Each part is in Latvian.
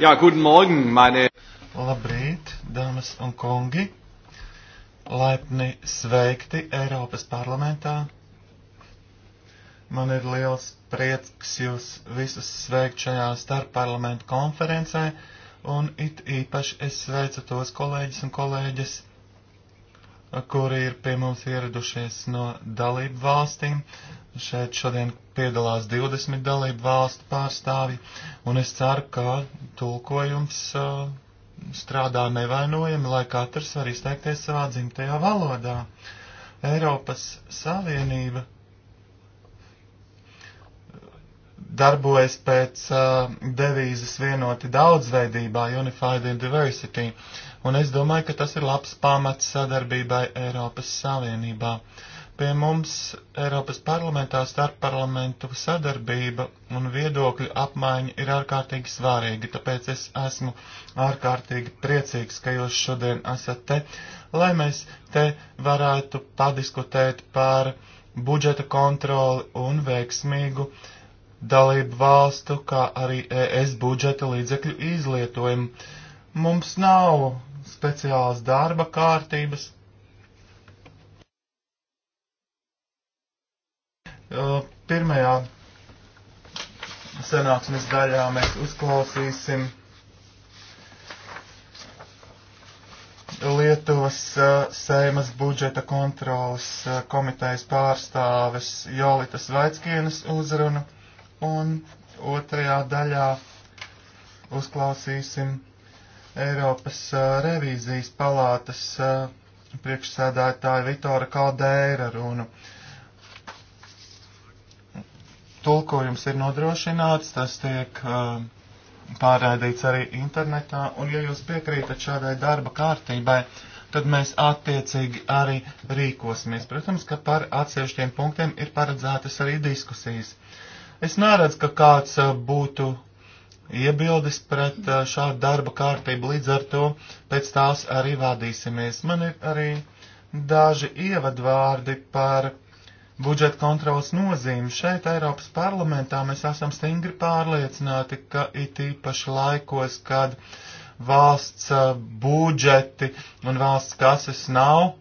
Jā, guten morgen, meine. Labrīt, dāmas un kungi. Laipni sveikti Eiropas parlamentā. Man ir liels prieks jūs visus sveikt šajā starpparlamentu konferencē, un it īpaši es sveicu tos kolēģis un kolēģis kuri ir pie mums ieradušies no dalību valstīm. Šeit šodien piedalās 20 dalību valstu pārstāvi, un es ceru, ka tulkojums uh, strādā nevainojami, lai katrs var izteikties savā dzimtajā valodā. Eiropas Savienība uh, darbojas pēc uh, devīzes vienoti daudzveidībā, Unified in Diversity. Uh, un es domāju, ka tas ir labs pamats sadarbībai Eiropas Savienībā. Pie mums Eiropas parlamentā starp parlamentu sadarbība un viedokļu apmaiņa ir ārkārtīgi svārīga, tāpēc es esmu ārkārtīgi priecīgs, ka jūs šodien esat te, lai mēs te varētu padiskutēt par budžeta kontroli un veiksmīgu dalību valstu, kā arī ES budžeta līdzekļu izlietojumu. Mums nav speciālas darba kārtības. Pirmajā sanāksmes daļā mēs uzklausīsim Lietuvas Seimas budžeta kontrolas komitejas pārstāves Jolitas Vaitskienas uzrunu un otrajā daļā uzklausīsim Eiropas uh, revīzijas palātas uh, priekšsēdētāja Vitora Kaldēra runu. Tulkojums ir nodrošināts, tas tiek uh, pārraidīts arī internetā, un ja jūs piekrītat šādai darba kārtībai, tad mēs attiecīgi arī rīkosimies. Protams, ka par atsevišķiem punktiem ir paredzētas arī diskusijas. Es neredzu, ka kāds uh, būtu iebildes pret šādu darba kārtību, līdz ar to pēc tās arī vadīsimies. Man ir arī daži ievadvārdi par budžeta kontrolas nozīmi. Šeit Eiropas parlamentā mēs esam stingri pārliecināti, ka it īpaši laikos, kad valsts budžeti un valsts kases nav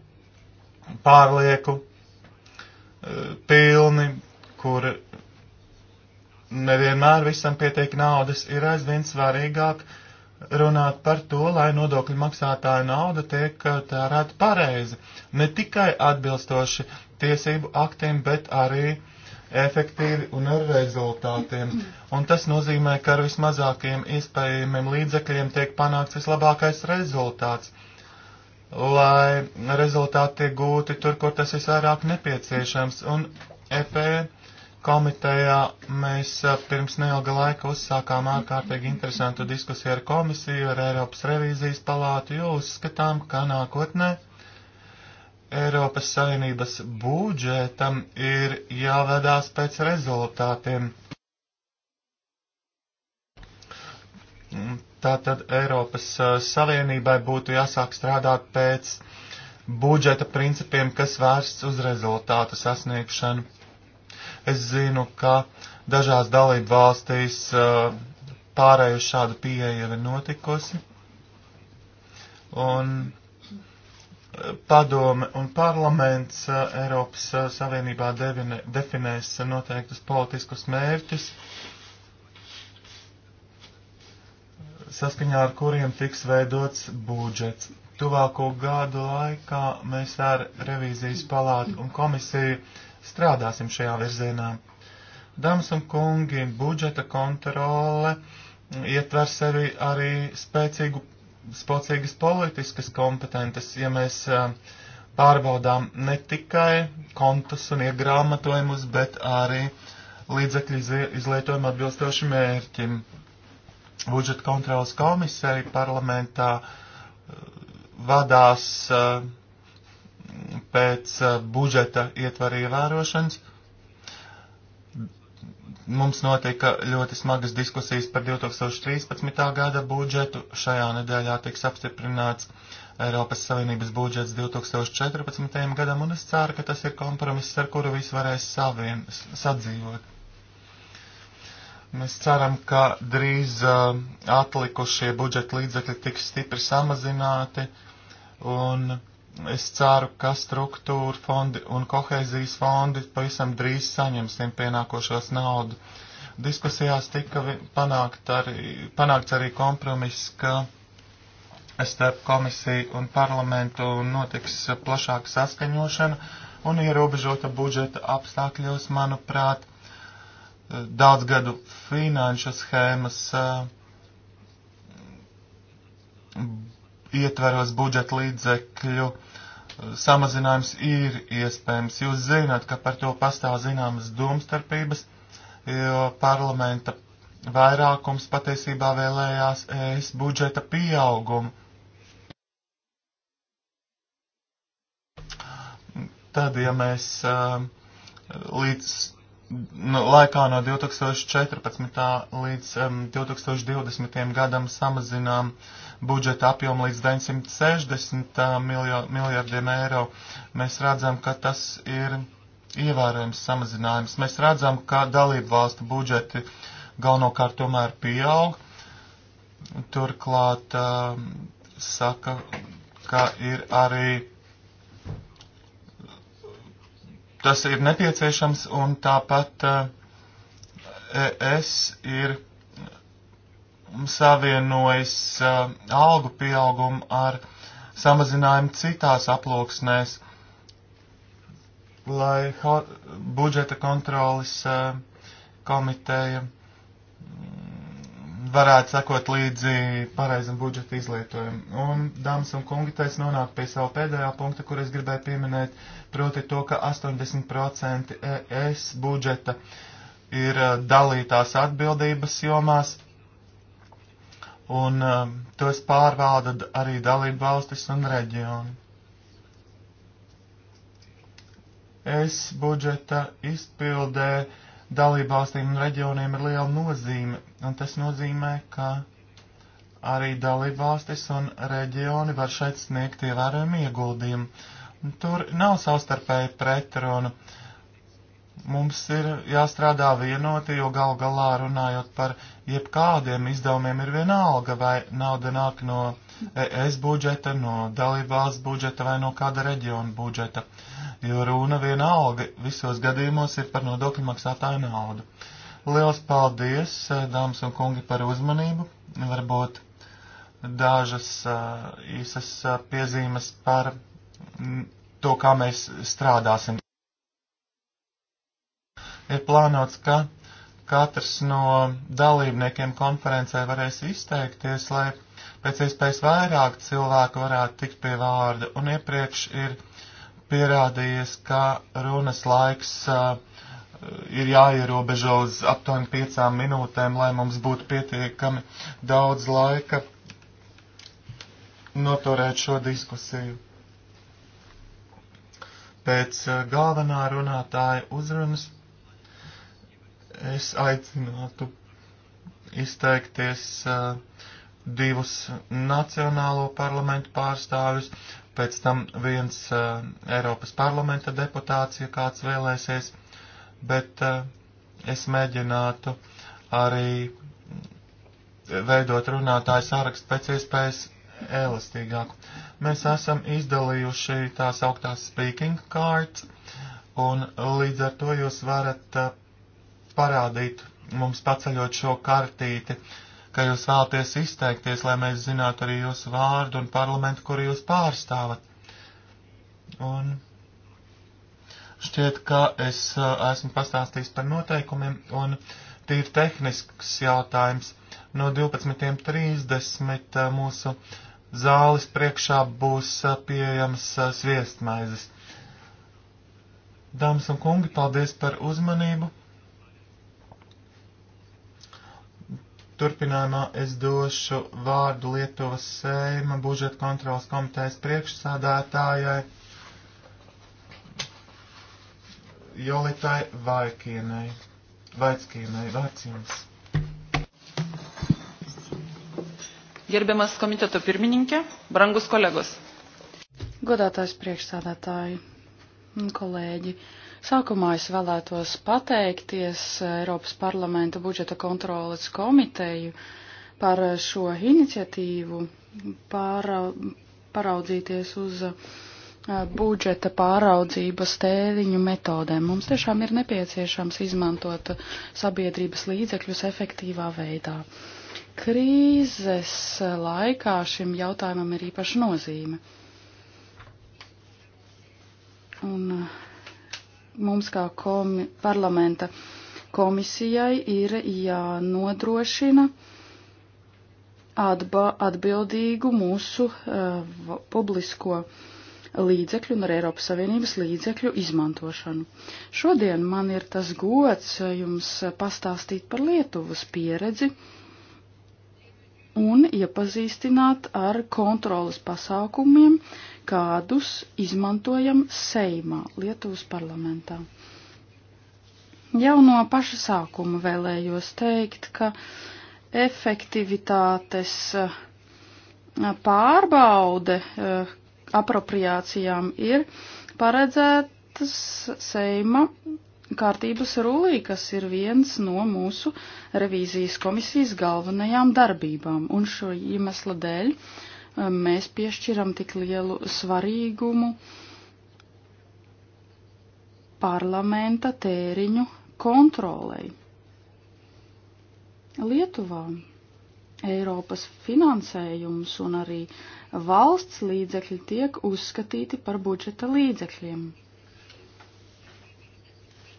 pārlieku pilni, kur nevienmēr visam pietiek naudas, ir aizvien svarīgāk runāt par to, lai nodokļu maksātāja nauda tiek uh, tērēta pareizi, ne tikai atbilstoši tiesību aktiem, bet arī efektīvi un ar rezultātiem. Mm-hmm. Un tas nozīmē, ka ar vismazākajiem iespējamiem līdzekļiem tiek panākts vislabākais rezultāts, lai rezultāti tiek gūti tur, kur tas visvairāk nepieciešams. Un EP komitejā mēs eh, pirms neilga laika uzsākām ārkārtīgi interesantu diskusiju ar komisiju, ar Eiropas revīzijas palātu, jo uzskatām, ka nākotnē Eiropas Savienības būdžetam ir jāvedās pēc rezultātiem. Tātad Eiropas eh, Savienībai būtu jāsāk strādāt pēc budžeta principiem, kas vērsts uz rezultātu sasniegšanu Es zinu, ka dažās dalību valstīs uh, pārēju šāda pieeja ir notikusi. Un uh, padome un parlaments uh, Eiropas Savienībā devine, definēs noteiktus politiskus mērķus, saskaņā ar kuriem tiks veidots budžets. Tuvāko gadu laikā mēs ar revīzijas palātu un komisiju uh, strādāsim šajā virzienā. Dāmas un kungi, budžeta kontrole ietver sevi arī spēcīgu, spēcīgas politiskas kompetentes, ja mēs pārbaudām ne tikai kontus un iegrāmatojumus, bet arī līdzekļu izlietojumu atbilstoši mērķim. Budžeta kontrolas komisija parlamentā vadās uh, pēc eh, budžeta ietvara ievērošanas mums notika ļoti smagas diskusijas par 2013. gada budžetu. Šajā nedēļā tiks apstiprināts Eiropas Savienības budžets 2014. gadam, un es ceru, ka tas ir kompromiss, ar kuru visi varēs savien, sadzīvot. Mēs ceram, ka drīz uh, atlikušie budžeta līdzekļi tiks stipri samazināti, un uh, es ceru, ka struktūra fondi un kohēzijas fondi pavisam drīz saņems tiem pienākošos naudu. Diskusijās tika panākt arī, panākts arī kompromiss, ka starp komisiju un parlamentu notiks plašāka saskaņošana un ierobežota budžeta apstākļos, manuprāt, daudzgadu finanšu schēmas ietveros budžeta līdzekļu samazinājums ir iespējams. Jūs zināt, ka par to pastāv zināmas domstarpības, jo parlamenta vairākums patiesībā vēlējās ES budžeta pieaugumu. Tad, ja mēs uh, līdz Nu, laikā no 2014. līdz um, 2020. gadam samazinām budžeta apjomu līdz 960 eh, miljo, miljardiem eiro, mēs redzam, ka tas ir ievērojams samazinājums. Mēs redzam, ka dalību valstu budžeti galvenokārt tomēr pieaug. Turklāt um, saka, ka ir arī tas ir nepieciešams un tāpat ES eh, e ir savienojis eh, algu pieaugumu ar samazinājumu citās aploksnēs, lai budžeta kontrolas eh, komiteja varētu sakot līdzi pareizam budžeta izlietojumam. Un, dāmas un kungi, taisa nonāk pie savu pēdējā punkta, kur es gribēju pieminēt, proti to, ka 80% ES budžeta ir eh, dalītās atbildības jomās, un uh, tos pārvalda arī dalību valstis un reģioni. ES budžeta izpildē uh, dalībvalstīm un reģioniem ir liela nozīme, un tas nozīmē, ka arī dalībvalstis un reģioni var šeit sniegt ievērojumu ieguldījumu. Tur nav savstarpēji pretrunu. Mums ir jāstrādā vienoti, jo gal galā runājot par jebkādiem izdevumiem ir vienalga, vai nauda nāk no ES budžeta, no dalībvalsts budžeta vai no kāda reģiona budžeta. Uh, jo runa vienalga visos gadījumos ir par nodokļu maksātāju naudu. Liels paldies, eh, dāmas un kungi, par uzmanību. Varbūt dažas eh, īsas eh, piezīmes par mm, to, kā mēs strādāsim. Ir plānots, ka katrs no dalībniekiem konferencē varēs izteikties, lai pēc iespējas vairāk cilvēku varētu tikt pie vārda, un iepriekš ir pierādījies, ka runas laiks uh, ir jāierobežo uz aptuveni piecām minūtēm, lai mums būtu pietiekami daudz laika noturēt šo diskusiju. Pēc uh, galvenā runātāja uzrunas es aicinātu izteikties uh, divus nacionālo parlamentu pārstāvjus pēc tam viens uh, Eiropas parlamenta deputāts, ja kāds vēlēsies, bet uh, es mēģinātu arī veidot runātāju sārakstu pēc iespējas elastīgāku. Mēs esam izdalījuši tās augtās speaking cards, un līdz ar to jūs varat uh, parādīt mums paceļot šo kartīti. Uh, ka jūs vēlaties izteikties, lai mēs zinātu arī jūsu vārdu un parlamentu, kuru jūs pārstāvat. Un šķiet, ka es esmu pastāstījis par noteikumiem, un tīri tehnisks jautājums. No 12.30 mūsu zāles priekšā būs pieejams sviestmaizes. Dāmas un kungi, paldies par uzmanību! Turpinājumā es došu vārdu Lietuvas Seima budžeta kontrolas komitejas priekšsādātājai Jolitai Vaikienai. Vaickienai, vārds jums. Gerbiamas komiteto pirmininkė, brangus kolegos. Godātājs priekšsādātāji, kolēģi. Uh, Sākumā es vēlētos pateikties Eiropas parlamenta budžeta kontrolas komiteju par šo iniciatīvu, par, paraudzīties uz uh, budžeta pāraudzības tēriņu metodēm. Mums tiešām ir nepieciešams izmantot sabiedrības līdzekļus efektīvā veidā. Krīzes laikā šim jautājumam ir īpaša nozīme. Un uh, mums kā komi, parlamenta komisijai ir jānodrošina atba, atbildīgu mūsu uh, publisko līdzekļu un arī Eiropas Savienības līdzekļu izmantošanu. Šodien man ir tas gods eh, jums eh, pastāstīt par Lietuvas pieredzi. Uh, un iepazīstināt ar kontrolas pasākumiem, kādus izmantojam Seimā, Lietuvas parlamentā. Jau no paša sākuma vēlējos teikt, ka efektivitātes eh, pārbaude eh, apropriācijām ir paredzētas Seima kārtības rullī, kas ir viens no mūsu revīzijas komisijas galvenajām darbībām. Un šo iemesla dēļ eh, mēs piešķiram tik lielu svarīgumu parlamenta tēriņu kontrolei. Lietuvā Eiropas finansējums un arī valsts līdzekļi tiek uzskatīti par budžeta līdzekļiem.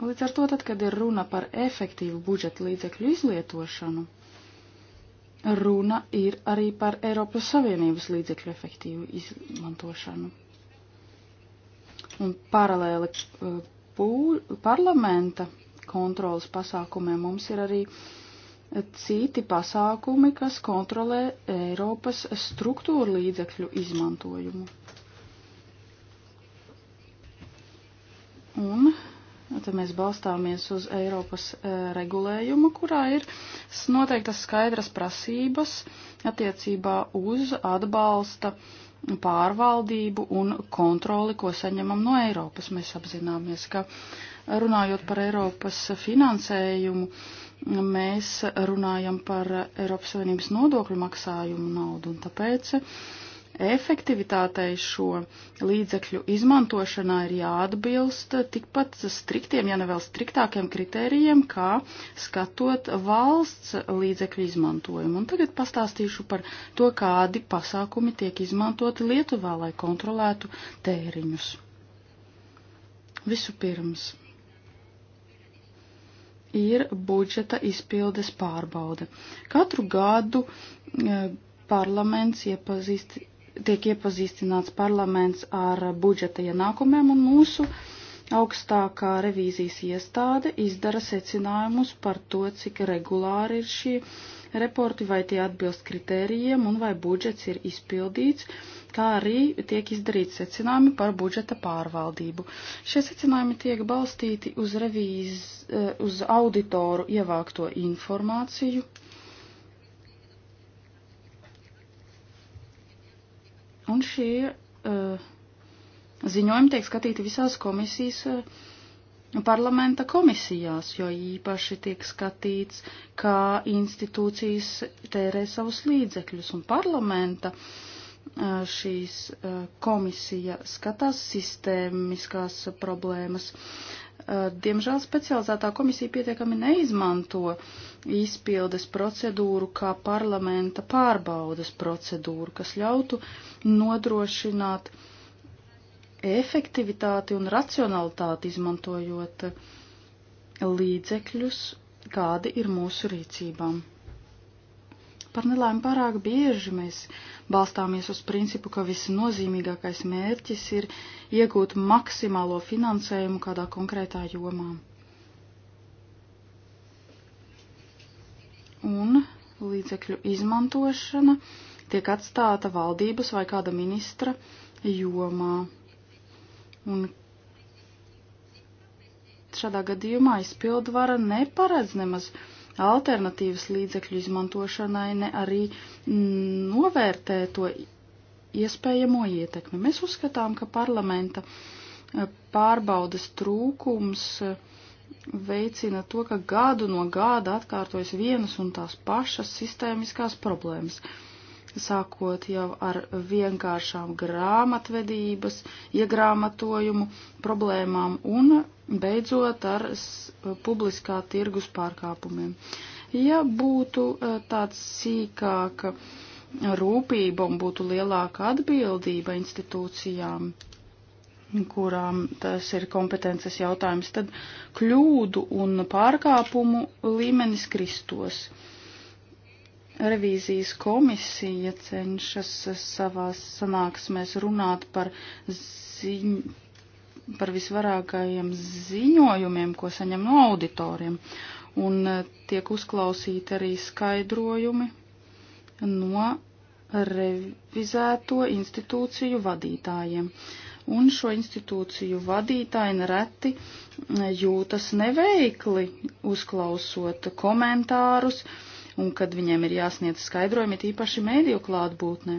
Līdz ar to, tad, kad ir runa par efektīvu budžeta līdzekļu izlietošanu, runa ir arī par Eiropas Savienības līdzekļu efektīvu izmantošanu. Un paralēli eh, parlamenta kontrolas pasākumiem mums ir arī eh, citi pasākumi, kas kontrolē Eiropas struktūra līdzekļu izmantojumu. Un Tad mēs balstāmies uz Eiropas eh, regulējumu, kurā ir noteiktas skaidras prasības attiecībā uz atbalsta pārvaldību un kontroli, ko saņemam no Eiropas. Mēs apzināmies, ka runājot par Eiropas finansējumu, mēs runājam par Eiropas Savienības nodokļu maksājumu naudu, un tāpēc efektivitātei šo līdzekļu izmantošanā ir jāatbilst tikpat striktiem, ja ne vēl striktākiem kritērijiem, kā skatot valsts līdzekļu izmantojumu. Un tagad pastāstīšu par to, kādi pasākumi tiek izmantoti Lietuvā, lai kontrolētu tēriņus. Vispirms ir budžeta izpildes pārbauda. Katru gadu e, parlaments iepazīst tiek iepazīstināts parlaments ar budžeta ienākumiem, un mūsu augstākā revīzijas iestāde izdara secinājumus par to, cik regulāri ir šie reporti, vai tie atbilst kritērijiem, un vai budžets ir izpildīts, kā arī tiek izdarīti secinājumi par budžeta pārvaldību. Šie secinājumi tiek balstīti uz, revīz, eh, uz auditoru ievākto informāciju Un šie uh, ziņojumi tiek skatīti visās komisijas uh, parlamenta komisijās, jo īpaši tiek skatīts, kā institūcijas tērē savus līdzekļus un parlamenta e, šīs komisija skatās sistēmiskās problēmas. Uh, diemžēl specializētā komisija pietiekami neizmanto izpildes procedūru kā parlamenta pārbaudas procedūru, kas ļautu nodrošināt efektivitāti un racionalitāti izmantojot līdzekļus, kādi ir mūsu rīcībām. Par nelēmu pārāk bieži mēs balstāmies uz principu, ka visnozīmīgākais mērķis ir iegūt maksimālo finansējumu kādā konkrētā jomā. Un līdzekļu izmantošana tiek atstāta valdības vai kāda ministra jomā. Un šādā gadījumā izpildvara neparedz nemaz alternatīvas līdzekļu izmantošanai, ne arī mm, novērtē to iespējamo ietekmi. Mēs uzskatām, ka parlamenta eh, pārbaudas trūkums eh, veicina to, ka gadu no gada atkārtojas vienas un tās pašas sistēmiskās problēmas. Uh, sākot jau ar vienkāršām grāmatvedības, iegrāmatojumu problēmām un beidzot ar publiskā tirgus pārkāpumiem. Ja būtu e, tāds sīkāka rūpība un būtu lielāka atbildība institūcijām, kurām tas ir kompetences jautājums, tad kļūdu un pārkāpumu līmenis kristos. Uh, Revīzijas komisija cenšas savās sanāksmēs runāt par, ziņ, par visvarākajiem ziņojumiem, ko saņem no auditoriem, un e, tiek uzklausīti arī skaidrojumi no revizēto institūciju vadītājiem. Un šo institūciju vadītāji nereti e, jūtas neveikli, uzklausot komentārus, uh, un kad viņiem ir jāsniedz skaidrojumi, tīpaši mēdīju klātbūtnē.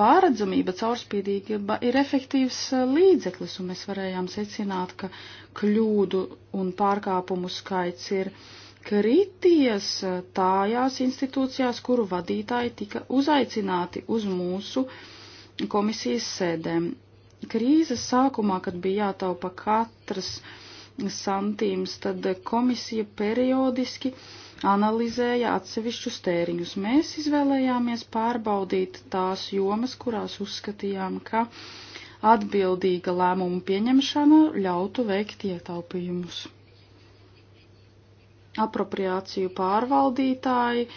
Pāredzamība, caurspīdīgība ir efektīvs eh, līdzeklis, un mēs varējām secināt, ka kļūdu un pārkāpumu skaits ir krities eh, tājās institūcijās, kuru vadītāji tika uzaicināti uz mūsu komisijas sēdēm. Krīzes sākumā, kad bija jātaupa katras santīms, tad komisija periodiski uh, analizēja atsevišķus tēriņus. Mēs izvēlējāmies pārbaudīt tās jomas, kurās uzskatījām, ka atbildīga lēmuma pieņemšana ļautu veikt ietaupījumus. Apropriāciju pārvaldītāji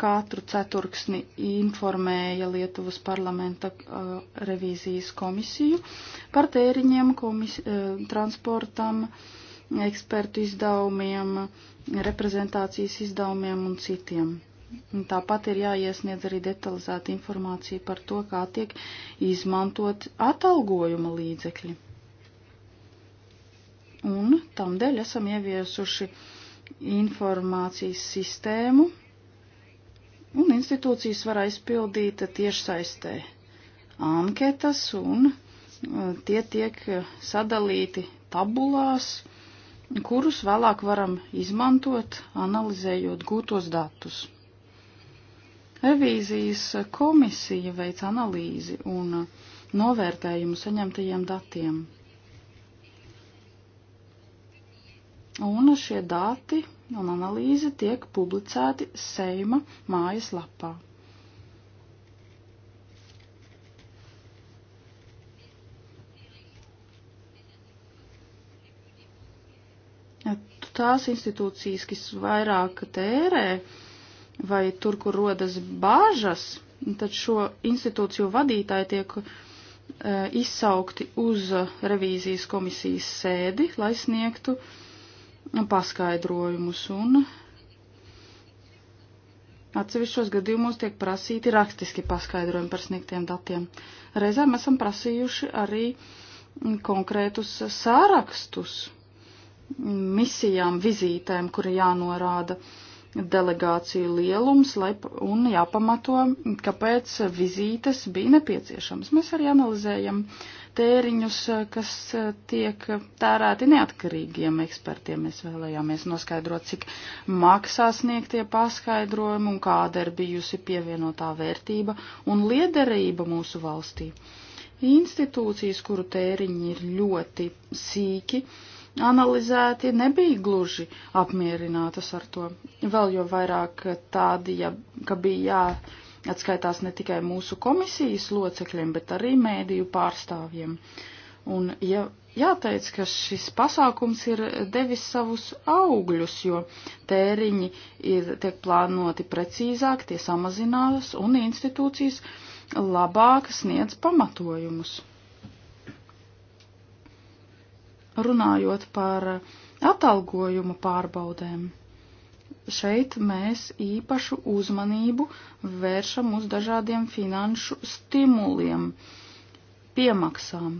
katru ceturksni informēja Lietuvas parlamenta uh, revīzijas komisiju par tēriņiem komis, uh, transportam, ekspertu izdevumiem, uh, reprezentācijas izdevumiem un citiem. Tāpat ir jāiesniedz arī detalizēta informācija par to, kā tiek izmantot atalgojuma līdzekļi. Un tam dēļ esam ieviesuši informācijas sistēmu, un institūcijas var aizpildīt tiešsaistē anketas, un uh, tie tiek sadalīti tabulās, kurus vēlāk varam izmantot, analizējot gūtos datus. Revīzijas komisija veic analīzi un novērtējumu saņemtajiem datiem. Un šie dati un analīze tiek publicēti Seima mājas lapā. tās institūcijas, kas vairāk tērē vai tur, kur rodas bāžas, tad šo institūciju vadītāji tiek uh, izsaukti uz revīzijas komisijas sēdi, lai sniegtu paskaidrojumus un Atsevišķos gadījumos tiek prasīti rakstiski paskaidrojumi par sniegtiem datiem. Reizēm esam prasījuši arī konkrētus sārakstus misijām, vizītēm, kura jānorāda delegāciju lielums lai, un jāpamato, kāpēc vizītes bija nepieciešamas. Mēs arī analizējam tēriņus, kas tiek tērēti neatkarīgiem ekspertiem. Mēs vēlējāmies noskaidrot, cik maksā sniegtie paskaidrojumi un kāda ir bijusi pievienotā vērtība un liederība mūsu valstī. Institūcijas, kuru tēriņi ir ļoti sīki, uh, analizēti, nebija gluži apmierinātas ar to. Vēl jo vairāk tādi, ja, ka bija jāatskaitās ne tikai mūsu komisijas locekļiem, bet arī mēdīju pārstāvjiem. Un ja jāteic, ka šis pasākums ir devis savus augļus, jo tēriņi ir, tiek plānoti precīzāk, tie samazinās un institūcijas labāk sniedz pamatojumus runājot par atalgojuma pārbaudēm. Šeit mēs īpašu uzmanību vēršam uz dažādiem finanšu stimuliem, piemaksām.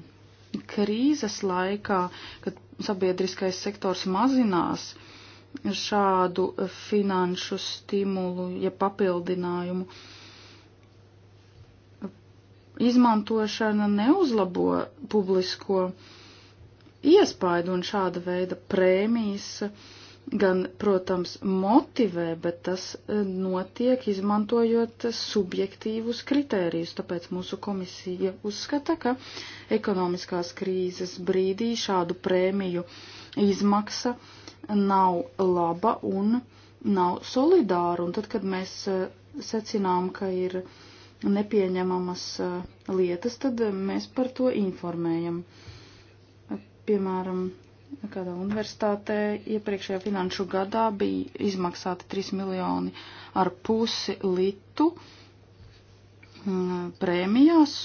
Krīzes laikā, kad sabiedriskais sektors mazinās šādu finanšu stimulu, ja papildinājumu, izmantošana neuzlabo publisko uh, iespaidu, un šāda veida prēmijas gan, protams, motivē, bet tas e, notiek izmantojot subjektīvus kritērijus. Tāpēc mūsu komisija uzskata, ka ekonomiskās krīzes brīdī šādu prēmiju izmaksa nav laba un nav solidāra. Un tad, kad mēs e, secinām, ka ir nepieņemamas e, lietas, tad mēs par to informējam. Uh, piemēram, kādā universitātē iepriekšējā finanšu gadā bija izmaksāti 3 miljoni ar pusi litu mm, prēmijās,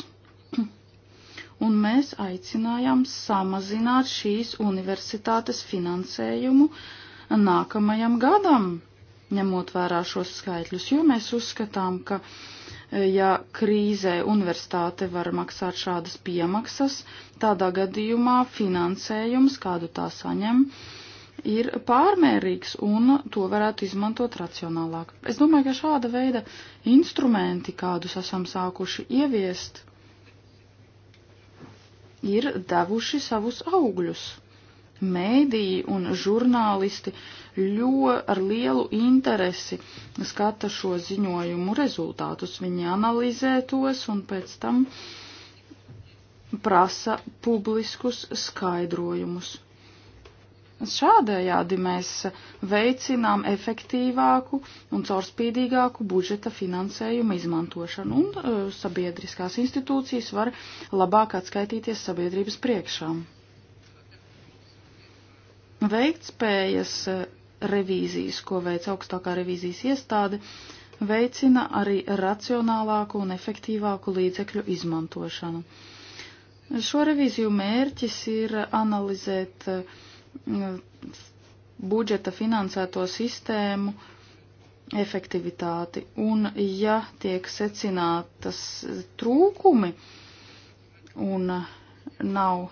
un mēs aicinājām samazināt šīs universitātes finansējumu nākamajam gadam, ņemot vērā šos skaitļus, jo mēs uzskatām, ka uh, ja krīzē universitāte var maksāt šādas piemaksas, tādā gadījumā finansējums, kādu tā saņem, ir pārmērīgs un to varētu izmantot racionālāk. Es domāju, ka šāda veida instrumenti, kādus esam sākuši ieviest, ir devuši savus augļus. Mēdīji un žurnālisti ļo ar lielu interesi skata šo ziņojumu rezultātus. Viņi analizē tos un pēc tam prasa publiskus skaidrojumus. Šādējādi mēs veicinām efektīvāku un caurspīdīgāku budžeta finansējumu izmantošanu, un uh, sabiedriskās institūcijas var labāk atskaitīties sabiedrības priekšām. Veiktspējas eh, revīzijas, ko veic augstākā revīzijas iestāde, veicina arī racionālāku un efektīvāku līdzekļu izmantošanu. Šo revīziju mērķis ir analizēt eh, budžeta finansēto sistēmu efektivitāti, un ja tiek secinātas trūkumi un eh, nav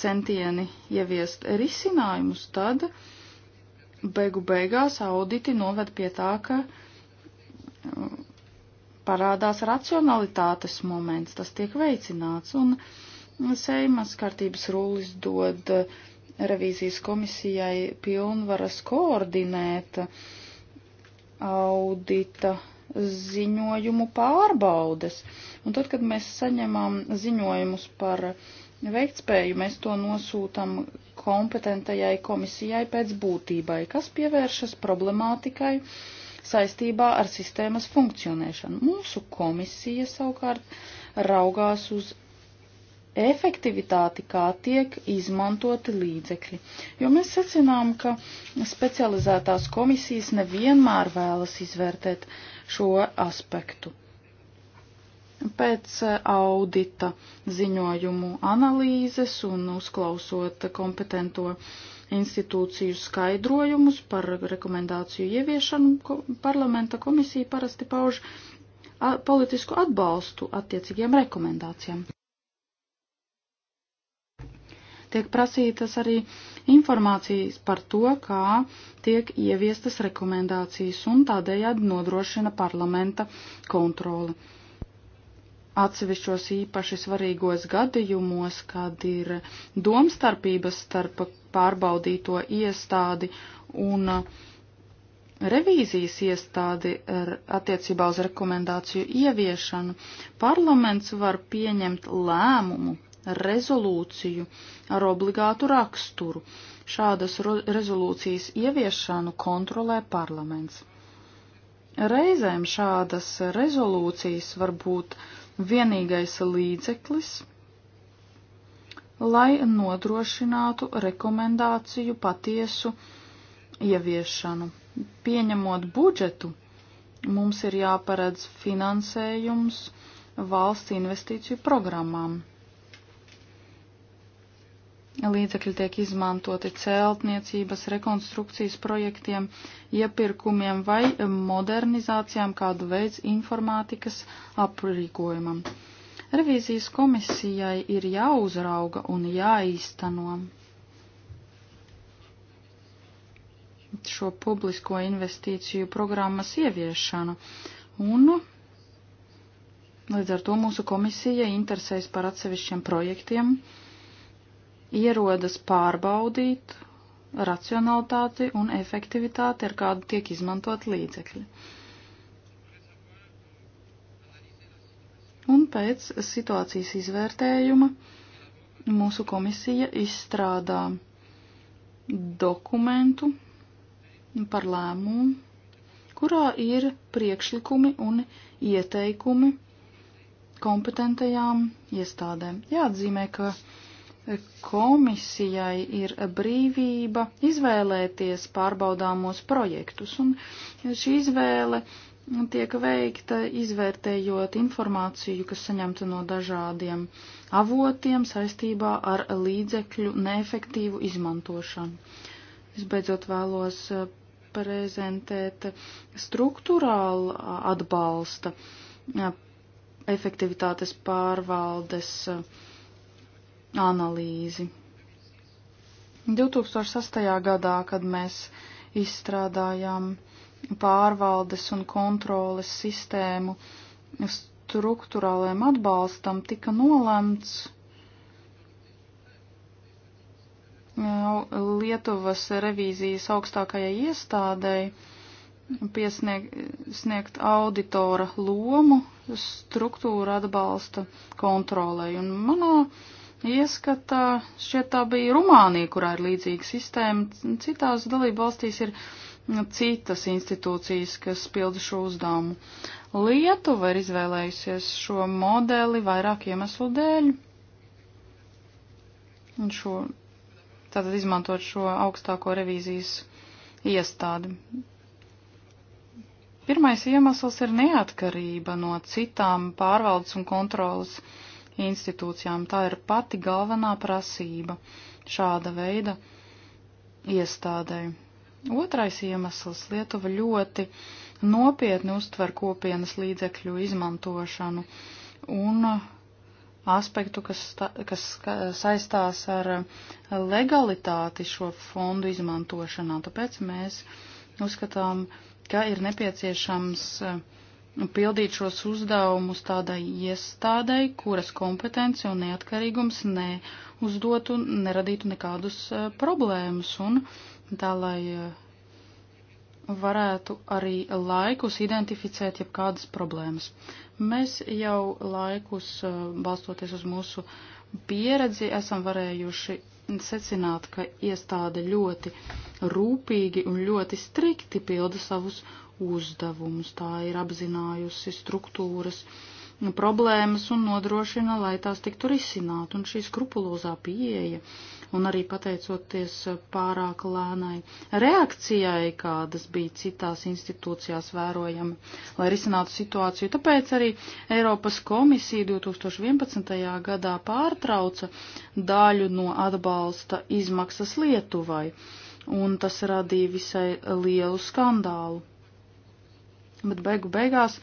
centieni ieviest risinājumus, tad beigu beigās auditi noved pie tā, ka uh, parādās racionalitātes moments, tas tiek veicināts, un Seimas kārtības rūlis dod uh, revīzijas komisijai pilnvaras koordinēt audita ziņojumu pārbaudes. Un tad, kad mēs saņemam ziņojumus par veiktspēju mēs to nosūtam kompetentajai komisijai pēc būtībai, kas pievēršas problemātikai saistībā ar sistēmas funkcionēšanu. Mūsu komisija savukārt raugās uz efektivitāti, kā tiek izmantoti līdzekļi. Jo mēs secinām, ka specializētās komisijas nevienmēr vēlas izvērtēt šo aspektu pēc eh, audita ziņojumu analīzes un uzklausot kompetento institūciju skaidrojumus par rekomendāciju ieviešanu, parlamenta komisija parasti pauž politisku atbalstu attiecīgiem rekomendācijām. Tiek prasītas arī informācijas par to, kā tiek ieviestas rekomendācijas un tādējādi nodrošina parlamenta kontroli atsevišķos īpaši svarīgos gadījumos, kad ir domstarpības starp pārbaudīto iestādi un revīzijas iestādi attiecībā uz rekomendāciju ieviešanu, parlaments var pieņemt lēmumu, rezolūciju ar obligātu raksturu. Šādas rezolūcijas ieviešanu kontrolē parlaments. Reizēm šādas rezolūcijas var būt uh, vienīgais līdzeklis, lai nodrošinātu rekomendāciju patiesu ieviešanu. Pieņemot budžetu, mums ir jāparedz finansējums valsts investīciju programmām. Līdzekļi tiek izmantoti celtniecības, rekonstrukcijas projektiem, iepirkumiem vai um, modernizācijām kādu veidu informātikas aprīkojumam. Revīzijas komisijai ir jāuzrauga un jāīsteno šo publisko investīciju programmas ieviešanu. Un līdz ar to mūsu komisija interesēs par atsevišķiem projektiem, uh, ierodas pārbaudīt racionalitāti un efektivitāti, ar kādu tiek izmantot līdzekļi. Un pēc situācijas izvērtējuma mūsu komisija izstrādā dokumentu par lēmumu, kurā ir priekšlikumi un ieteikumi kompetentajām iestādēm. Jāatzīmē, ka komisijai ir brīvība izvēlēties pārbaudāmos projektus, un šī izvēle tiek veikta izvērtējot informāciju, kas saņemta no dažādiem avotiem saistībā ar līdzekļu neefektīvu izmantošanu. Visbeidzot vēlos eh, prezentēt struktūrālu atbalsta eh, efektivitātes pārvaldes uh, analīzi. 2008. gadā, kad mēs izstrādājām pārvaldes un kontroles sistēmu struktūrāliem atbalstam, tika nolemts nu, Lietuvas revīzijas augstākajai iestādēji piesniegt auditora lomu struktūra atbalsta kontrolē. Un manā ieskatā, šķiet tā bija Rumānija, kurā ir līdzīga sistēma, citās dalību valstīs ir citas institūcijas, kas pilda šo uzdevumu. Lietuva ir izvēlējusies šo modeli vairāk iemeslu dēļ. Un šo, tātad izmantot šo augstāko revīzijas iestādi. Pirmais iemesls ir neatkarība no citām pārvaldes un kontrolas uh, institūcijām. Tā ir pati galvenā prasība šāda veida iestādēju. Otrais iemesls - Lietuva ļoti nopietni uztver kopienas līdzekļu izmantošanu un aspektu, kas, kas saistās ar legalitāti šo fondu izmantošanā. Tāpēc mēs uzskatām, ka ir nepieciešams uh, Nu, pildīt šos uzdevumus tādai iestādai, kuras kompetence un neatkarīgums neuzdotu, neradītu nekādus eh, problēmas un tā, lai eh, varētu arī laikus identificēt jeb kādas problēmas. Mēs jau laikus, eh, balstoties uz mūsu pieredzi, esam varējuši secināt, ka iestāde ļoti rūpīgi un ļoti strikti pilda savus uzdevumus. Tā ir apzinājusi struktūras problēmas un nodrošina, lai tās tiktu risināt. Un šī skrupulozā pieeja, un arī pateicoties pārāk lēnai reakcijai, kādas bija citās institūcijās vērojama, lai risinātu situāciju. Tāpēc arī Eiropas komisija 2011. gadā pārtrauca daļu no atbalsta izmaksas Lietuvai, un tas radīja visai lielu skandālu bet beigu beigās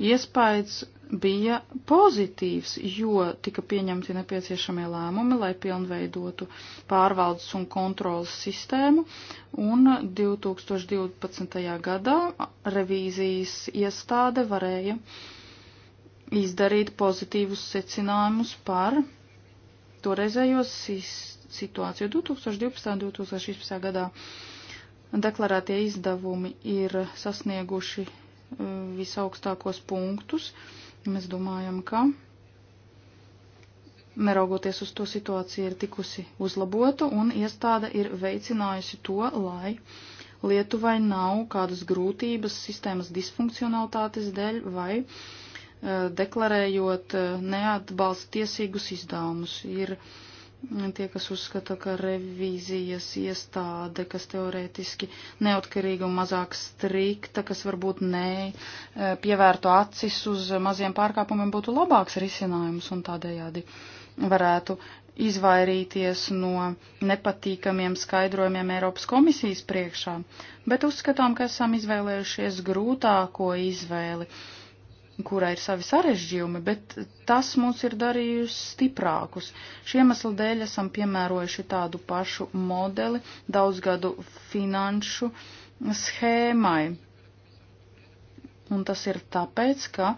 iespējas bija pozitīvs, jo tika pieņemti nepieciešamie lēmumi, lai pilnveidotu pārvaldes un kontrolas sistēmu, un 2012. gadā revīzijas iestāde varēja izdarīt pozitīvus secinājumus par toreizējo situāciju 2012. un 2016. gadā. Deklarētie izdevumi ir sasnieguši visaugstākos punktus. Mēs domājam, ka neraugoties uz to situācija ir tikusi uzlabota un iestāde ir veicinājusi to, lai Lietuvai nav kādas grūtības sistēmas disfunkcionalitātes dēļ vai eh, deklarējot eh, neatbalsta tiesīgus izdevumus. Ir uh, tie, kas uzskata, ka revīzijas iestāde, kas teorētiski neatkarīga un mazāk strikta, kas varbūt ne e, pievērtu acis uz maziem pārkāpumiem, būtu labāks risinājums un tādējādi varētu izvairīties no nepatīkamiem skaidrojumiem Eiropas komisijas priekšā, bet uzskatām, ka esam izvēlējušies grūtāko izvēli kurā ir savi sarežģījumi, bet tas mūs ir darījusi stiprākus. Šie iemesli dēļ esam piemērojuši tādu pašu modeli daudzgadu finanšu schēmai. Un tas ir tāpēc, ka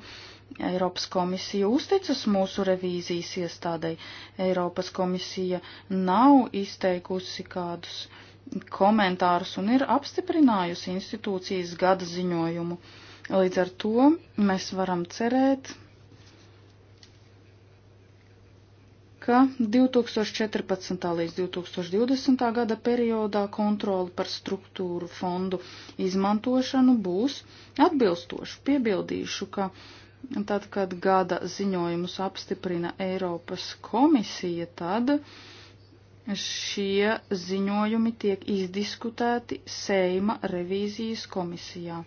Eiropas komisija uzticas mūsu revīzijas iestādei. Eiropas komisija nav izteikusi kādus komentārus un ir apstiprinājusi institūcijas gada ziņojumu. Līdz ar to mēs varam cerēt, ka 2014. līdz 2020. gada periodā kontroli par struktūru fondu izmantošanu būs atbilstoši. Piebildīšu, ka tad, kad gada ziņojumus apstiprina Eiropas komisija, tad šie ziņojumi tiek izdiskutēti Seima revīzijas komisijā.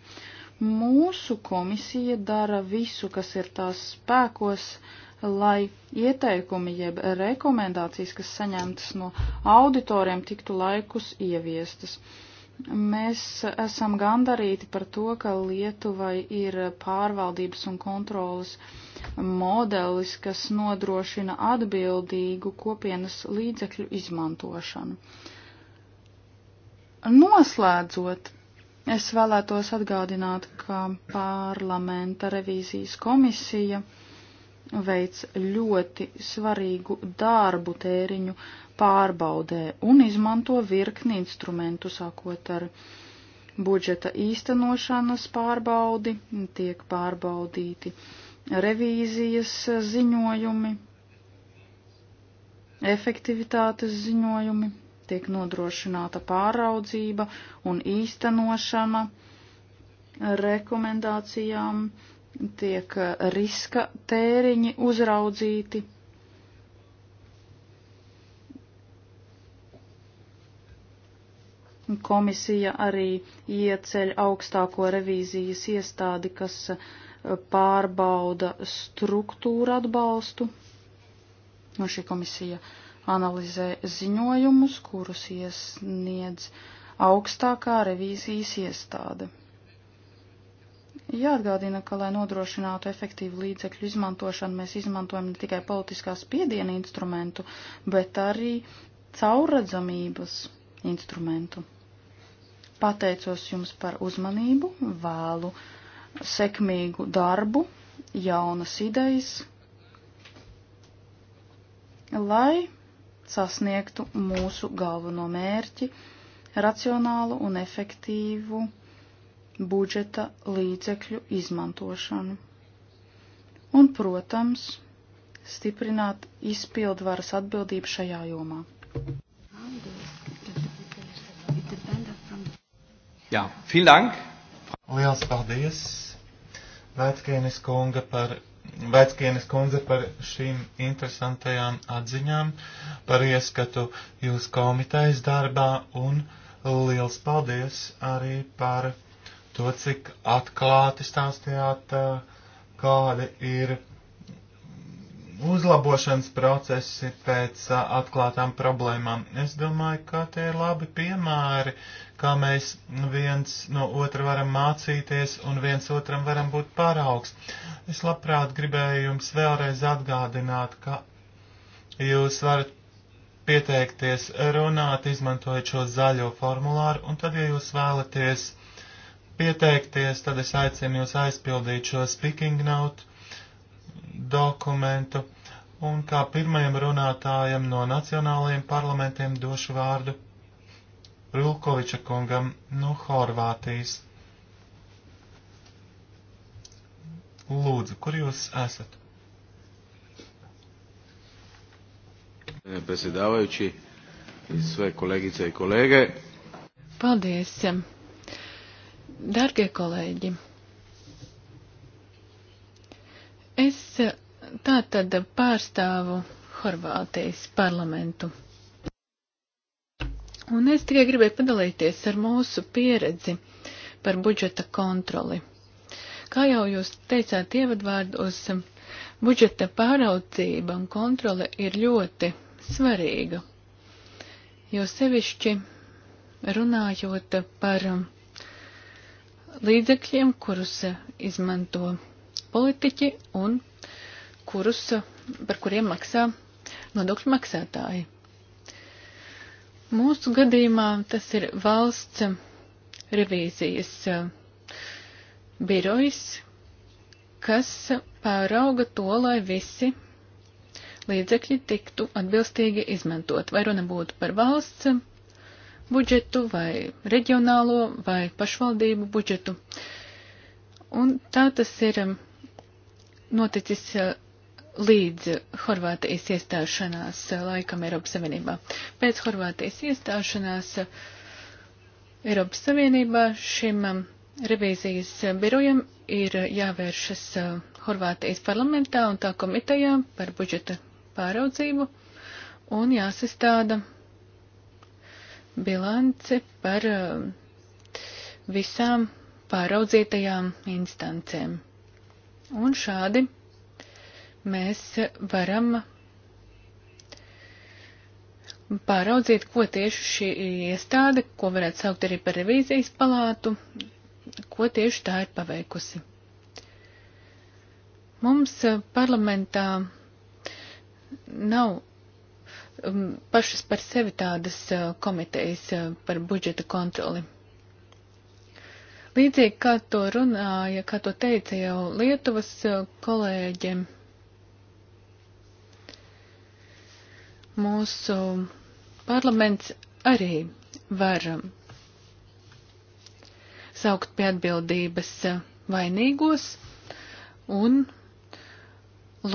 Mūsu komisija dara visu, kas ir tās spēkos, lai ieteikumi jeb rekomendācijas, kas saņemtas no auditoriem, tiktu laikus ieviestas. Mēs esam gandarīti par to, ka Lietuvai ir pārvaldības un kontrolas modelis, kas nodrošina atbildīgu kopienas līdzekļu izmantošanu. Noslēdzot, Es vēlētos atgādināt, ka parlamenta revīzijas komisija veic ļoti svarīgu darbu tēriņu pārbaudē un izmanto virkni instrumentu, sākot ar budžeta īstenošanas pārbaudi, tiek pārbaudīti revīzijas ziņojumi, efektivitātes ziņojumi, tiek nodrošināta pāraudzība un īstenošana rekomendācijām, tiek riska tēriņi uzraudzīti. Komisija arī ieceļ augstāko revīzijas iestādi, kas eh, pārbauda struktūru atbalstu. No šī komisija uh, analizē ziņojumus, kurus iesniedz augstākā revīzijas iestāde. Jāatgādina, ka, lai nodrošinātu efektīvu līdzekļu izmantošanu, mēs izmantojam ne tikai politiskā spiediena instrumentu, bet arī caurredzamības instrumentu. Pateicos jums par uzmanību, vēlu sekmīgu darbu, jaunas idejas, lai sasniegtu mūsu galveno mērķi - racionālu un efektīvu budžeta līdzekļu izmantošanu. Un, protams, stiprināt izpildvaras atbildību šajā jomā. Jā, vielen dank! Liels paldies Vētkēnis kunga par Veckienes kundze par šīm interesantajām atziņām, par ieskatu jūsu komitejas darbā un liels paldies arī par to, cik atklāti stāstījāt, eh, kādi ir uzlabošanas procesi pēc atklātām problēmām. Es domāju, ka tie ir labi piemēri, kā mēs viens no otra varam mācīties un viens otram varam būt paraugs. Es labprāt gribēju jums vēlreiz atgādināt, ka jūs varat pieteikties runāt, izmantojot šo zaļo formulāru, un tad, ja jūs vēlaties pieteikties, tad es aicinu jūs aizpildīt šo speaking note dokumentu. Un kā pirmajam runātājam no nacionālajiem parlamentiem došu vārdu Rulkoviča kungam no nu, Horvātijas. Lūdzu, kur jūs esat? Predsjedavajući i sve kolegice i kolege. Paldies. Dargie kolēģi, Es eh, tā tad pārstāvu Horvātijas parlamentu. Un es tikai gribēju padalīties ar mūsu pieredzi par budžeta kontroli. Kā jau jūs teicāt ievadvārdos, budžeta pāraudzība un kontrole ir ļoti svarīga, jo sevišķi runājot par līdzekļiem, kurus izmanto politiķi un kurus, par kuriem maksā nodokļu maksātāji. Mūsu gadījumā tas ir valsts revīzijas eh, birojs, kas pārauga to, lai visi līdzekļi tiktu atbilstīgi izmantot. Vai runa būtu par valsts budžetu, vai reģionālo, vai pašvaldību budžetu. Un tā tas ir noticis eh, līdz Horvātijas iestāšanās eh, laikam Eiropas Savienībā. Pēc Horvātijas iestāšanās eh, Eiropas Savienībā šim revīzijas birojam ir jāvēršas Horvātijas parlamentā un tā komitejā par budžeta pāraudzību un jāsastāda bilanci par visām pāraudzītajām instancēm. Un šādi mēs varam pāraudzīt, ko tieši šī iestāde, ko varētu saukt arī par revīzijas palātu, ko tieši tā ir paveikusi. Mums parlamentā nav um, pašas par sevi tādas uh, komitejas uh, par budžeta kontroli. Līdzīgi kā to runāja, kā to teica jau Lietuvas e, kolēģiem, mūsu parlaments arī var saukt pie atbildības vainīgos un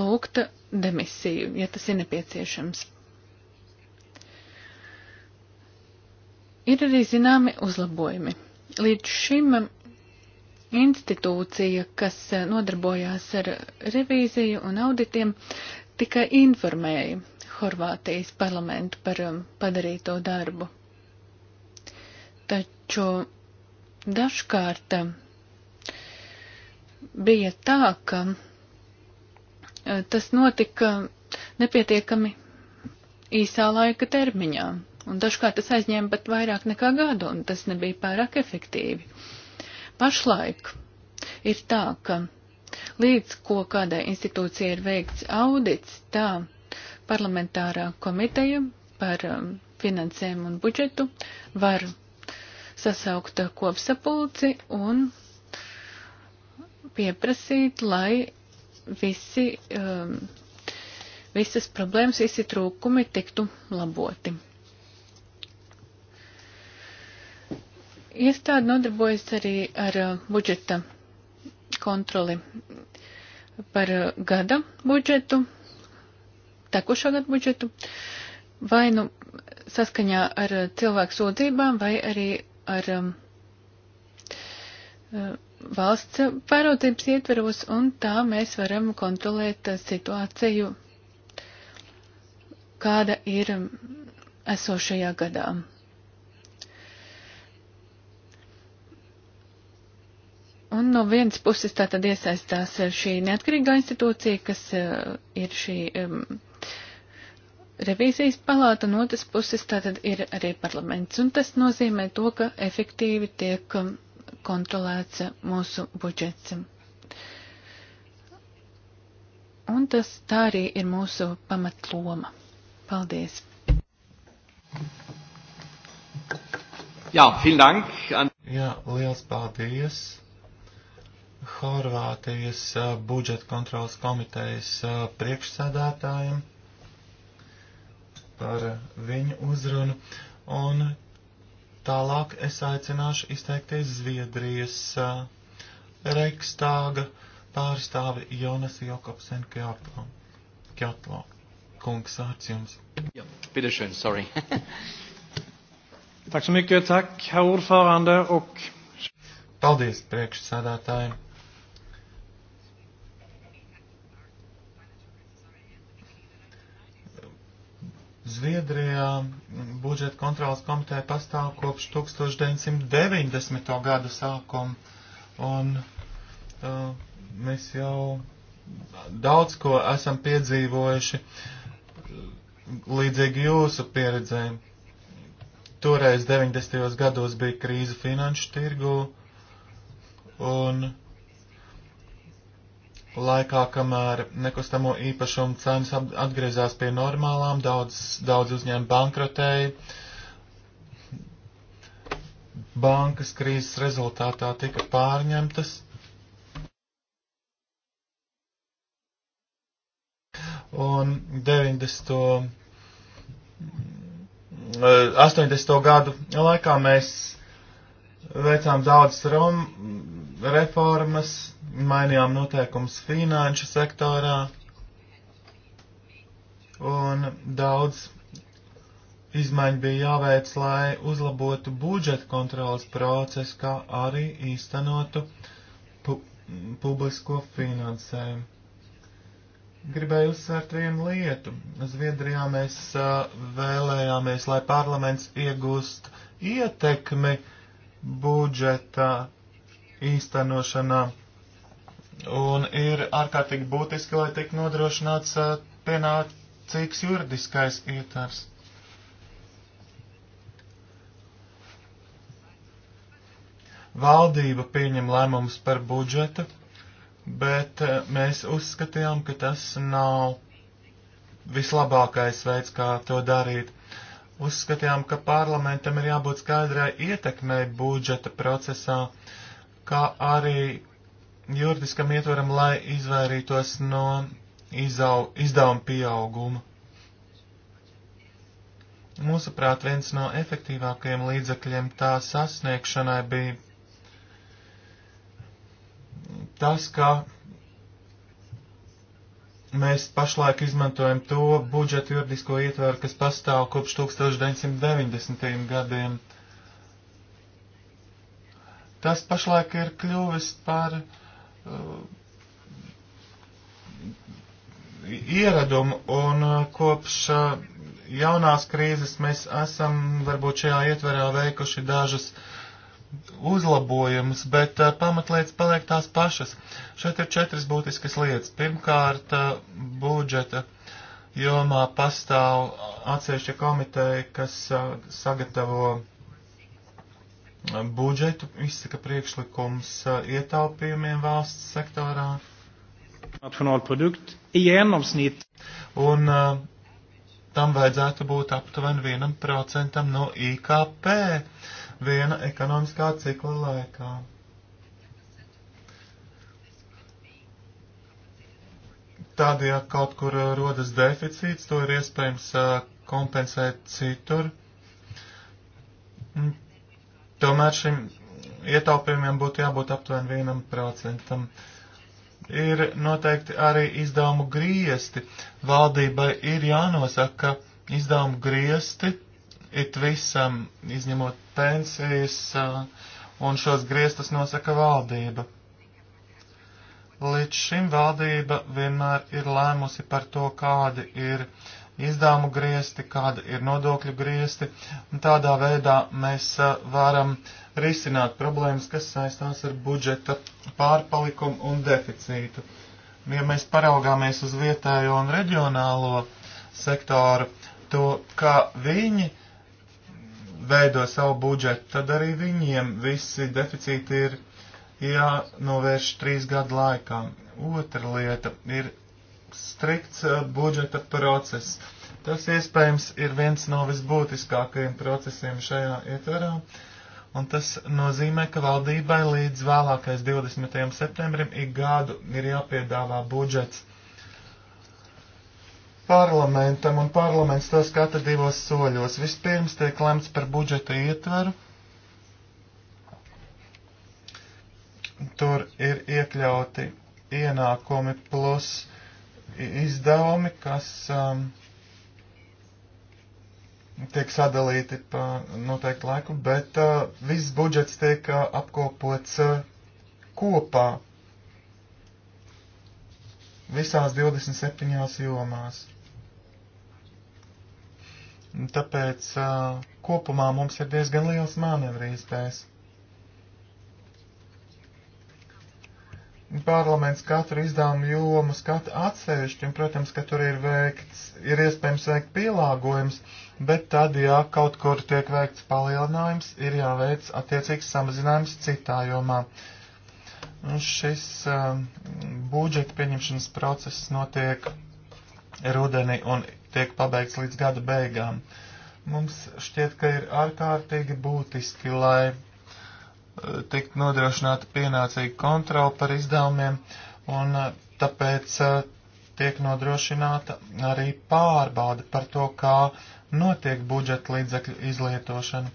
lūgt demisiju, ja tas ir nepieciešams. Ir arī zināmi uzlabojumi. Līdz šim institūcija, kas nodarbojās ar revīziju un auditiem, tikai informēja Horvātijas parlamentu par um, padarīto darbu. Taču dažkārt um, bija tā, ka uh, tas notika nepietiekami īsā laika termiņā. Un dažkārt tas aizņēma pat vairāk nekā gadu, un tas nebija pārāk efektīvi. Pašlaik ir tā, ka līdz ko kādai institūcijai ir veikts audits, tā parlamentārā komiteja par um, finansēm un budžetu var sasaukt kopsapulci un pieprasīt, lai visi, um, visas problēmas, visi trūkumi tiktu laboti. Iestāde nodarbojas arī ar uh, budžeta kontroli par uh, gada budžetu, tekušā gada budžetu, vai nu saskaņā ar uh, cilvēku sūdzībām, vai arī ar um, valsts pāraudzības ietveros, un tā mēs varam kontrolēt situāciju, kāda ir um, esošajā gadā. Un no vienas puses tā tad iesaistās eh, šī neatkarīgā institūcija, kas uh, ir šī um, revīzijas palāta, no otras puses tā tad ir arī parlaments. Un tas nozīmē to, ka efektīvi tiek kontrolēts mūsu budžets. Un tas tā arī ir mūsu pamatloma. Paldies! Jā, vielen Dank! An... Jā, liels paldies! Horvātijas budžeta kontrolas komitejas priekšsēdētājiem par viņu uzrunu. Un tālāk es aicināšu izteikties Zviedrijas Reikstāga pārstāvi Jonas Jokobsen Kjotlo. Kjotlo. Kungs, vārds jums. Jā, pidešēn, sorry. Tack så mycket, tack herr ordförande och... Paldies priekšsēdētājiem. Zviedrijā budžeta kontrolas komiteja pastāv kopš 1990. gadu sākuma, un uh, mēs jau daudz ko esam piedzīvojuši līdzīgi jūsu pieredzēm. Toreiz 90. gados bija krīze finanšu tirgu, un laikā, kamēr nekustamo īpašumu cenas atgriezās pie normālām, daudz, daudz uzņēma bankrotēja. Bankas krīzes rezultātā tika pārņemtas. Un 90. 80. gadu laikā mēs veicām daudzas reformas, mainījām noteikums finanšu sektorā un daudz izmaiņu bija jāveic, lai uzlabotu budžeta kontrolas procesu, kā arī īstenotu pu publisko finansējumu. Gribēju uzsvērt vienu lietu. Zviedrijā mēs uh, vēlējāmies, lai parlaments iegūst ietekmi budžeta īstenošanā un ir ārkārtīgi būtiski, lai tik nodrošināts pienācīgs juridiskais ietvers. Valdība pieņem lēmumus par budžetu, bet mēs uzskatījām, ka tas nav vislabākais veids, kā to darīt. Uzskatījām, ka parlamentam ir jābūt skaidrai ietekmei budžeta procesā, kā arī juridiskam ietvaram, lai izvairītos no izau, izdevuma pieauguma. Mūsuprāt, viens no efektīvākajiem līdzekļiem tā sasniegšanai bija tas, ka mēs pašlaik izmantojam to budžetu juridisko ietvaru, kas pastāv kopš 1990. gadiem. Tas pašlaik ir kļuvis par uh, Uh, ieradumu, un uh, kopš uh, jaunās krīzes mēs esam varbūt šajā ietverā veikuši dažus uzlabojumus, bet pamatlietas paliek tās pašas. Šeit ir četras būtiskas lietas. Pirmkārt, budžeta jomā pastāv atsevišķa komiteja, kas sagatavo budžetu, izsaka priekšlikums uh, ietaupījumiem valsts sektorā. Un uh, tam vajadzētu būt aptuveni 1% no IKP viena ekonomiskā cikla laikā. Tādēļ, ja kaut kur uh, rodas deficīts, to ir iespējams kompensēt citur. Tomēr šim ietaupījumiem būtu jābūt aptuveni vienam procentam. Ir noteikti arī izdevumu griesti. Valdībai ir jānosaka, ka izdevumu griesti it visam, izņemot pensijas, un šos griestus nosaka valdība. Līdz šim valdība vienmēr ir lēmusi par to, kādi ir uh, izdevumu griesti, kāda ir nodokļu griesti, un tādā veidā mēs varam risināt problēmas, kas saistās ar budžeta pārpalikumu un deficītu. Ja mēs paraugāmies uz vietējo un reģionālo sektoru, to, kā viņi veido savu budžetu, tad arī viņiem visi deficīti ir jānovērš trīs gadu laikā. Otra lieta ir strikts eh, budžeta process. Tas iespējams ir viens no visbūtiskākajiem procesiem šajā ietverā, un tas nozīmē, ka valdībai līdz vēlākais 20. septembrim ik gadu ir jāpiedāvā budžets parlamentam, un parlaments to skata divos soļos. Vispirms tiek lemts par budžeta ietveru. Tur ir iekļauti ienākumi plus uh, izdevumi, kas um, tiek sadalīti pa noteiktu laiku, bet uh, viss budžets tiek uh, apkopots uh, kopā visās 27 jomās. Tāpēc uh, kopumā mums ir diezgan liels manevri iespējas. parlaments katru izdevumu jomu skata atsevišķi, un, protams, ka tur ir veikts, ir iespējams veikt pielāgojums, bet tad, ja kaut kur tiek veikts palielinājums, ir jāveic attiecīgs samazinājums citā jomā. Un šis uh, budžeta pieņemšanas process notiek rudenī un tiek pabeigts līdz gada beigām. Mums šķiet, ka ir ārkārtīgi būtiski, lai tikt nodrošināta pienācīga kontrola par izdevumiem, un eh, tāpēc eh, tiek nodrošināta arī pārbauda par to, kā notiek budžeta līdzekļu izlietošana.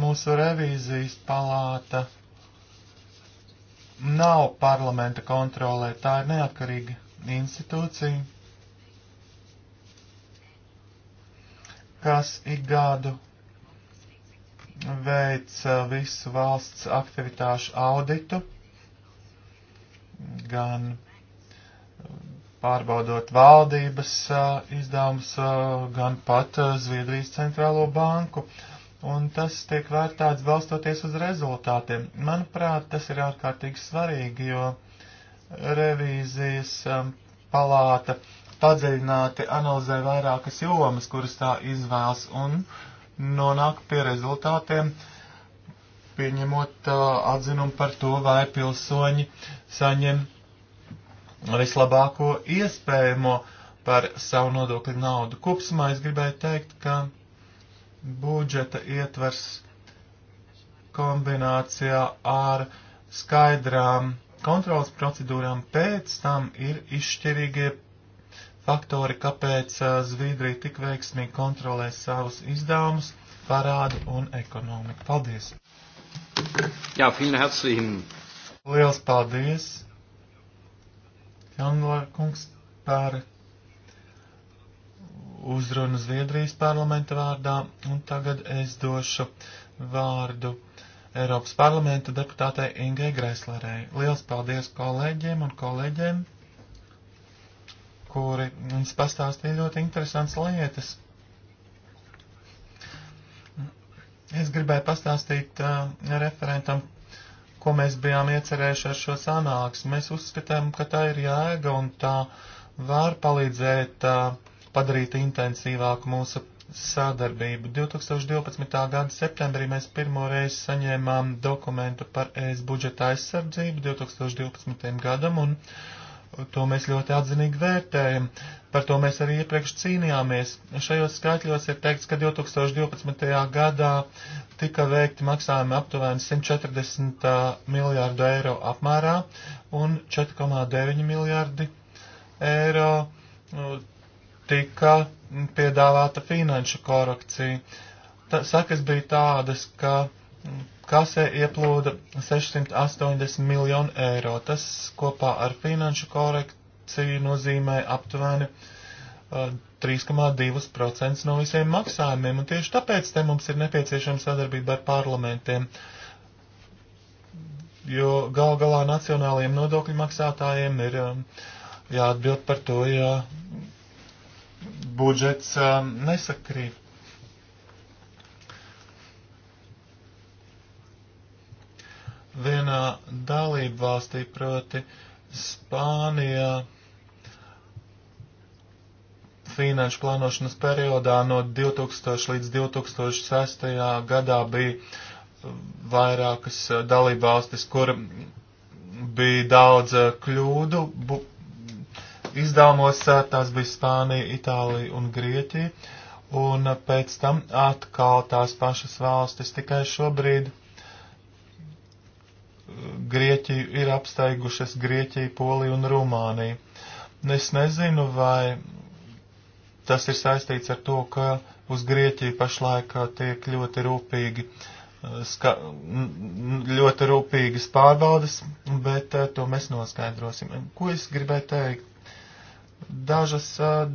Mūsu revīzijas palāta nav parlamenta kontrolē, tā ir neatkarīga institūcija, kas ik gadu veic eh, visu valsts aktivitāšu auditu, gan eh, pārbaudot valdības eh, izdevumus, gan pat Zviedrijas centrālo banku. Un tas tiek vērtēts balstoties uz rezultātiem. Manuprāt, tas ir ārkārtīgi svarīgi, jo revīzijas palāta padziļināti analizē vairākas jomas, kuras tā izvēlas, un uh, nonākt pie rezultātiem, pieņemot uh, atzinumu par to, vai pilsoņi saņem vislabāko iespējamo par savu nodokļu naudu. Kopsumā es gribēju teikt, ka budžeta ietvers kombinācijā ar skaidrām kontrolas procedūrām pēc tam ir izšķirīgie faktori, kāpēc Zviedrija tik veiksmīgi kontrolē savus izdevumus, parādu un ekonomiku. Paldies! Jā, vielen herzlichen! Liels paldies, Janlā kungs, par uzrunu Zviedrijas parlamenta vārdā, un tagad es došu vārdu Eiropas parlamenta deputātei Ingai Greslerei. Liels paldies kolēģiem un kolēģiem! kuri mums pastāstīja ļoti interesants lietas. Es gribēju pastāstīt uh, referentam, ko mēs bijām iecerējuši ar šo sanāksmi. Mēs uzskatām, ka tā ir jēga un tā var palīdzēt uh, padarīt intensīvāku mūsu sadarbību. 2012. gada septembrī mēs pirmoreiz saņēmām dokumentu par ES budžeta aizsardzību 2012. gadam, un To mēs ļoti atzinīgi vērtējam. Par to mēs arī iepriekš cīnījāmies. Šajos skaitļos ir teikts, ka 2012. gadā tika veikti maksājumi aptuveni 140 miljārdu eiro apmērā un 4,9 miljārdi eiro nu, tika piedāvāta finanšu korekcija. Ta, sakas bija tādas, ka kasē ieplūda 680 miljonu eiro. Tas kopā ar finanšu korekciju nozīmē aptuveni uh, 3,2% no visiem maksājumiem, un tieši tāpēc te mums ir nepieciešama sadarbība ar parlamentiem, jo gal galā nacionālajiem nodokļu maksātājiem ir um, jāatbild par to, ja budžets um, nesakrīt. vienā dalību valstī, proti Spānijā, finanšu plānošanas periodā no 2000 līdz 2006. gadā bija vairākas dalību valstis, kur bija daudz kļūdu izdevumos, tās bija Spānija, Itālija un Grieķija, un pēc tam atkal tās pašas valstis tikai šobrīd Grieķiju, ir apsteigušas Grieķiju, Poliju un Rumāniju. Es nezinu, vai tas ir saistīts ar to, ka uz Grieķiju pašlaik uh, tiek ļoti rūpīgi, uh, ska, ļoti rūpīgas pārbaudas, bet uh, to mēs noskaidrosim. Ko es gribēju teikt? Dažas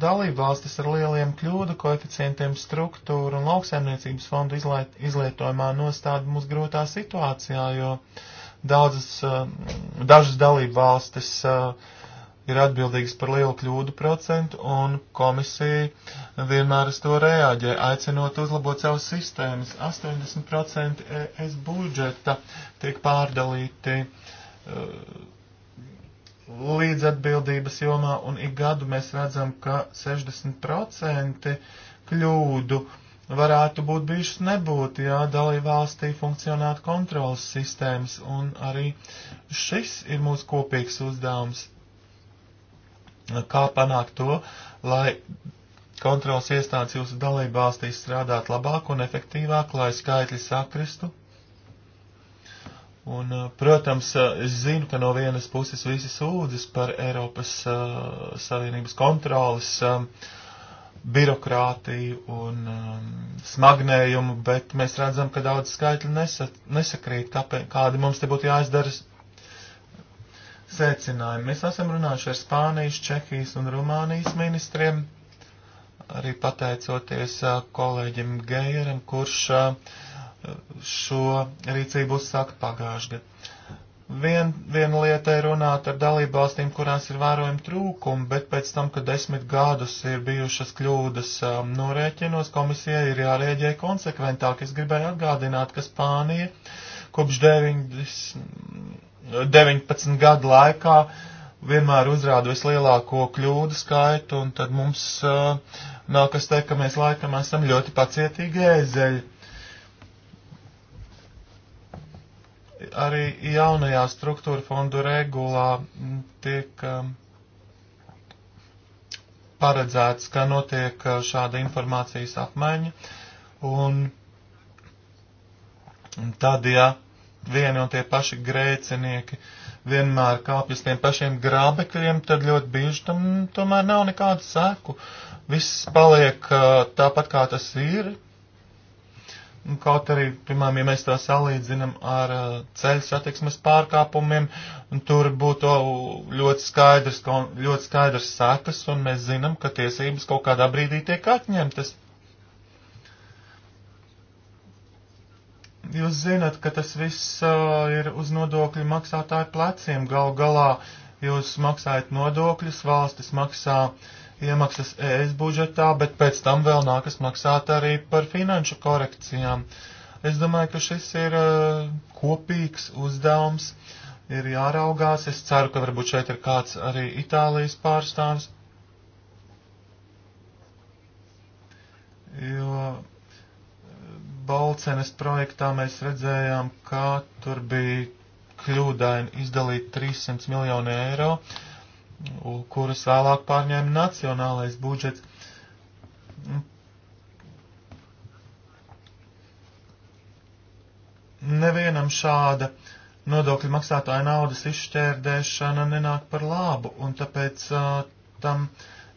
dalībvalstis ar lieliem kļūdu koeficientiem struktūru un lauksaimniecības fondu izlaitojumā nostāda mūs grūtā situācijā, jo uh, Daudzas, eh, dažas dalību valstis eh, ir atbildīgas par lielu kļūdu procentu, un komisija vienmēr uz to reaģē, aicinot uzlabot savas sistēmas. 80% ES budžeta tiek pārdalīti eh, līdz atbildības jomā, un ik gadu mēs redzam, ka 60% kļūdu uh, varētu būt bijušas nebūt, ja dalībvalstī funkcionētu kontrolas sistēmas, un arī šis ir mūsu kopīgs uzdevums. Kā panākt to, lai kontrolas iestādes jūsu dalībvalstīs strādāt labāk un efektīvāk, lai skaitļi sakristu? Un, eh, protams, eh, es zinu, ka no vienas puses visi sūdzas par Eiropas uh, Savienības kontrolas uh, birokrātiju un um, smagnējumu, bet mēs redzam, ka daudz skaitļu nesa, nesakrīt, kāpēc, kādi mums te būtu jāizdara secinājumi. Mēs esam runājuši ar Spānijas, Čehijas un Rumānijas ministriem, arī pateicoties uh, kolēģim Geijeram, kurš uh, šo rīcību uzsāka pagājušajā gadā. Vien, viena lieta ir runāt ar dalībvalstīm, kurās ir vērojami trūkumi, bet pēc tam, kad desmit gadus ir bijušas kļūdas um, norēķinos, komisijai ir jārēģē konsekventāk. Es gribēju atgādināt, ka Spānija kopš 90, 19 gadu laikā vienmēr uzrāda vislielāko kļūdu skaitu, un tad mums uh, nākas teikt, ka mēs laikam esam ļoti pacietīgi ēzeļi arī jaunajā struktūra fondu regulā tiek um, paredzēts, ka notiek uh, šāda informācijas apmaiņa, un tad, ja vieni un tie paši grēcinieki vienmēr kāpjas tiem pašiem grābekļiem, tad ļoti bieži tam tomēr nav nekādu seku. Viss paliek uh, tāpat, kā tas ir, Kaut arī, piemēram, ja mēs to salīdzinām ar uh, ceļu satiksmes pārkāpumiem, tur būtu ļoti skaidrs, ļoti skaidrs sekas, un mēs zinām, ka tiesības kaut kādā brīdī tiek atņemtas. Jūs zinat, ka tas viss uh, ir uz nodokļu maksātāju pleciem. Gal galā jūs maksājat nodokļus, valstis maksā uh, iemaksas ES budžetā, bet pēc tam vēl nākas maksāt arī par finanšu korekcijām. Es domāju, ka šis ir uh, kopīgs uzdevums, ir jāraugās. Es ceru, ka varbūt šeit ir kāds arī Itālijas pārstāvs. Jo e, Balcenes projektā mēs redzējām, kā tur bija kļūdaini izdalīt 300 miljonu eiro. Uh, kuras vēlāk pārņēma nacionālais budžets. Mm. Nevienam šāda nodokļu maksātāja naudas izšķērdēšana nenāk par labu, un tāpēc uh, tam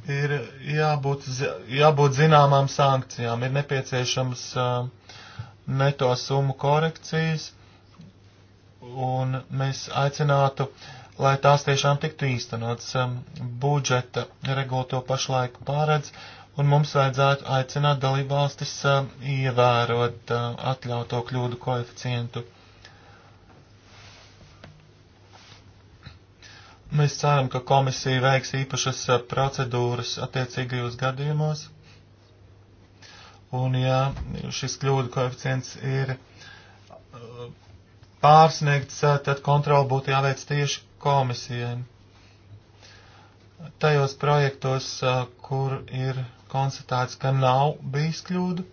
ir jābūt, jābūt zināmām sankcijām, ir nepieciešams uh, neto summu korekcijas, un mēs aicinātu uh, lai tās tiešām tiktu īstenots. Budžeta regula to pašlaik pāredz, un mums vajadzētu aicināt dalībvalstis ievērot atļauto kļūdu koeficientu. Mēs ceram, ka komisija veiks īpašas procedūras attiecīgajos gadījumos. Un ja šis kļūdu koeficients ir pārsniegts, tad kontroli būtu jāveic tieši komisijai. Tajos projektos, kur ir konstatēts, ka nav bijis kļūdu,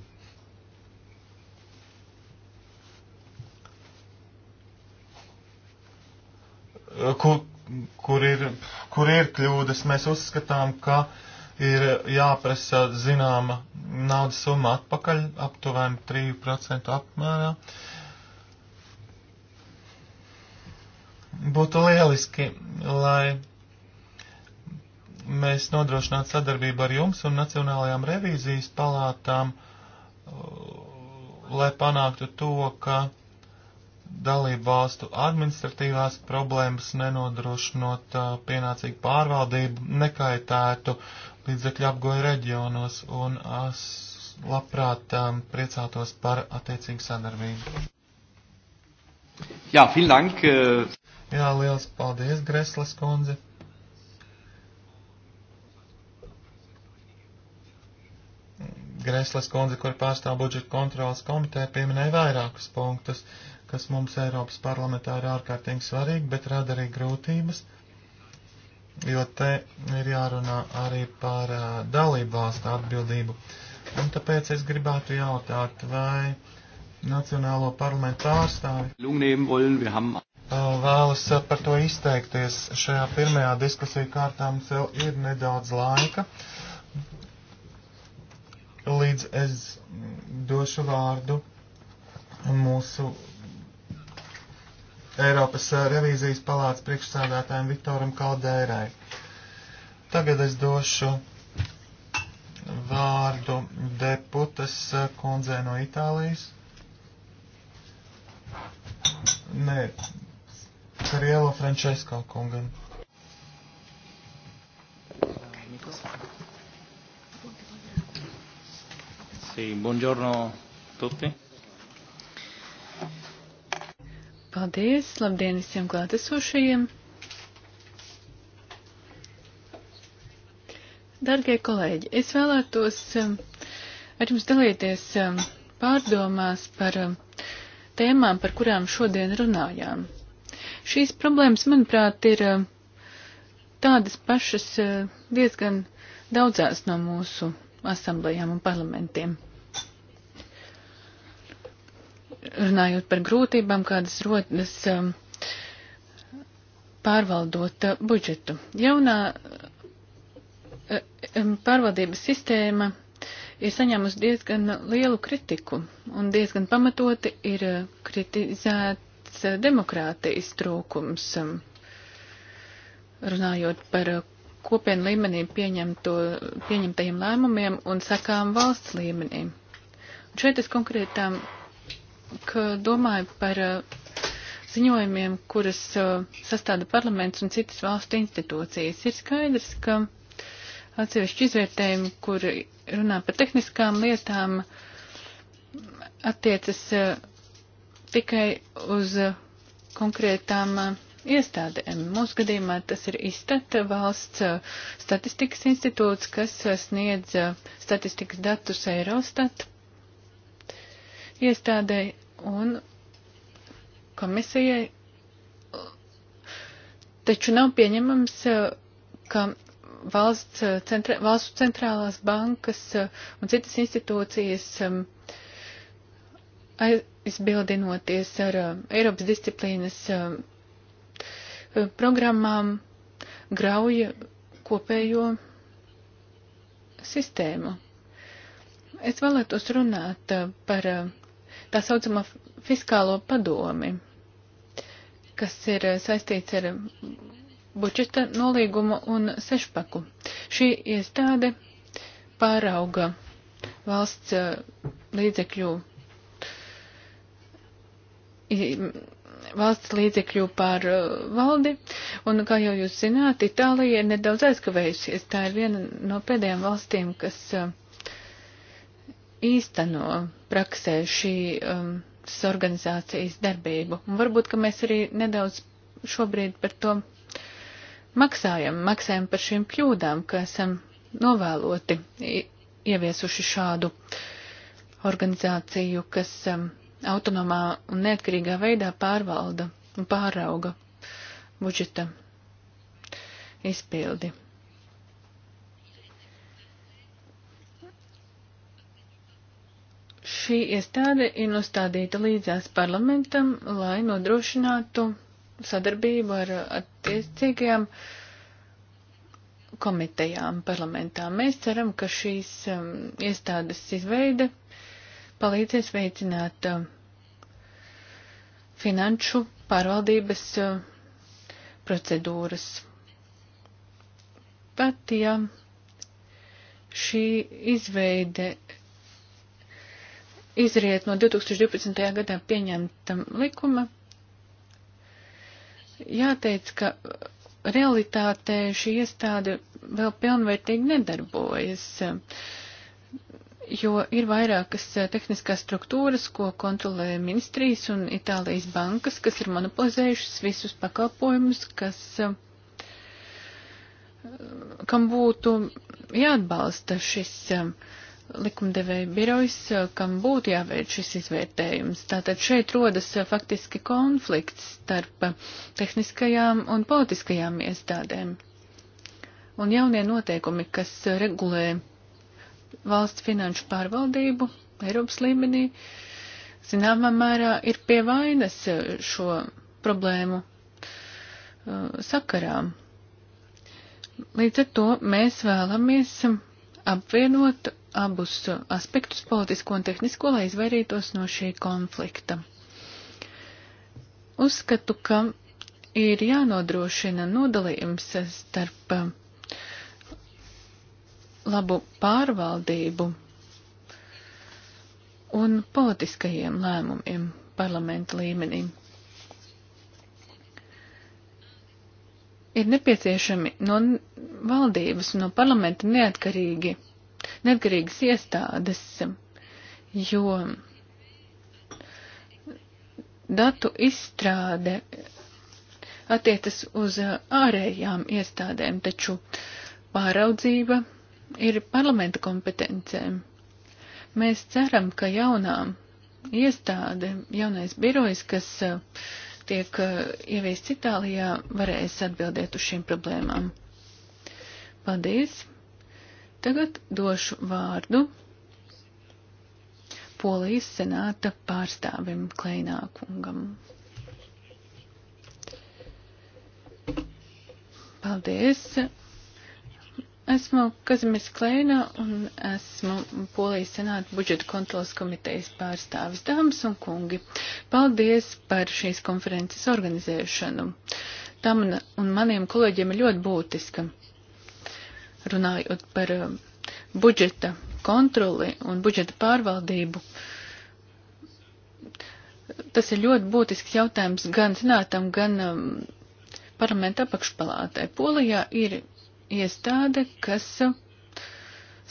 kur, kur, ir, kur ir kļūdas, mēs uzskatām, ka ir jāprasa zināma naudas summa atpakaļ, aptuveni 3% apmērā. Uh, Būtu lieliski, lai mēs nodrošinātu sadarbību ar jums un Nacionālajām revīzijas palātām, lai panāktu to, ka dalību valstu administratīvās problēmas nenodrošinot pienācīgu pārvaldību nekaitētu līdzekļu apgoja reģionos un es labprāt priecātos par attiecīgu sadarbību. Jā, vielen Dank. Jā, liels paldies, Greslas kundze. Greslas kundze, kur pārstāv budžeta kontrolas komiteja, pieminēja vairākus punktus, kas mums Eiropas parlamentā ir ārkārtīgi svarīgi, bet rada arī grūtības, jo te ir jārunā arī par uh, dalību valstu atbildību. Un tāpēc es gribētu jautāt, vai Nacionālo parlamentu pārstāvi vēlas par to izteikties. Šajā pirmajā diskusiju kārtā mums vēl ir nedaudz laika. Līdz es došu vārdu mūsu Eiropas revīzijas palāca priekšsādātājiem Viktoram Kaldērai. Tagad es došu vārdu deputas kundzē no Itālijas. Nē, Rielo Frančesko kungam. Sì, buongiorno tutti. Paldies, labdien visiem klātesošajiem. Dargie kolēģi, es vēlētos um, ar jums dalīties um, pārdomās par um, tēmām, par kurām šodien runājām. Šīs problēmas, manuprāt, ir eh, tādas pašas eh, diezgan daudzās no mūsu asamblējām un parlamentiem. Runājot par grūtībām, kādas rodas eh, pārvaldot budžetu. Jaunā pārvaldības sistēma ir saņēmusi diezgan lielu kritiku un diezgan pamatoti ir kritizēt aspekts eh, - demokrātijas trūkums. Um, runājot par eh, kopienu līmenī pieņemto, pieņemtajiem lēmumiem un sakām valsts līmenī. Un šeit es konkrētām domāju par eh, ziņojumiem, kuras sastāda parlaments un citas valstu institūcijas. Ir skaidrs, ka atsevišķi izvērtējumi, kur runā par tehniskām lietām, attiecas tikai uz uh, konkrētām uh, iestādēm. Mūsu gadījumā tas ir izstata valsts uh, statistikas institūts, kas sniedz statistikas datus Eurostat iestādē un komisijai. Taču nav pieņemams, ka valsts centra, valstu centrālās bankas un citas institūcijas um, aizbildinoties ar um, Eiropas disciplīnas um, programmām, grauja kopējo sistēmu. Es vēlētos runāt uh, par uh, tā saucamā fiskālo padomi, kas ir uh, saistīts ar um, budžeta nolīgumu un sešpaku. Šī iestāde pārauga valsts līdzekļu valsts līdzekļu pār uh, valdi, un, kā jau jūs zināt, Itālija ir nedaudz aizkavējusies. Tā ir viena no pēdējām valstīm, kas uh, īsteno praksē šī um, organizācijas darbību. Un varbūt, ka mēs arī nedaudz šobrīd par to maksājam, maksājam par šīm kļūdām, ka esam novēloti ieviesuši šādu organizāciju, kas um, autonomā un neatkarīgā veidā pārvalda un pārauga budžeta izpildi. Šī iestāde ir nostādīta līdzās parlamentam, lai nodrošinātu sadarbību ar attiecīgajām komitejām parlamentā. Mēs ceram, ka šīs um, iestādes izveide palīdzēs veicināt um, finanšu pārvaldības eh, procedūras. Pat ja šī izveide izriet no 2012. gadā pieņemtam likuma, jāteic, ka realitātē šī iestāde vēl pilnvērtīgi nedarbojas. Uh, jo ir vairākas eh, tehniskās struktūras, ko kontrolē ministrijas un Itālijas bankas, kas ir monopolizējušas visus pakalpojumus, kas, eh, kam būtu jāatbalsta šis eh, likumdevēja birojs, kam būtu jāveic šis izvērtējums. Tātad šeit rodas faktiski konflikts starp tehniskajām un politiskajām iestādēm. Un jaunie noteikumi, kas regulē valsts finanšu pārvaldību Eiropas līmenī, zināmā mērā ir pie vainas eh, šo problēmu uh, sakarām. Līdz ar to mēs vēlamies apvienot abus aspektus, politisko un tehnisko, lai izvairītos no šī konflikta. Uzskatu, ka ir jānodrošina nodalījums starp uh, labu pārvaldību un politiskajiem lēmumiem parlamenta līmenī. Ir nepieciešami no valdības un no parlamenta neatkarīgi, neatkarīgas iestādes, jo datu izstrāde attiecas uz ārējām iestādēm, taču pāraudzība ir parlamenta kompetencēm. Mēs ceram, ka jaunā iestāde, jaunais birojs, kas uh, tiek uh, ieviests Itālijā, varēs atbildēt uz šīm problēmām. Paldies! Tagad došu vārdu Polijas senāta pārstāvim Kleinākungam. Paldies! Esmu Kazimis Kleina un esmu Polijas senāta budžeta kontrolas komitejas pārstāvis dāmas un kungi. Paldies par šīs konferences organizēšanu. Tam un maniem kolēģiem ir ļoti būtiska. Runājot par um, budžeta kontroli un budžeta pārvaldību, tas ir ļoti būtisks jautājums gan senātam, gan um, parlamenta apakšpalātai. Polijā ir iestāde, kas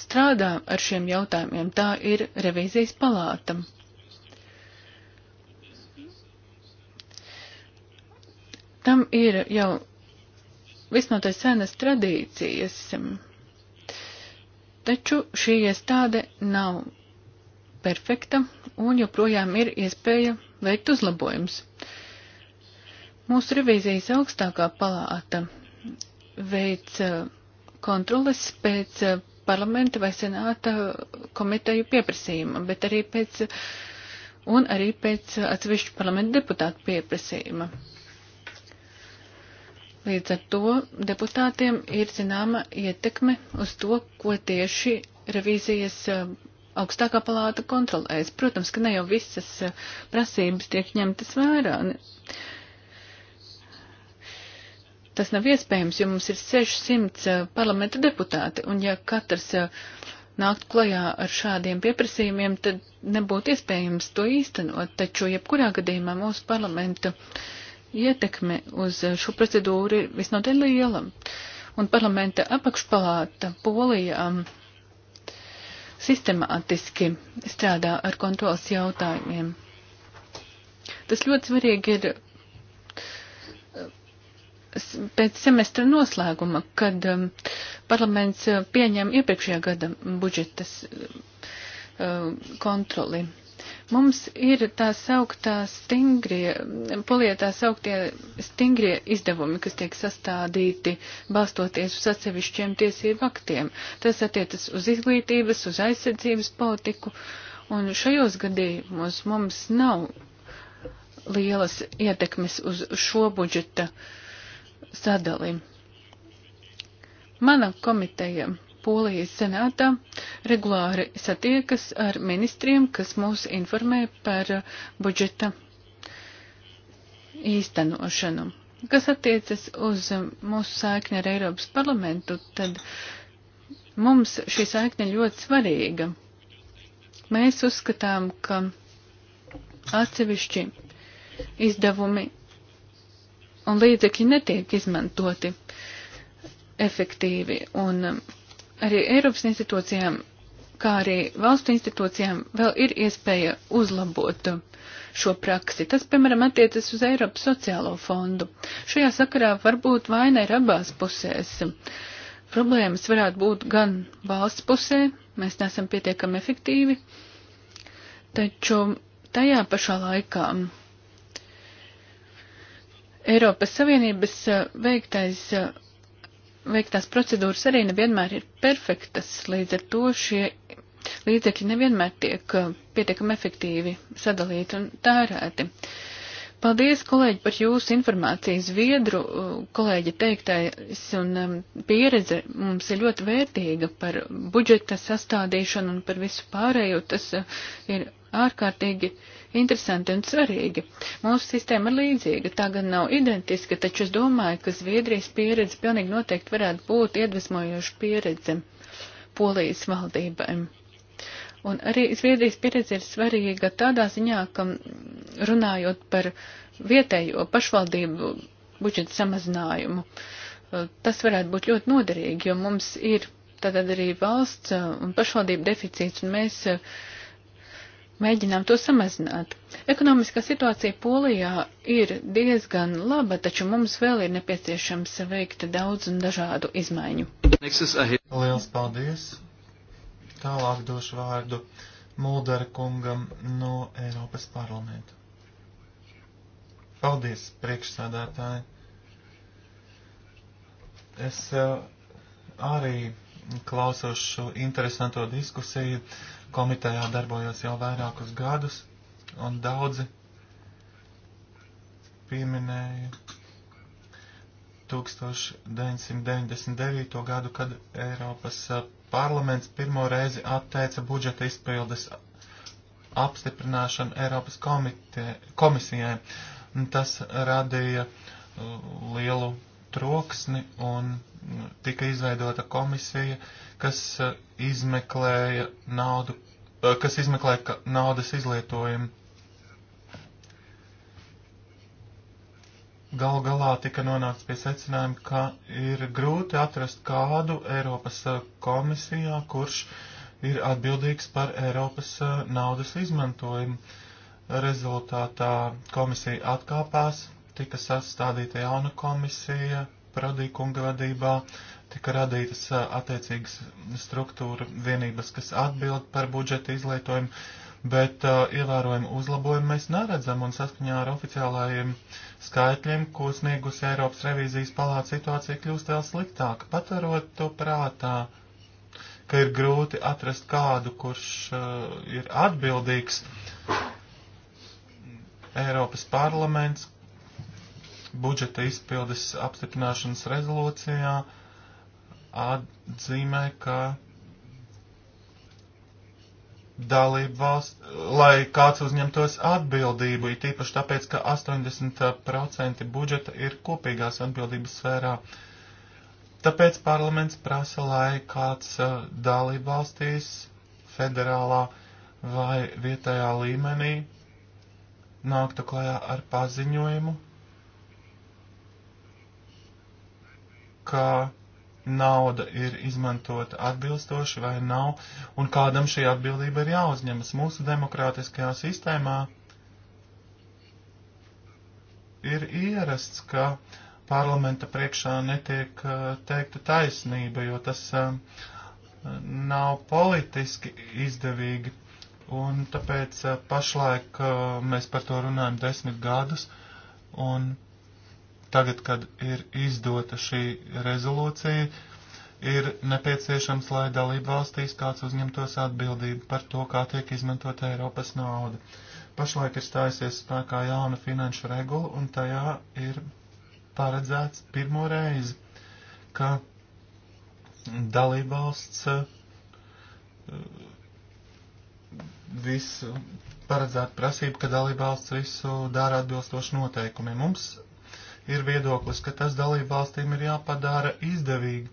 strādā ar šiem jautājumiem. Tā ir revīzijas palāta. Tam ir jau visnotaļ senas tradīcijas, taču šī iestāde nav perfekta un joprojām ir iespēja veikt uzlabojums. Mūsu revīzijas augstākā palāta veic uh, kontroles pēc uh, parlamenta vai senāta komiteju pieprasījuma, bet arī pēc, un arī pēc uh, atsevišķu parlamenta deputātu pieprasījuma. Līdz ar to deputātiem ir zināma ietekme uz to, ko tieši revīzijas augstākā palāta kontrolēs. Protams, ka ne jau visas prasības tiek ņemtas vērā tas nav iespējams, jo mums ir 600 eh, parlamenta deputāti, un ja katrs eh, nākt klajā ar šādiem pieprasījumiem, tad nebūtu iespējams to īstenot. Taču, jebkurā gadījumā mūsu parlamenta ietekme uz eh, šo procedūru ir visnotaļ liela. Un parlamenta apakšpalāta Polijā um, sistemātiski strādā ar kontrolas jautājumiem. Tas ļoti svarīgi ir pēc semestra noslēguma, kad um, parlaments uh, pieņem iepriekšējā gada budžetas um, kontroli. Mums ir tā sauktā stingrie, polijā tā sauktie stingrie izdevumi, kas tiek sastādīti balstoties uz atsevišķiem tiesību aktiem. Tas attiecas uz izglītības, uz aizsardzības politiku, un šajos gadījumos mums nav lielas ietekmes uz šo budžeta uh, sadali. Mana komiteja Polijas senātā regulāri satiekas ar ministriem, kas mūs informē par budžeta īstenošanu. Kas attiecas uz mūsu saikni ar Eiropas parlamentu, tad mums šī saikne ļoti svarīga. Mēs uzskatām, ka atsevišķi izdevumi un līdzekļi netiek izmantoti efektīvi. Un um, arī Eiropas institūcijām, kā arī valstu institūcijām vēl ir iespēja uzlabot um, šo praksi. Tas, piemēram, attiecas uz Eiropas sociālo fondu. Šajā sakarā varbūt vaina ir abās pusēs. Problēmas varētu būt gan valsts pusē, mēs neesam pietiekami efektīvi, taču tajā pašā laikā Eiropas Savienības eh, veiktais, eh, veiktās procedūras arī nevienmēr ir perfektas, līdz ar to šie līdzekļi nevienmēr tiek eh, pietiekami efektīvi sadalīti un tērēti. Paldies, kolēģi, par jūsu informāciju. Zviedru kolēģi teiktais un pieredze mums ir ļoti vērtīga par budžeta sastādīšanu un par visu pārējo. Tas ir ārkārtīgi uh, interesanti un svarīgi. Mūsu sistēma ir līdzīga, tā gan nav identiska, taču es domāju, ka Zviedrijas pieredze pilnīgi noteikti varētu būt iedvesmojoša pieredze polijas valdībai. Un arī Zviedrijas pieredze ir svarīga tādā ziņā, ka runājot par vietējo pašvaldību budžeta samazinājumu, tas varētu būt ļoti noderīgi, jo mums ir tātad arī valsts uh, un pašvaldību deficīts, un mēs uh, mēģinām to samazināt. Ekonomiskā situācija Polijā ir diezgan laba, taču mums vēl ir nepieciešams veikt daudz un dažādu izmaiņu. Liels paldies! Tālāk došu vārdu Muldera kungam no Eiropas parlamenta. Paldies, priekšsādātāji! Es eh, arī klausos šo interesanto diskusiju komitejā darbojos jau vairākus gadus, un daudzi pieminēja 1999. gadu, kad Eiropas parlaments pirmo reizi atteica budžeta izpildes apstiprināšanu Eiropas komite, komisijai. Tas radīja lielu troksni un tika izveidota komisija, kas izmeklēja naudu Eh, kas izmeklē naudas izlietojumu. Gal galā tika nonākts pie secinājuma, ka ir grūti atrast kādu Eiropas eh, komisijā, kurš ir atbildīgs par Eiropas eh, naudas izmantojumu. Rezultātā komisija atkāpās, tika sastādīta jauna komisija, Prodīkunga vadībā, tika radītas attiecīgas struktūra vienības, kas atbild par budžeta izlietojumu, bet uh, ievērojumu uzlabojumu mēs neredzam un saskaņā ar oficiālajiem skaitļiem, ko sniegusi Eiropas revīzijas palāca situācija kļūst vēl sliktāka. Paturot to prātā, ka ir grūti atrast kādu, kurš uh, ir atbildīgs, Eiropas parlaments budžeta izpildes apstiprināšanas rezolūcijā uh, atzīmē, ka dalību valsts, lai kāds uzņemtos atbildību, it īpaši tāpēc, ka 80% budžeta ir kopīgās atbildības sfērā. Tāpēc parlaments prasa, lai kāds eh, dalību valstīs federālā vai vietējā līmenī nāktu klajā ar paziņojumu, ka nauda ir izmantota atbilstoši vai nav, un kādam šī atbildība ir jāuzņemas. Mūsu demokrātiskajā sistēmā ir ierasts, ka parlamenta priekšā netiek uh, teikta taisnība, jo tas um, nav politiski izdevīgi. Un tāpēc uh, pašlaik uh, mēs par to runājam desmit gadus, un Tagad, kad ir izdota šī rezolūcija, ir nepieciešams, lai dalību valstīs kāds uzņemtos atbildību par to, kā tiek izmantot Eiropas nauda. Pašlaik ir stājusies spēkā jauna finanšu regula, un tajā ir paredzēts pirmo reizi, ka dalību valsts eh, visu paredzētu prasību, ka dalību valsts visu dara atbilstoši noteikumiem. Mums ir viedoklis, ka tas dalību valstīm ir jāpadara izdevīgi.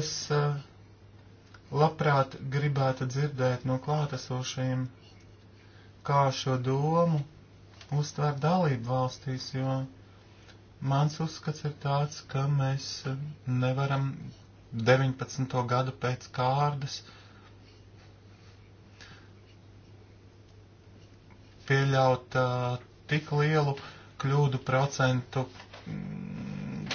Es eh, labprāt gribētu dzirdēt no klātesošajiem, kā šo domu uztver dalību valstīs, jo mans uzskats ir tāds, ka mēs nevaram 19. gadu pēc kārdas uh, pieļaut uh, tik lielu kļūdu procentu, mm,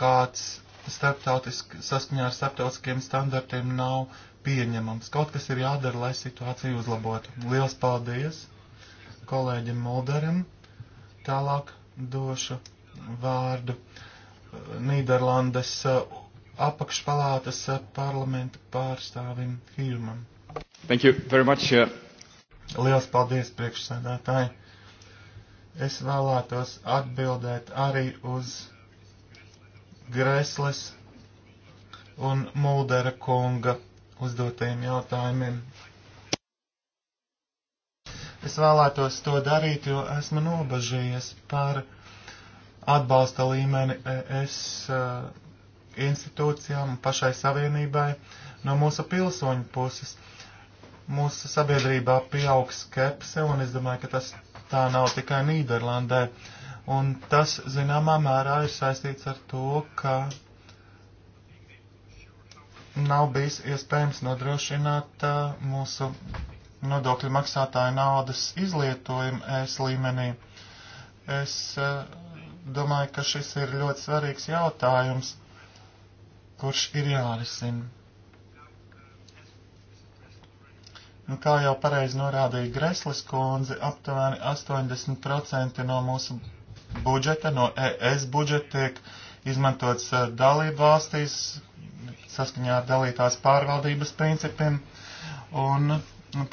kāds saskaņā ar starptautiskiem standartiem nav pieņemams. Kaut kas ir jādara, lai situāciju uzlabotu. Lielas paldies kolēģim Mulderim. Tālāk došu vārdu Nīderlandes apakšpalātas parlamenta pārstāvim Hīrumam. Thank you very much. Uh... Liels paldies, priekšsēdētāji! Es vēlētos atbildēt arī uz Gresles un Muldera kunga uzdotajiem jautājumiem. Es vēlētos to darīt, jo esmu nobažījies par atbalsta līmeni ES uh, institūcijām un pašai savienībai no mūsu pilsoņu puses. Uh, mūsu sabiedrībā pieaug skepse, un es domāju, ka tas tā nav tikai Nīderlandē. Un tas, zināmā mērā, ir saistīts ar to, ka nav bijis iespējams nodrošināt uh, mūsu nodokļu maksātāju naudas izlietojumu ēs līmenī. Es uh, domāju, ka šis ir ļoti svarīgs jautājums, kurš ir jārisina. Nu, kā jau pareizi norādīja Greslis kundze, aptuveni 80% no mūsu budžeta, no ES budžeta tiek izmantots eh, dalību valstīs saskaņā ar dalītās pārvaldības principiem, un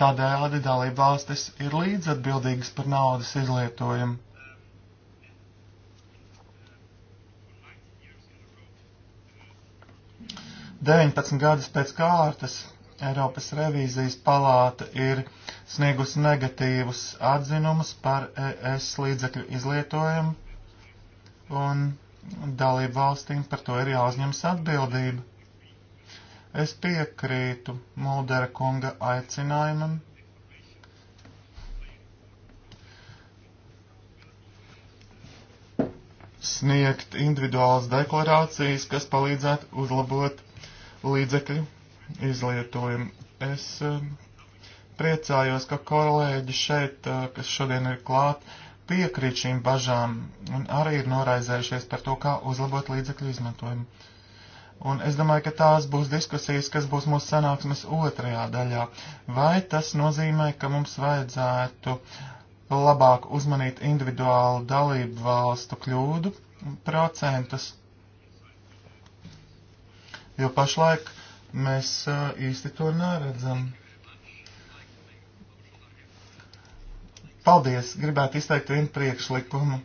tādēļ arī dalību valstis ir līdzatbildīgas par naudas izlietojumu. Deviņpadsmit gadus pēc kārtas Eiropas revīzijas palāta ir sniegusi negatīvus atzinumus par ES līdzekļu izlietojumu, un dalību valstīm par to ir jāuzņemas atbildība. Es piekrītu Muldera kunga aicinājumam. sniegt individuālas deklarācijas, kas palīdzētu uzlabot līdzekļu izlietojumu. Es eh, priecājos, ka kolēģi šeit, eh, kas šodien ir klāt, piekrīt šīm bažām un arī ir noraizējušies par to, kā uzlabot līdzekļu izmantojumu. Un es domāju, ka tās būs diskusijas, kas būs mūsu sanāksmes otrajā daļā. Vai tas nozīmē, ka mums vajadzētu labāk uzmanīt individuālu dalību valstu kļūdu procentus? Jo pašlaik uh, mēs īsti to neredzam. Paldies! Gribētu izteikt vienu priekšlikumu.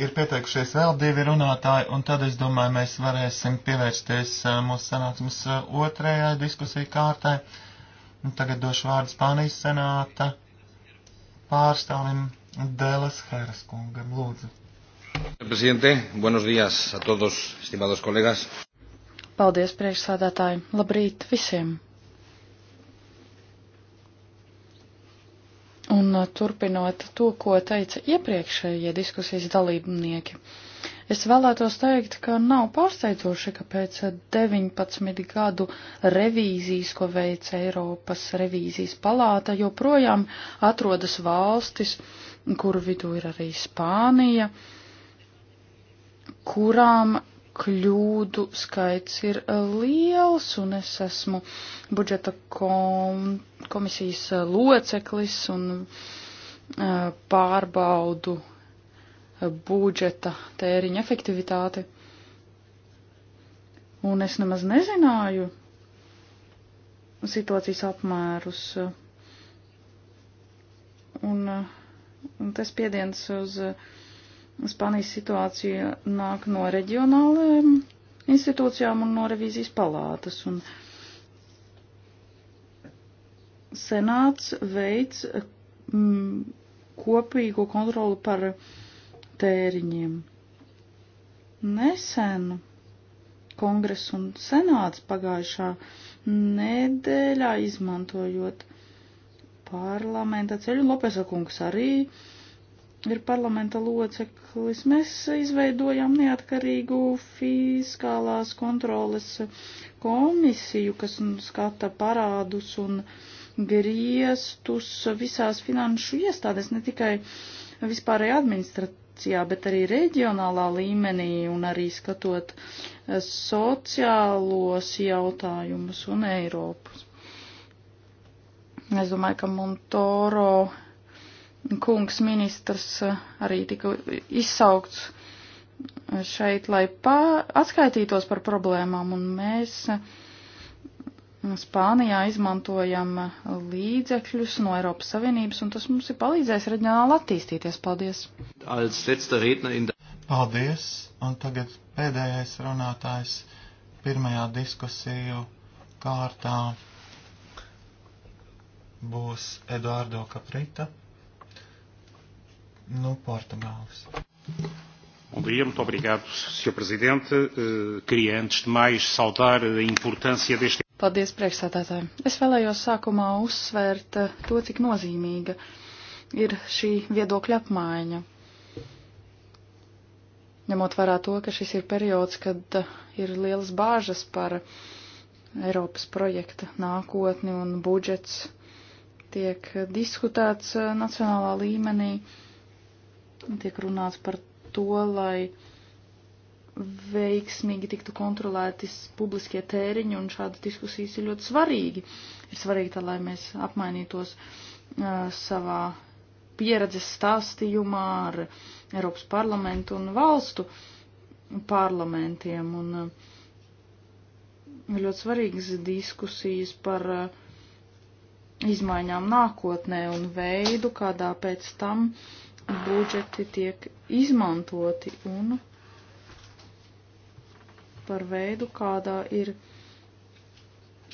Ir pieteikušies vēl divi runātāji, un tad es domāju, mēs varēsim pievērsties mūsu sanāksmes otrajai diskusiju kārtai. Un tagad došu vārdu Spānijas senāta pārstāvim Dēlas Heras kungam. Lūdzu! Presidente, buenos días a todos, estimados kolēgas. Paldies, priekšsādātāji. Labrīt visiem. Un uh, turpinot to, ko teica iepriekšējie diskusijas dalībnieki, es vēlētos teikt, ka nav pārsteidzoši, ka pēc 19 gadu revīzijas, ko veica Eiropas revīzijas palāta, joprojām atrodas valstis, kuru vidū ir arī Spānija, uh, kurām kļūdu skaits ir e, liels, un es esmu budžeta kom komisijas e, loceklis un e, pārbaudu budžeta tēriņa efektivitāti. Un es nemaz nezināju situācijas apmērus. Un, un tas piediens uz uh, Spānijas situācija nāk no reģionālajām institūcijām un no revīzijas palātas. Un senāts veids mm, kopīgo kontroli par tēriņiem. Nesen kongress un senāts pagājušā nedēļā izmantojot parlamenta ceļu, Lopesa kungs arī uh, ir parlamenta loceklis. Mēs izveidojam neatkarīgu fiskālās kontroles komisiju, kas nu skata parādus un griestus visās finanšu iestādēs, ne tikai vispārēji administrācijā, bet arī reģionālā līmenī un arī skatot sociālos jautājumus un Eiropas. Es domāju, ka Montoro kungs ministrs eh, arī tika izsaukts eh, šeit, lai atskaitītos par problēmām, un mēs eh, Spānijā izmantojam līdzekļus no Eiropas Savienības, un tas mums ir palīdzējis reģionāli attīstīties. Paldies! Paldies! Un tagad pēdējais runātājs pirmajā diskusiju kārtā būs Eduardo Kaprita no nu, Portugāles. Bom dia, muito obrigado, Sr. Presidente. Eh, queria, antes de mais, saudar a importância deste. Paldies, priekšsēdētāji. Es vēlējos sākumā uzsvērt eh, to, cik nozīmīga ir šī viedokļa apmaiņa. Ņemot vērā to, ka šis ir periods, kad eh, ir lielas bāžas par Eiropas projekta nākotni un budžets tiek diskutēts nacionālā līmenī. Uh, tiek runāts par to, lai veiksmīgi tiktu kontrolētis publiskie tēriņi, un šādas diskusijas ir ļoti svarīgi. Ir svarīgi, tā, lai mēs apmainītos uh, savā pieredzes stāstījumā ar Eiropas parlamentu un valstu parlamentiem, un uh, ļoti svarīgas diskusijas par uh, izmaiņām nākotnē un veidu, kādā pēc tam uh, budžeti tiek izmantoti un par veidu, kādā ir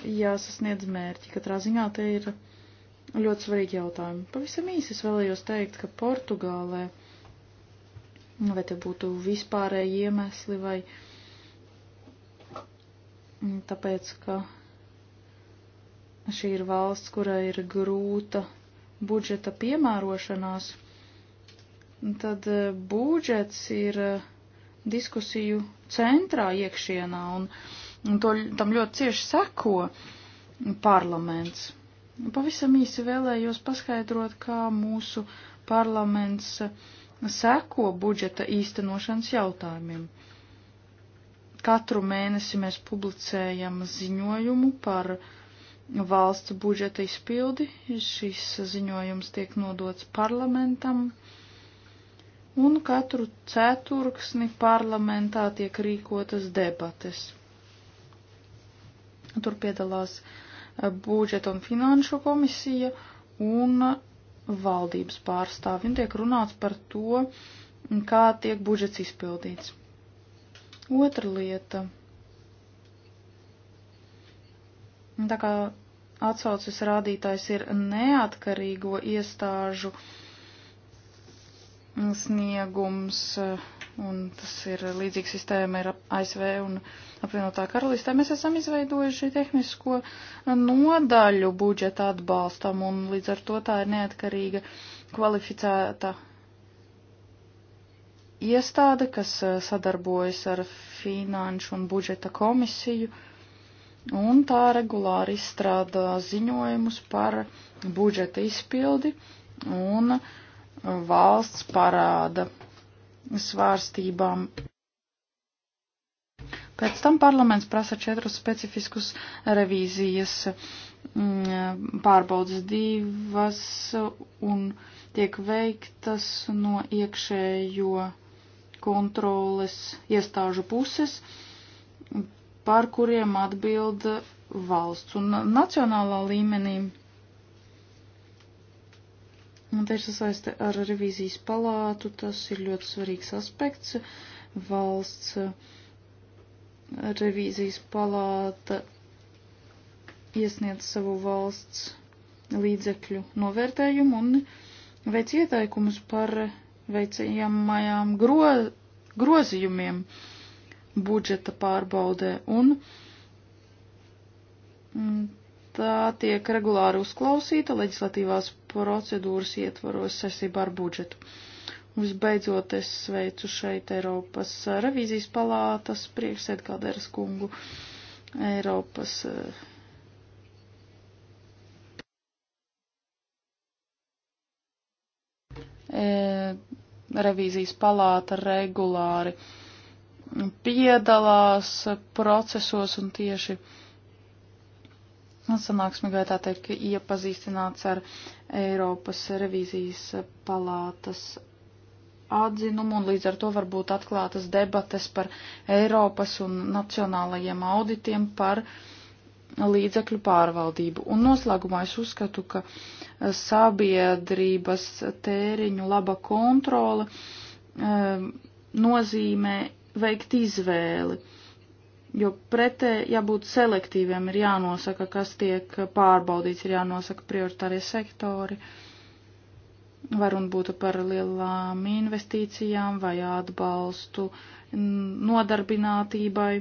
jāsasniedz mērķi. Katrā ziņā te ir ļoti svarīgi jautājumi. Pavisam īsi es vēlējos teikt, ka Portugālē, nu, vai te būtu vispārēji iemesli, vai tāpēc, ka šī ir valsts, kurai ir grūta budžeta piemērošanās tad e, būdžets ir e, diskusiju centrā iekšienā, un, un to, tam ļoti cieši seko parlaments. Pavisam īsi vēlējos paskaidrot, kā mūsu parlaments e, seko budžeta īstenošanas jautājumiem. Katru mēnesi mēs publicējam ziņojumu par valsts budžeta izpildi. Šis ziņojums tiek nodots parlamentam un katru ceturksni parlamentā tiek rīkotas debates. Tur piedalās eh, budžeta un finanšu komisija un valdības pārstāvi, un tiek runāts par to, kā tiek budžets izpildīts. Otra lieta. Tā kā atsauces rādītājs ir neatkarīgo iestāžu uh, sniegums, eh, un tas ir līdzīga sistēma ir ASV un apvienotā karalistē. Mēs esam izveidojuši tehnisko nodaļu budžeta atbalstam, un līdz ar to tā ir neatkarīga kvalificēta iestāde, kas eh, sadarbojas ar Finanšu un budžeta komisiju, un tā regulāri izstrādā ziņojumus par budžeta izpildi, un uh, valsts parāda svārstībām. Pēc tam parlaments prasa četrus specifiskus revīzijas mm, pārbaudas divas un tiek veiktas no iekšējo kontroles iestāžu puses, par kuriem atbild valsts un nacionālā līmenī Un te ir sasaiste ar revīzijas palātu, tas ir ļoti svarīgs aspekts. Valsts eh, revīzijas palāta iesniedz savu valsts līdzekļu novērtējumu un veic ieteikumus par veicamajām gro, grozījumiem budžeta pārbaudē un mm, tā tiek regulāri uzklausīta leģislatīvās procedūras ietvaros saistībā ar budžetu. Visbeidzot, es sveicu šeit Eiropas revīzijas palātas priekšsēdkāderas kungu, Eiropas eh, e, revīzijas palāta regulāri piedalās procesos un tieši uh, Nu, sanāksmi gaitā tiek iepazīstināts ar Eiropas revīzijas palātas atzinumu, un līdz ar to var būt atklātas debates par Eiropas un nacionālajiem auditiem par līdzekļu pārvaldību. Un noslēgumā es uzskatu, ka sabiedrības tēriņu laba kontrole um, nozīmē veikt izvēli. Uh, Jo pretēji eh, jābūt selektīviem, ir jānosaka, kas tiek pārbaudīts, ir jānosaka prioritārie sektori. Var un būtu par lielām investīcijām vai atbalstu nodarbinātībai.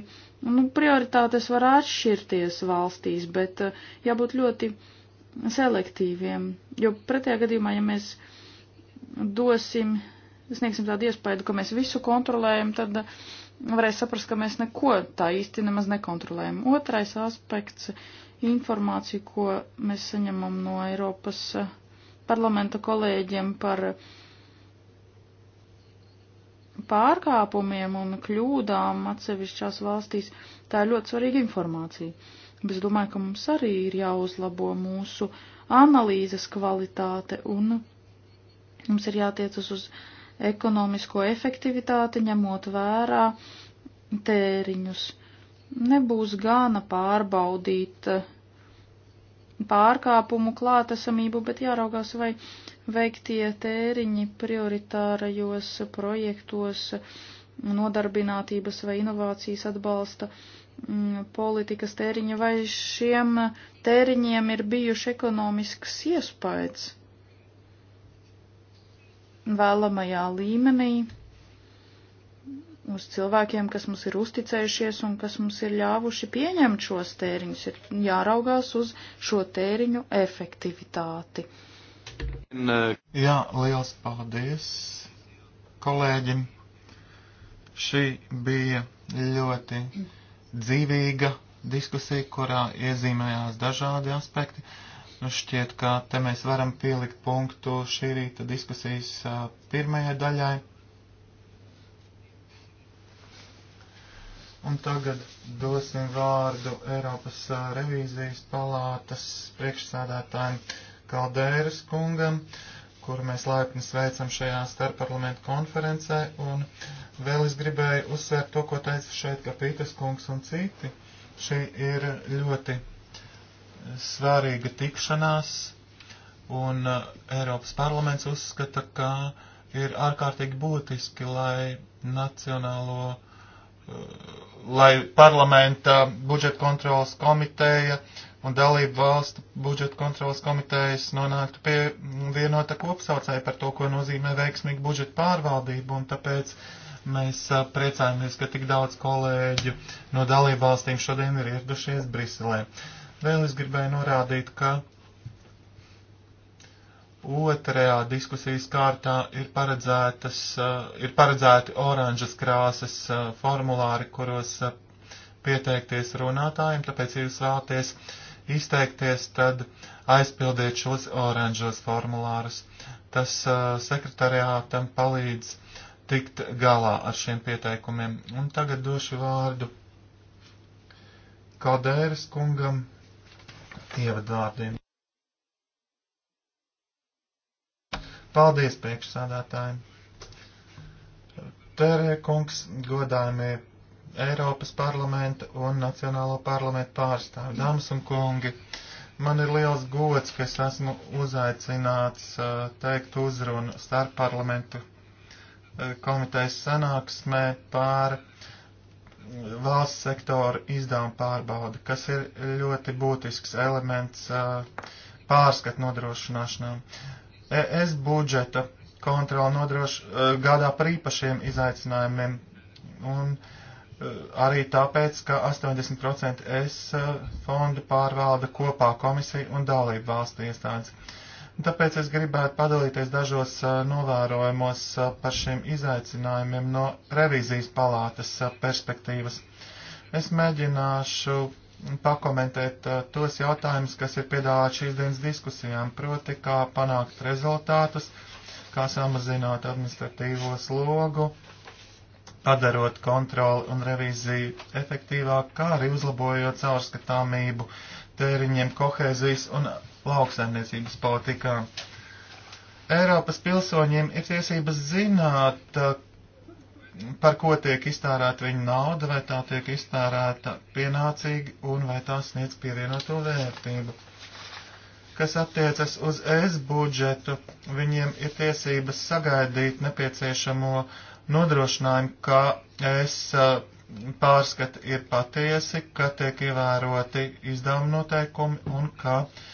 Nu, prioritātes var atšķirties valstīs, bet eh, jābūt ļoti selektīviem, jo pretējā gadījumā, ja mēs dosim, sniegsim tādu iespēju, ka mēs visu kontrolējam, tad uh, varēja saprast, ka mēs neko tā īsti nemaz nekontrolējam. Otrais aspekts - informācija, ko mēs saņemam no Eiropas eh, parlamenta kolēģiem par pārkāpumiem un kļūdām atsevišķās valstīs. Tā ir ļoti svarīga informācija. Bet es domāju, ka mums arī ir jāuzlabo mūsu analīzes kvalitāte un mums ir jātiecas uz. uz ekonomisko efektivitāti ņemot vērā tēriņus. Nebūs gana pārbaudīt eh, pārkāpumu klātesamību, bet jāraugās, vai veiktie tēriņi prioritārajos projektos nodarbinātības vai inovācijas atbalsta mm, politikas tēriņa, vai šiem tēriņiem ir bijuši ekonomisks iespējas vēlamajā līmenī uz cilvēkiem, kas mums ir uzticējušies un kas mums ir ļāvuši pieņemt šos tēriņus, ir jāraugās uz šo tēriņu efektivitāti. Uh, Jā, liels paldies kolēģim. Šī bija ļoti dzīvīga diskusija, kurā iezīmējās dažādi aspekti. Uh, Nu, šķiet, ka te mēs varam pielikt punktu šī rīta diskusijas pirmajai daļai. Un tagad dosim vārdu Eiropas revīzijas palātas priekšsādātājiem Kaldēras kungam, kuru mēs laipni sveicam šajā starpparlamentu konferencē. Un vēl es gribēju uzsvērt to, ko teica šeit Kapītas kungs un citi. Šī ir ļoti svarīga tikšanās, un eh, Eiropas parlaments uzskata, ka ir ārkārtīgi būtiski, lai nacionālo, eh, lai parlamenta budžeta kontrolas komiteja un dalību valstu budžeta kontrolas komitejas nonāktu pie vienota kopsaucēja par to, ko nozīmē veiksmīga budžeta pārvaldība, un tāpēc mēs eh, priecājamies, ka tik daudz kolēģu no dalību valstīm šodien ir ieradušies Briselē. Uh, Vēl es gribēju norādīt, ka otrajā diskusijas kārtā ir, paredzētas, uh, ir paredzēti oranžas krāsas uh, formulāri, kuros uh, pieteikties runātājiem, tāpēc, ja jūs vēlaties izteikties, tad aizpildiet šos oranžos formulārus. Tas uh, sekretariātam palīdz tikt galā ar šiem pieteikumiem. Un tagad došu vārdu Kaldēras kungam ievadvārdiem. Paldies priekšsādātājiem! Tērē kungs, godājumie Eiropas parlamenta un Nacionālo parlamentu pārstāvi, dāmas un kungi, man ir liels gods, ka es esmu uzaicināts uh, teikt uzrunu starp parlamentu uh, komitejas sanāksmē pār uh, valsts sektora izdevuma pārbauda, kas ir ļoti būtisks elements uh, pārskat nodrošināšanā. ES budžeta kontrola nodroš, uh, gādā par īpašiem izaicinājumiem un uh, arī tāpēc, ka 80% ES fondu pārvalda kopā komisija un dalību valstu iestādes. Tāpēc es gribētu padalīties dažos novērojumos par šiem izaicinājumiem no revīzijas palātas perspektīvas. Es mēģināšu pakomentēt tos jautājumus, kas ir piedāvāti šīs dienas diskusijām, proti, kā panākt rezultātus, kā samazināt administratīvo slogu, padarot kontroli un revīziju efektīvāk, kā arī uzlabojot caurskatāmību tēriņiem kohēzijas un lauksaimniecības politikā. Eiropas pilsoņiem ir tiesības zināt, eh, par ko tiek iztērēta viņa nauda, vai tā tiek iztērēta pienācīgi un vai tā sniedz pievienoto vērtību. Kas attiecas uz ES budžetu, viņiem ir tiesības sagaidīt nepieciešamo nodrošinājumu, ka ES eh, pārskati ir patiesi, ka tiek ievēroti izdevuma noteikumi un ka uh,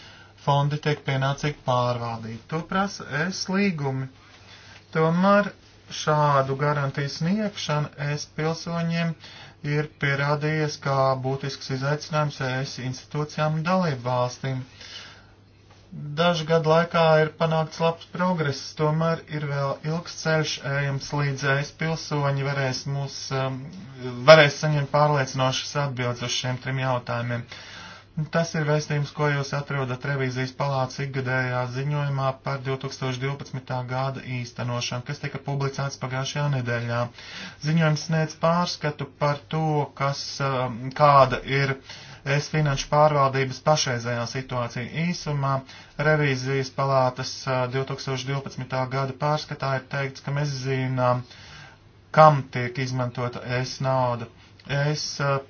fondi tiek pienācīgi pārvaldīti. To prasa es līgumi. Tomēr šādu garantiju sniegšana es pilsoņiem ir pierādījies kā būtisks izaicinājums ES institūcijām un dalību valstīm. Dažu gadu laikā ir panākts labs progress, tomēr ir vēl ilgs ceļš ejams līdz ES pilsoņi varēs, mūs, um, varēs saņemt pārliecinošas atbildes uz šiem trim jautājumiem. Uh, Tas ir vēstījums, ko jūs atrodat revīzijas palātas ikgadējā ziņojumā par 2012. gada īstenošanu, kas tika publicēts pagājušajā nedēļā. Ziņojums sniedz pārskatu par to, kas, um, kāda ir es finanšu pārvaldības pašreizējā situācija īsumā. Revīzijas palātas 2012. Uh, gada pārskatā ir teikts, ka mēs zinām, kam tiek izmantota es nauda. Es uh,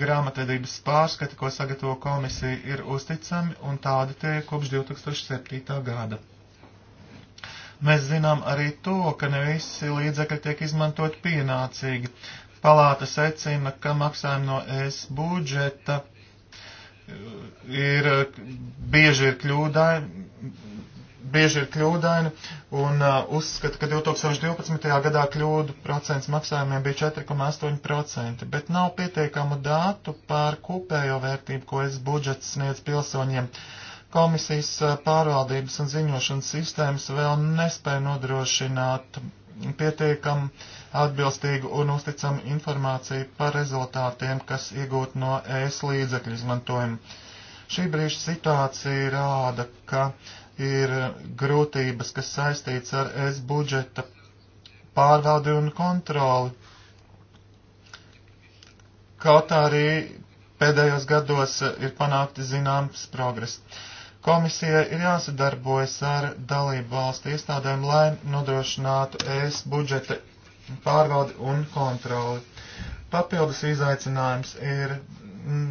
grāmatvedības pārskati, ko sagatavo komisija, ir uzticami un tādi tie kopš 2007. gada. Mēs zinām arī to, ka ne visi līdzekļi tiek izmantot pienācīgi. Palāta secina, ka maksājumi no ES budžeta uh, ir bieži ir kļūdai, bieži ir kļūdaini un uh, uzskata, ka 2012. gadā kļūdu procents maksājumiem bija 4,8%, bet nav pietiekamu dātu par kopējo vērtību, ko es budžets sniedz pilsoņiem. Komisijas uh, pārvaldības un ziņošanas sistēmas vēl nespēja nodrošināt pietiekam atbilstīgu un uzticamu informāciju par rezultātiem, kas iegūt no ēs līdzekļu izmantojuma. Šī brīža situācija rāda, ka uh, ir grūtības, kas saistīts ar es budžeta pārvaldi un kontroli. Kaut arī pēdējos gados ir panākti zināms progress. Komisija ir jāsadarbojas ar dalību valstu iestādēm, lai nodrošinātu ES budžeta pārvaldi un kontroli. Papildus izaicinājums ir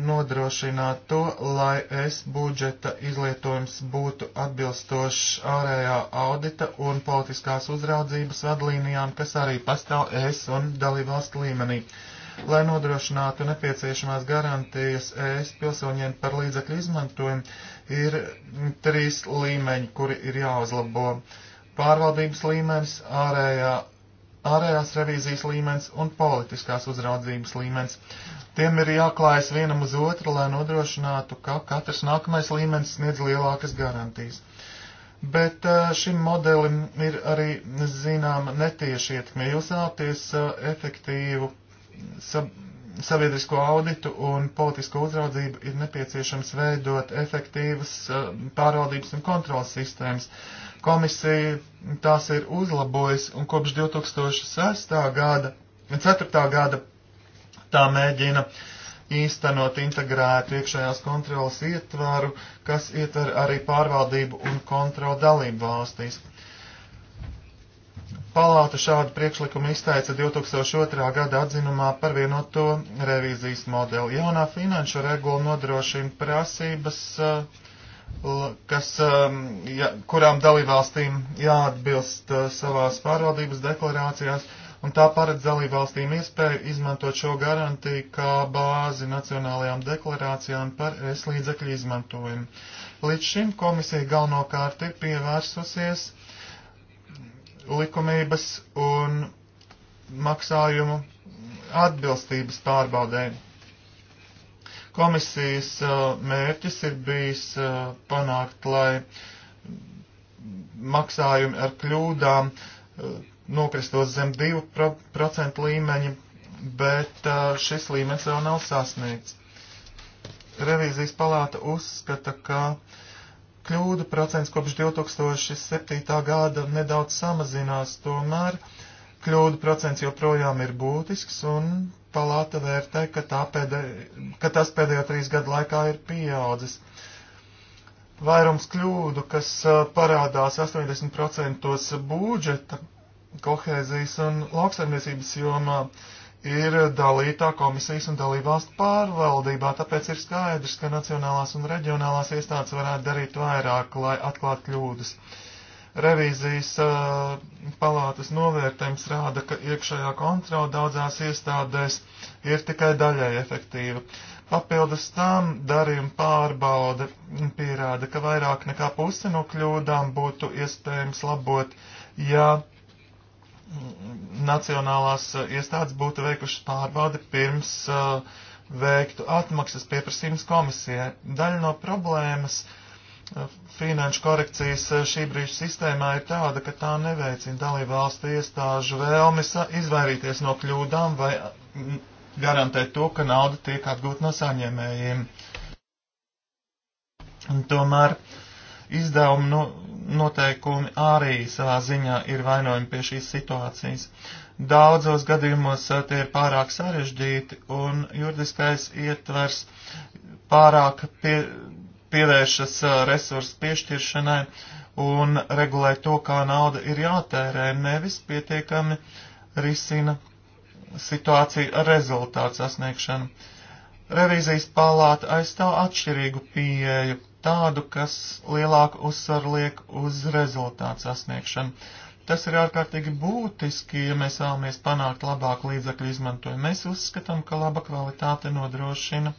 nodrošināt to, lai es budžeta izlietojums būtu atbilstošs ārējā audita un politiskās uzraudzības vadlīnijām, kas arī pastāv es un dalībvalstu līmenī. Lai nodrošinātu nepieciešamās garantijas ES pilsoņiem par līdzekļu izmantojumu, ir trīs līmeņi, kuri ir jāuzlabo. Pārvaldības līmenis, ārējā ārējās revīzijas līmenis un politiskās uzraudzības līmenis. Tiem ir jāklājas vienam uz otru, lai nodrošinātu, ka katrs nākamais līmenis sniedz lielākas garantijas. Bet eh, šim modelim ir arī zināma netieši ietekme. Jūs vēlaties eh, efektīvu sab sabiedrisko auditu un politisko uzraudzību ir nepieciešams veidot efektīvas eh, pārvaldības un kontrolas sistēmas. Komisija tās ir uzlabojusi un kopš 2006. gada, 4. gada Tā mēģina īstenot integrētu iekšējās kontrolas ietvaru, kas ietver arī pārvaldību un kontrolu dalību valstīs. Palāta šādu priekšlikumu izteica 2002. gada atzinumā par vienoto revīzijas modeli. Jaunā finanšu regula nodrošina prasības, uh, kas, um, ja, kurām dalībvalstīm jāatbilst uh, savās pārvaldības deklarācijās un tā paredz dalībvalstīm iespēju izmantot šo garantiju kā bāzi nacionālajām deklarācijām par es līdzekļu izmantojumu. Līdz šim komisija galvenokārt ir pievērsusies likumības un maksājumu atbilstības pārbaudēm. Komisijas uh, mērķis ir bijis uh, panākt, lai maksājumi ar kļūdām uh, nokristot zem 2% līmeņa, bet šis līmenis vēl nav sasniegts. Revīzijas palāta uzskata, ka kļūdu procents kopš 2007. gada nedaudz samazinās, tomēr kļūdu procents joprojām ir būtisks un palāta vērtē, ka, tā pēdē, ka tas pēdējo trīs gadu laikā ir pieaudzis. Vairums kļūdu, kas parādās 80% budžeta kohēzijas un lauksaimniecības jomā ir dalītā komisijas un dalībvalstu pārvaldībā, tāpēc ir skaidrs, ka nacionālās un reģionālās iestādes varētu darīt vairāk, lai atklātu kļūdas. Revīzijas uh, palātas novērtējums rāda, ka iekšējā kontrola daudzās iestādēs ir tikai daļai efektīva. Papildus tam darījuma pārbaude pierāda, ka vairāk nekā pusi no kļūdām būtu iespējams labot, ja uh, nacionālās eh, iestādes būtu veikušas pārbaudi pirms uh, veiktu atmaksas pieprasījums komisijai. Daļa no problēmas uh, finanšu korekcijas šī brīža sistēmā ir tāda, ka tā neveicina dalību valstu iestāžu vēlmes izvairīties no kļūdām vai mm, garantēt to, ka nauda tiek atgūta no saņēmējiem. Tomēr uh, izdevuma no, nu, noteikumi arī savā ziņā ir vainojumi pie šīs situācijas. Daudzos gadījumos eh, tie ir pārāk sarežģīti un juridiskais ietvers pārāk pie, pievēršas eh, resursu piešķiršanai un regulē to, kā nauda ir jātērē, nevis pietiekami risina situāciju ar rezultātu sasniegšanu. Revīzijas palāta aizstāv atšķirīgu pieeju tādu, kas lielāku uzsvaru liek uz rezultātu sasniegšanu. Tas ir ārkārtīgi būtiski, ja mēs vēlamies panākt labāku līdzakļu izmantojumu. Mēs uzskatām, ka laba kvalitāte nodrošina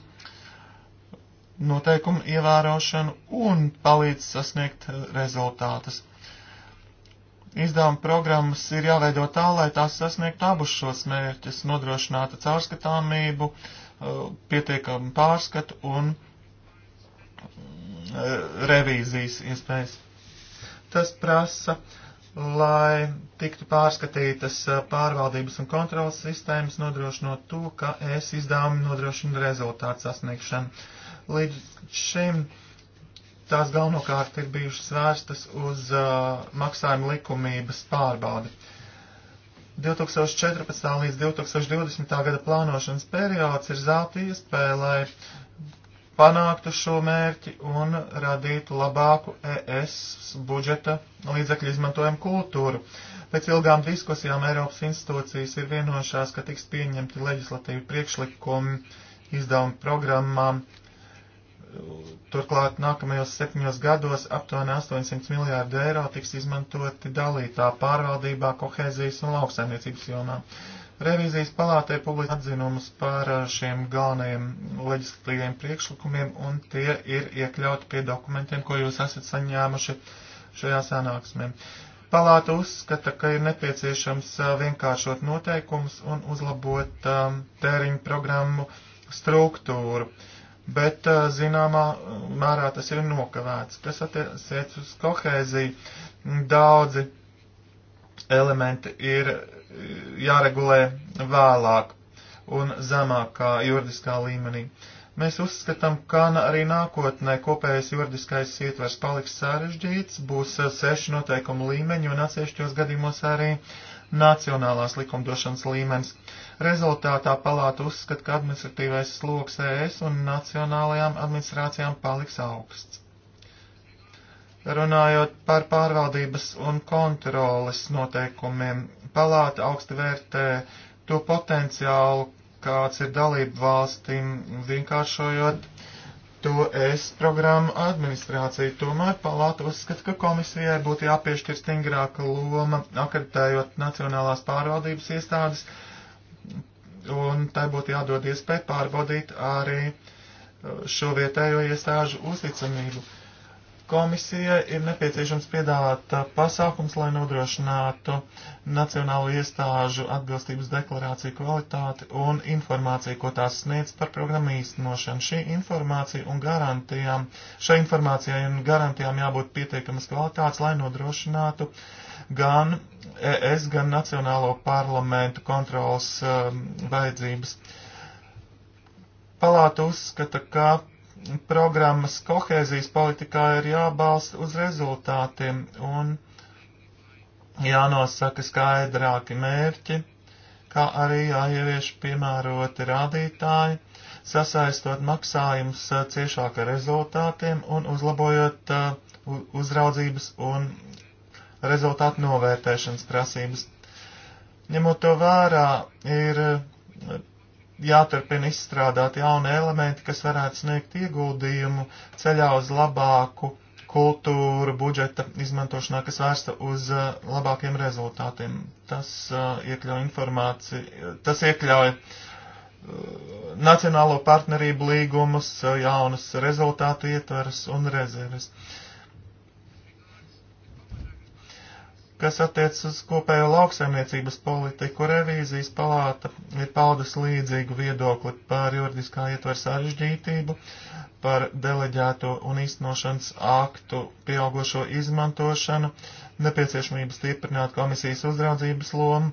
noteikumu ievērošanu un palīdz sasniegt eh, rezultātus. Izdevuma programmas ir jāveido tā, lai tās sasniegtu abus šos mērķus, nodrošinātu caurskatāmību, eh, pietiekamu pārskatu un Eh, revīzijas iespējas. Tas prasa, lai tiktu pārskatītas eh, pārvaldības un kontrolas sistēmas, nodrošinot to, ka es izdevumi nodrošina rezultātu sasniegšanu. Līdz šim tās galvenokārt ir bijušas vērstas uz uh, maksājuma likumības pārbaudi. 2014. līdz 2020. gada plānošanas periods ir zelta iespēja, lai panāktu šo mērķi un radītu labāku ES budžeta līdzekļu izmantojumu kultūru. Pēc ilgām diskusijām Eiropas institūcijas ir vienošās, ka tiks pieņemti leģislatīvi priekšlikumi izdevumu programmām. Turklāt nākamajos septiņos gados aptuveni 800 miljārdi eiro tiks izmantoti dalītā pārvaldībā, kohēzijas un lauksaimniecības jomā. Revīzijas palātē publiski atzinumus par šiem galvenajiem leģislatīviem priekšlikumiem, un tie ir iekļauti pie dokumentiem, ko jūs esat saņēmuši šajā sanāksmē. Palāta uzskata, ka ir nepieciešams vienkāršot noteikumus un uzlabot um, tēriņu programmu struktūru, bet uh, zināmā mērā tas ir nokavēts, kas attiecas uz kohēziju. Daudzi elementi ir jāregulē vēlāk un zemākā juridiskā līmenī. Mēs uzskatām, ka arī nākotnē kopējais juridiskais ietvers paliks sarežģīts, būs seši noteikumu līmeņi un atsevišķos gadījumos arī nacionālās likumdošanas līmenis. Rezultātā palāta uzskata, ka administratīvais sloks ES un nacionālajām administrācijām paliks augsts. Runājot par pārvaldības un kontroles noteikumiem palāta augstu vērtē to potenciālu, kāds ir dalību valstīm vienkāršojot to es programmu administrāciju. Tomēr palāta uzskata, ka komisijai būtu jāpiešķir stingrāka loma, akreditējot nacionālās pārvaldības iestādes, un tai būtu jādod iespēja pārbaudīt arī uh, šo vietējo iestāžu uzticamību. Komisijai ir nepieciešams piedāvāt uh, pasākums, lai nodrošinātu nacionālo iestāžu atbilstības deklarāciju kvalitāti un informāciju, ko tās sniedz par programmu īstenošanu. Šī informācija un garantijām, šai informācijai un garantijām jābūt pietiekamas kvalitātes, lai nodrošinātu gan ES, gan Nacionālo parlamentu kontrolas um, vajadzības. Palāta uzskata, ka programmas kohēzijas politikā ir jābalsta uz rezultātiem un jānosaka skaidrāki mērķi, kā arī jāievieš piemēroti rādītāji, sasaistot maksājumus ciešāk ar rezultātiem un uzlabojot uzraudzības un rezultātu novērtēšanas prasības. Ņemot to vērā, ir jāturpina izstrādāt jauni elementi, kas varētu sniegt ieguldījumu ceļā uz labāku kultūru budžeta izmantošanā, kas vērsta uz uh, labākiem rezultātiem. Tas uh, iekļauj informāciju, tas iekļauj uh, nacionālo partnerību līgumus, uh, jaunas rezultātu ietveras un rezerves. Uh, Kas attiecas uz kopējo lauksaimniecības politiku, revīzijas palāta ir paudus līdzīgu viedokli par juridiskā ietvera sarežģītību, par deleģēto un īstenošanas aktu pieaugušo izmantošanu, nepieciešamību stiprināt komisijas uzraudzības lomu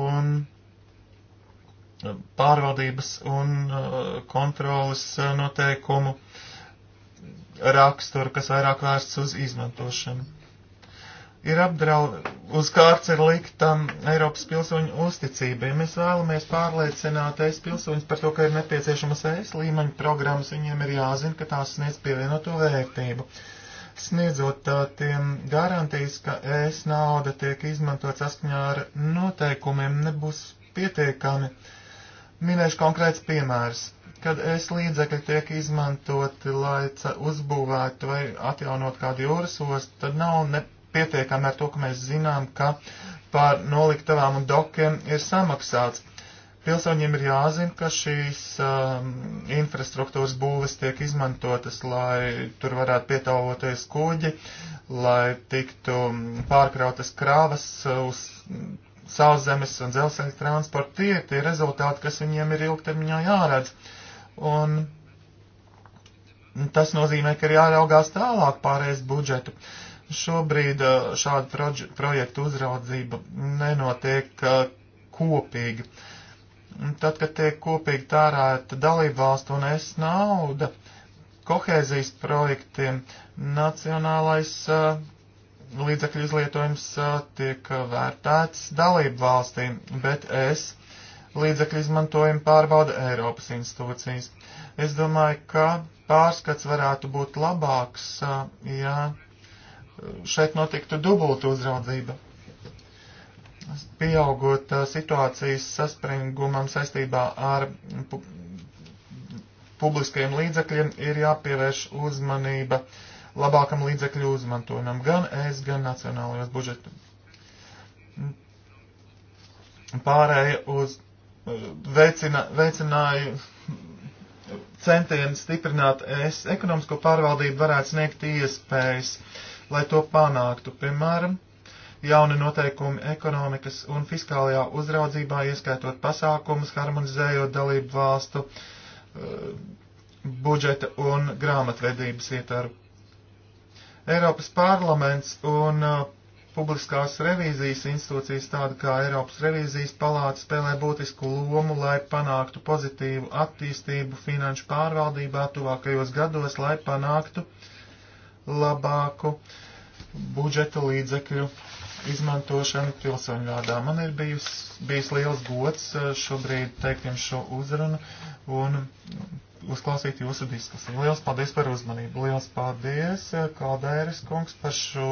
un uh, pārvaldības un uh, kontrolas uh, noteikumu raksturu, kas vairāk vērsts uz izmantošanu ir apdraud, uz kārts ir likta Eiropas pilsoņu uzticība. Ja mēs vēlamies pārliecināt es pilsoņus par to, ka ir nepieciešamas es līmeņa programmas, viņiem ir jāzina, ka tās sniedz pievienoto vērtību. Sniedzot tiem garantijas, ka es nauda tiek izmantot saskaņā ar noteikumiem, nebūs pietiekami. Minēšu konkrēts piemērs kad es līdzekļi tiek izmantoti, lai uzbūvētu vai atjaunot kādu jūras ostu, tad nav ne pietiekami ar to, ka mēs zinām, ka par noliktavām un dokiem ir samaksāts. Pilsoņiem ir jāzina, ka šīs um, infrastruktūras būves tiek izmantotas, lai tur varētu pietāvoties kuģi, lai tiktu pārkrautas krāvas uz sauszemes un dzelzceļa transporta. Tie ir tie rezultāti, kas viņiem ir ilgtermiņā jāredz. Un tas nozīmē, ka ir jāraugās tālāk pārējais budžetu. Uh, Šobrīd uh, šāda projekta uzraudzība nenotiek uh, kopīgi. Tad, kad tiek kopīgi tērēta dalībvalstu un es nauda kohēzijas projektiem, nacionālais uh, līdzekļu izlietojums tiek vērtēts dalību valstīm, bet es līdzekļu izmantojumu pārbauda Eiropas institūcijas. Es domāju, ka pārskats varētu būt labāks, ja šeit notiktu dubulta uzraudzība. Pieaugot situācijas saspringumam saistībā ar pu publiskajiem līdzekļiem, ir jāpievērš uzmanība labākam līdzekļu izmantojumam gan es, gan nacionālajos budžetu. Pārēja uz veicina, veicināja centienu stiprināt es ekonomisko pārvaldību varētu sniegt iespējas uh, lai to panāktu, piemēram, jauni noteikumi ekonomikas un fiskālajā uzraudzībā, ieskaitot pasākumus, harmonizējot dalību valstu uh, budžeta un grāmatvedības ietvaru. Eiropas parlaments un uh, publiskās revīzijas institūcijas, tāda kā Eiropas revīzijas palāta, spēlē būtisku lomu, lai panāktu pozitīvu attīstību finanšu pārvaldībā tuvākajos gados, lai panāktu uh, labāku budžeta līdzekļu izmantošanu pilsoņu vārdā. Man ir bijis, bijis liels gods eh, šobrīd teikt jums šo uzrunu un uzklausīt jūsu diskusiju. Liels paldies par uzmanību. Liels paldies, eh, Kaldēris kungs, par šo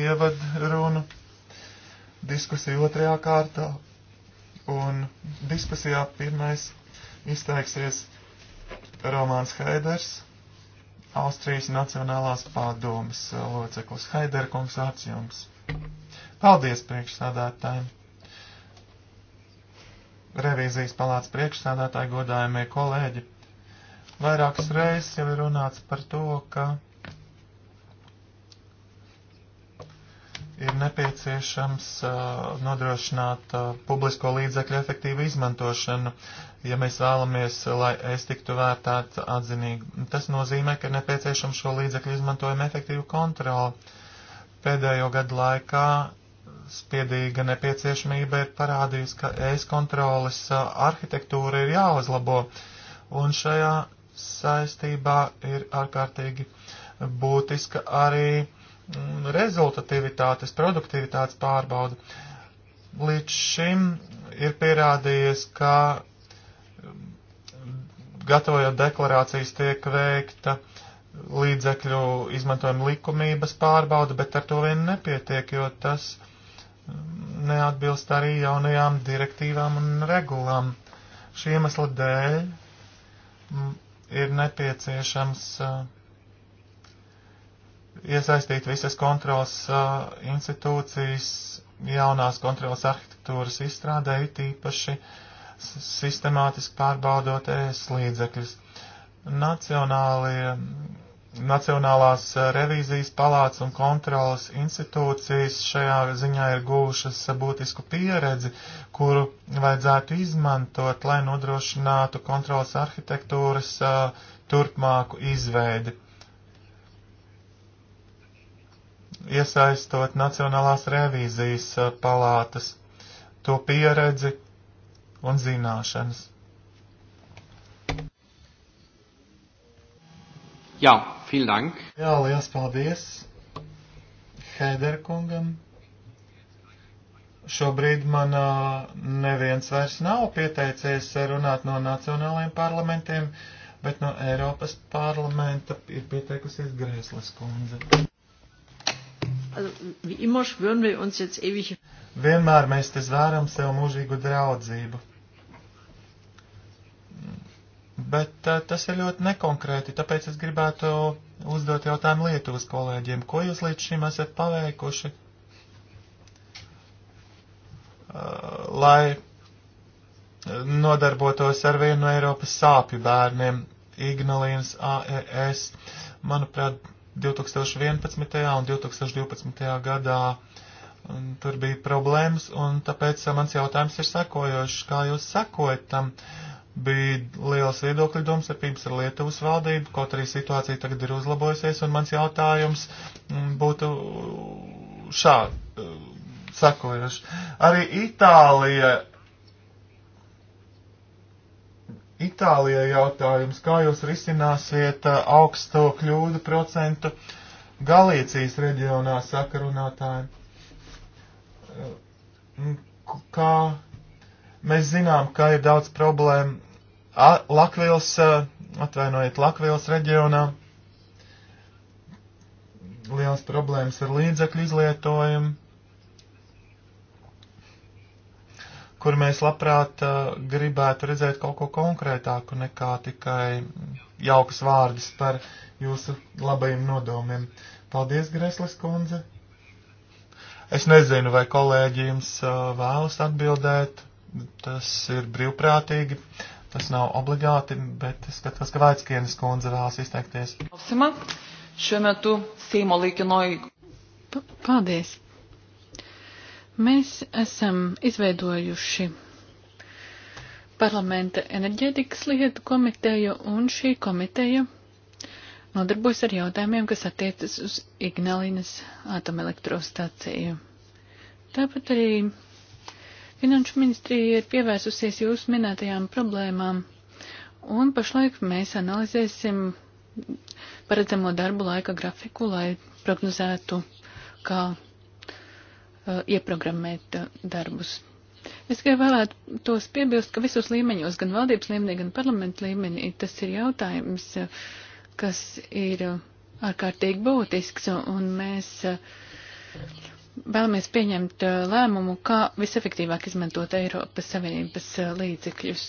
ievadrunu diskusiju otrajā kārtā. Un diskusijā pirmais izteiksies Romāns Haiders. Austrijas Nacionālās pārdomas loceklis Haiderkungs vārds jums. Paldies priekšsādātājiem! Revīzijas palāts priekšsādātāji godājumie kolēģi. Vairākas reizes jau ir runāts par to, ka ir nepieciešams uh, nodrošināt uh, publisko līdzekļu efektīvu izmantošanu, ja mēs vēlamies, lai es tiktu vērtēts atzinīgi. Tas nozīmē, ka ir nepieciešams šo līdzekļu izmantojumu efektīvu kontroli. Pēdējo gadu laikā spiedīga nepieciešamība ir parādījusi, ka es kontrolas uh, arhitektūra ir jāuzlabo, un šajā saistībā ir ārkārtīgi būtiska arī rezultatīvitātes, produktivitātes pārbauda. Līdz šim ir pierādījies, ka um, gatavojot deklarācijas tiek veikta līdzekļu izmantojuma likumības pārbauda, bet ar to vien nepietiek, jo tas um, neatbilst arī jaunajām direktīvām un regulām. Šī iemesla dēļ mm, ir nepieciešams uh, iesaistīt visas kontrolas uh, institūcijas jaunās kontrolas arhitektūras izstrādē, it īpaši sistemātiski pārbaudot ES līdzekļus. Nacionālie, Nacionālās revīzijas palāts un kontrolas institūcijas šajā ziņā ir gūšas būtisku pieredzi, kuru vajadzētu izmantot, lai nodrošinātu kontrolas arhitektūras uh, turpmāku izveidi iesaistot Nacionālās revīzijas eh, palātas, to pieredzi un zināšanas. Jā, vielen dank. Jā, liels paldies Heiderkungam. Šobrīd man eh, neviens vairs nav pieteicies runāt no nacionālajiem parlamentiem, bet no Eiropas parlamenta ir pieteikusies Grēslas kundze wie immer schwören wir uns jetzt ewig. Vienmēr mēs te zvēram sev mūžīgu draudzību. Bet uh, tas ir ļoti nekonkrēti, tāpēc es gribētu uzdot jautājumu Lietuvas kolēģiem. Ko jūs līdz šim esat paveikuši, uh, lai nodarbotos ar vienu no Eiropas sāpju bērniem, Ignalīnas AES? Manuprāt, 2011. un 2012. gadā tur bija problēmas, un tāpēc uh, mans jautājums ir sekojošs. Kā jūs sekojat tam? Bija liels viedokļu domstarpības ar Lietuvas valdību, kaut arī situācija tagad ir uzlabojusies, un mans jautājums mm, būtu šāds uh, sekojošs. Arī Itālija Itālijai jautājums, kā jūs risināsiet uh, augsto kļūdu procentu Galīcijas reģionā sakarunātājiem? Uh, kā mēs zinām, ka ir daudz problēmu Lakvils, uh, atvainojiet, Lakvils reģionā, liels problēmas ar līdzekļu izlietojumu, kur mēs labprāt uh, gribētu redzēt kaut ko konkrētāku nekā tikai jaukas vārdas par jūsu labajiem nodomiem. Paldies, Greslis kundze! Es nezinu, vai kolēģi jums uh, vēlas atbildēt. Tas ir brīvprātīgi, tas nav obligāti, bet es skatos, ka Vaitskienes kundze vēlas izteikties. Paldies! Mēs esam izveidojuši parlamenta enerģētikas lietu komiteju, un šī komiteja nodarbojas ar jautājumiem, kas attiecas uz Ignalinas atomelektrostaciju. Tāpat arī Finanšu ministrija ir pievērsusies jūsu minētajām problēmām, un pašlaik mēs analizēsim paredzamo darbu laika grafiku, lai prognozētu, kā Uh, ieprogrammēt uh, darbus. Es tikai vēlētu tos piebilst, ka visos līmeņos, gan valdības līmenī, gan parlamentu līmenī, tas ir jautājums, uh, kas ir ārkārtīgi būtisks, un mēs vēlamies pieņemt lēmumu, kā visefektīvāk izmantot Eiropas Savienības līdzekļus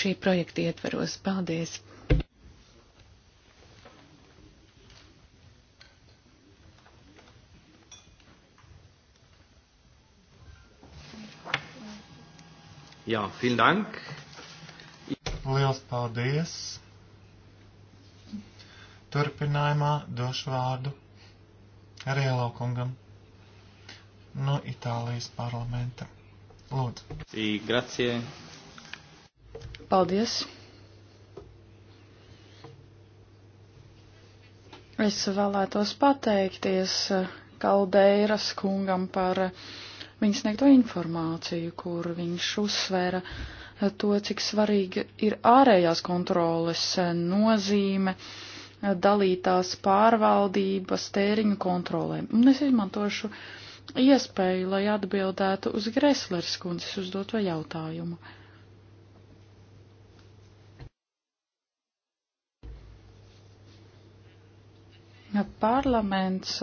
šī projekta ietvaros. Paldies! Jā, vielen Dank. Liels paldies. Turpinājumā došu vārdu Rielo kungam no Itālijas parlamenta. Lūdzu. Sī, grazie. Paldies. Es vēlētos pateikties Kaldeiras kungam par uh, viņas sniegto informāciju, kur viņš uzsvēra to, cik svarīga ir ārējās kontroles nozīme dalītās pārvaldības tēriņu kontrolē. Un es izmantošu iespēju, lai atbildētu uz Greslers kundzes uzdoto jautājumu. Parlaments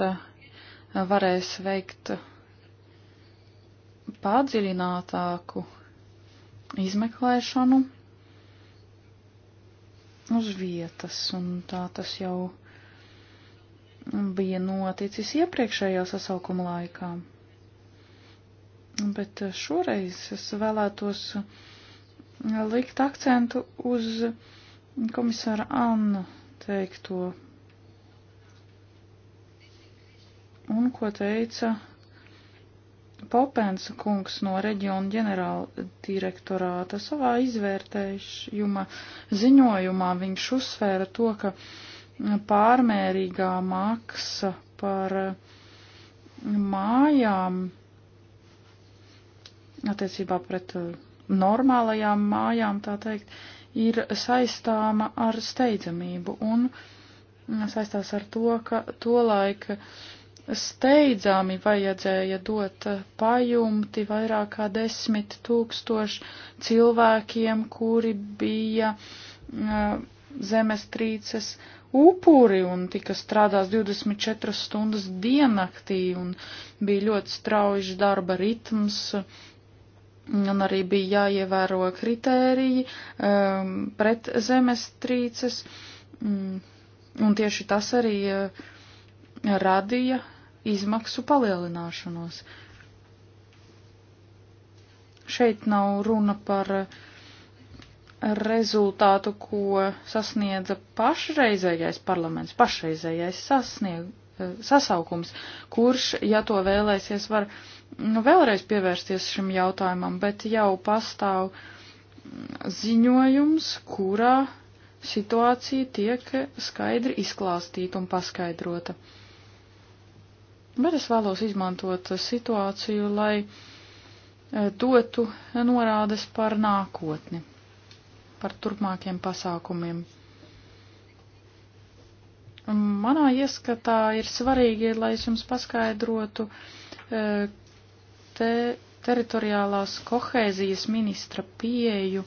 varēs veikt padziļinātāku izmeklēšanu uz vietas, un tā tas jau bija noticis iepriekšējā sasaukuma laikā. Bet šoreiz es vēlētos likt akcentu uz komisāra Anna teikto un ko teica Popēns kungs no reģiona ģenerāla direktorāta savā izvērtējuma ziņojumā viņš uzsvēra to, ka pārmērīgā maksa par mājām attiecībā pret uh, normālajām mājām, tā teikt, ir saistāma ar steidzamību un saistās ar to, ka to laika steidzami vajadzēja dot pajumti vairāk kā desmit tūkstoši cilvēkiem, kuri bija uh, zemestrīces upuri un tika strādās 24 stundas diennaktī un bija ļoti strauji darba ritms. Un arī bija jāievēro kritēriji um, pret zemestrīces, um, un tieši tas arī uh, radīja izmaksu palielināšanos. Šeit nav runa par eh, rezultātu, ko sasniedza pašreizējais parlaments, pašreizējais sasnieg, eh, sasaukums, kurš, ja to vēlēsies, var nu, vēlreiz pievērsties šim jautājumam, bet jau pastāv mm, ziņojums, kurā situācija tiek skaidri izklāstīta un paskaidrota. Bet es vēlos izmantot situāciju, lai e, dotu norādes par nākotni, par turpmākiem pasākumiem. Manā ieskatā ir svarīgi, lai es jums paskaidrotu e, te, teritoriālās kohēzijas ministra pieeju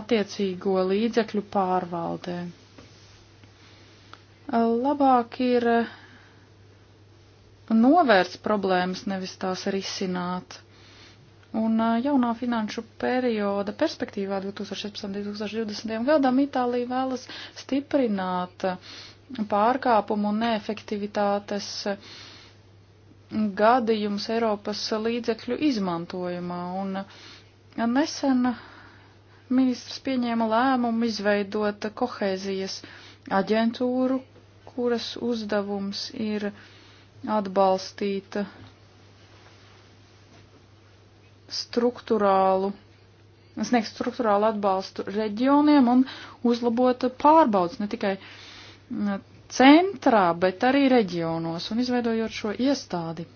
attiecīgo līdzekļu pārvaldē. Labāk ir novērst problēmas, nevis tās risināt. Un jaunā finanšu perioda perspektīvā 2016-2020 gadam Itālija vēlas stiprināt pārkāpumu un neefektivitātes gadījums Eiropas līdzekļu izmantojumā. Un nesen ministrs pieņēma lēmumu izveidot kohēzijas aģentūru, kuras uzdevums ir uh, atbalstīt struktūrālu, sniegt struktūrālu atbalstu reģioniem un uzlabot pārbaudas ne tikai centrā, bet arī reģionos un izveidojot šo iestādi.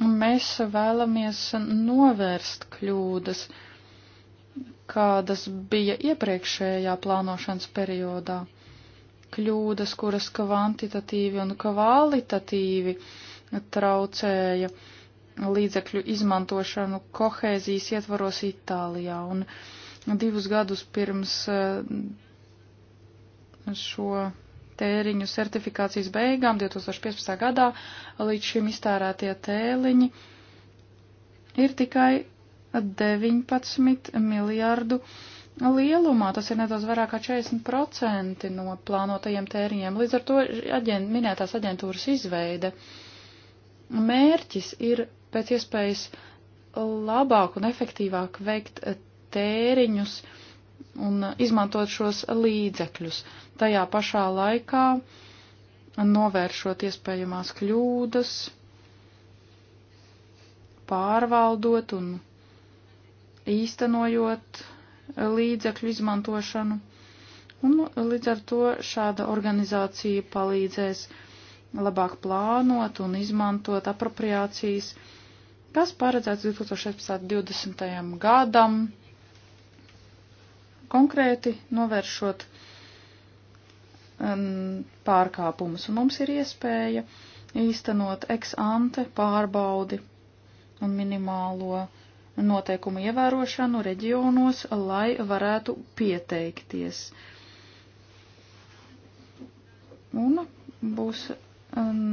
Mēs vēlamies novērst kļūdas. Uh, kādas bija iepriekšējā plānošanas periodā. Kļūdas, kuras kvantitatīvi un kvalitatīvi traucēja līdzekļu izmantošanu kohēzijas ietvaros Itālijā. Un divus gadus pirms eh, šo tēriņu certifikācijas beigām 2015. gadā līdz šim iztērētie tēliņi ir tikai 19 miljārdu lielumā. Tas ir nedaudz vairāk kā 40% no plānotajiem tēriņiem. Līdz ar to aģent, minētās aģentūras izveide mērķis ir pēc iespējas labāk un efektīvāk veikt tēriņus un izmantot šos līdzekļus. Tajā pašā laikā novēršot iespējamās kļūdas, pārvaldot un īstenojot eh, līdzekļu izmantošanu. Un nu, līdz ar to šāda organizācija palīdzēs labāk plānot un izmantot apropriācijas, kas paredzēts 2016.20. gadam, konkrēti novēršot pārkāpumus, un mums ir iespēja īstenot ex ante pārbaudi un minimālo noteikumu ievērošanu reģionos, lai varētu pieteikties. Un būs uh,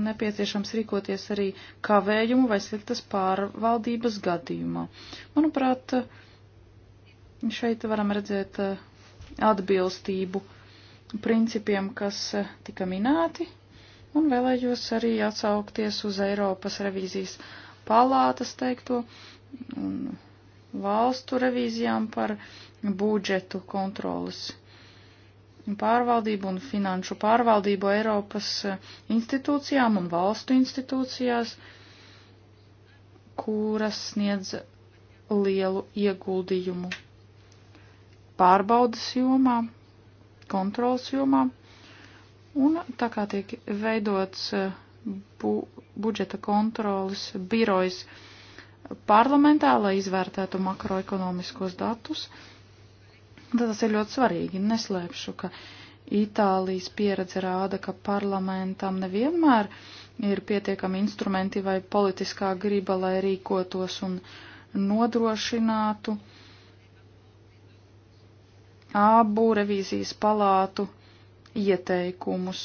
nepieciešams rīkoties arī kavējumu vai sliktas pārvaldības gadījumā. Manuprāt, uh, šeit varam redzēt uh, atbilstību principiem, kas tika minēti, un vēlējos arī atsaukties uz Eiropas revīzijas palātas teikto, un valstu revīzijām par budžetu kontrolas pārvaldību un finanšu pārvaldību Eiropas institūcijām un valstu institūcijās, kuras sniedz lielu ieguldījumu pārbaudas jomā, kontrolas jomā, un tā kā tiek veidots bu budžeta kontrolas birojas, uh, parlamentā, lai izvērtētu makroekonomiskos datus. Tad tas ir ļoti svarīgi. Neslēpšu, ka Itālijas pieredze rāda, ka parlamentam nevienmēr ir pietiekami instrumenti vai politiskā griba, lai rīkotos un nodrošinātu abu revīzijas palātu ieteikumus.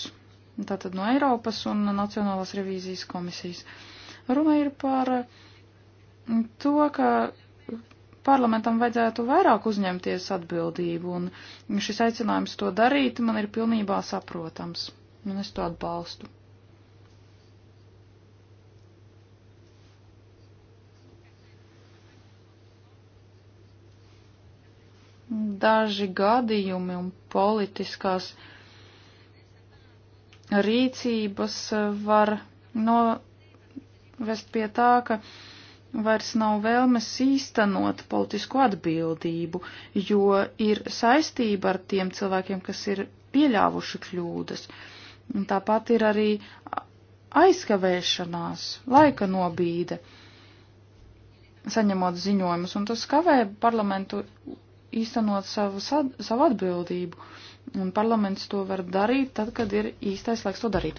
Tātad no Eiropas un Nacionālās revīzijas komisijas. Runa ir par uh, to, ka parlamentam vajadzētu vairāk uzņemties atbildību, un šis aicinājums to darīt man ir pilnībā saprotams, un es to atbalstu. Daži gadījumi un politiskās rīcības var novest pie tā, ka vairs nav vēlmes īstenot politisko atbildību, jo ir saistība ar tiem cilvēkiem, kas ir pieļāvuši kļūdas. Un tāpat ir arī aizkavēšanās, laika nobīde, saņemot ziņojumus, un tas kavē parlamentu īstenot savu, savu atbildību. Un parlaments to var darīt tad, kad ir īstais laiks to darīt.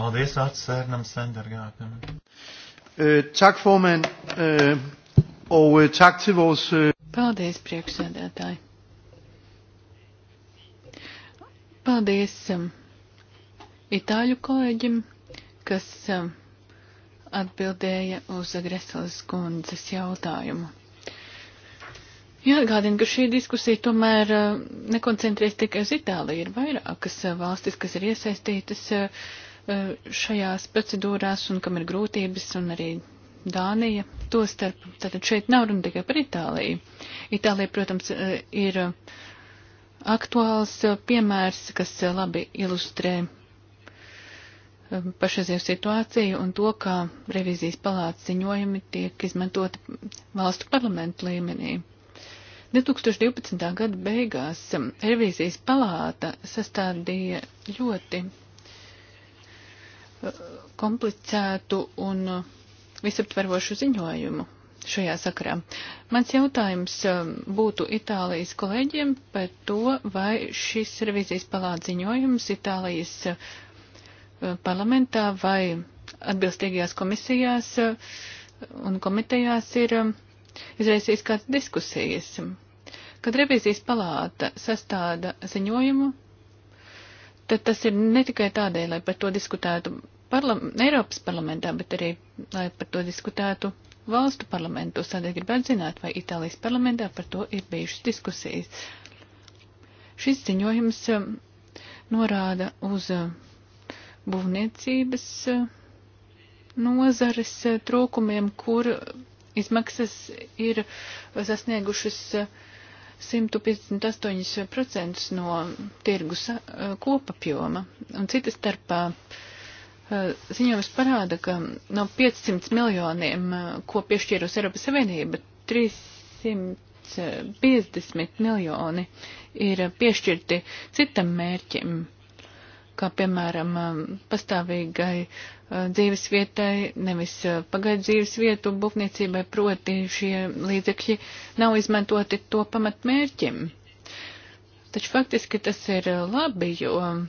Paldies, Atsērnam Sendergātam. Øh, tak formand, øh, og øh, tak til vores... Øh... Paldies, priekšsēdētāji. Paldies um, itāļu kolēģim, kas um, atbildēja uz agresoras kundzes jautājumu. Jāatgādina, ka šī diskusija tomēr uh, nekoncentrēs tikai uz Itāliju. Ir vairākas uh, valstis, kas ir iesaistītas uh, E, šajās procedūrās un kam ir grūtības, un arī Dānija to starp. Tātad šeit nav runa tikai par Itāliju. Itālija, protams, e, ir aktuāls piemērs, kas labi ilustrē e, pašreizēju situāciju un to, kā revizijas palātas ziņojumi tiek izmantoti valstu parlamentu līmenī. 2012. gada beigās revīzijas palāta sastādīja ļoti komplicētu un visaptverošu ziņojumu šajā sakarā. Mans jautājums um, būtu Itālijas kolēģiem par to, vai šis revizijas palāta ziņojums Itālijas uh, parlamentā vai atbilstīgajās komisijās uh, un komitejās ir um, izraisījis kādas diskusijas. Kad revizijas palāta sastāda ziņojumu, tad tas ir ne tikai tādēļ, lai par to diskutētu parlam Eiropas parlamentā, bet arī, lai par to diskutētu valstu parlamentos. Tādēļ gribētu zināt, vai Itālijas parlamentā par to ir bijušas diskusijas. Šis ziņojums um, norāda uz uh, būvniecības uh, nozares uh, trūkumiem, kur izmaksas ir sasniegušas uh, 158% no tirgus eh, kopapjoma. Un citas starpā eh, ziņojums parāda, ka no 500 miljoniem, eh, ko piešķīrusi Eiropas Savienība, 350 miljoni ir piešķirti citam mērķim kā piemēram um, pastāvīgai uh, dzīves vietai, nevis uh, pagaidu dzīves vietu būvniecībai, proti šie līdzekļi nav izmantoti to pamatmērķim. Taču faktiski tas ir uh, labi, jo um,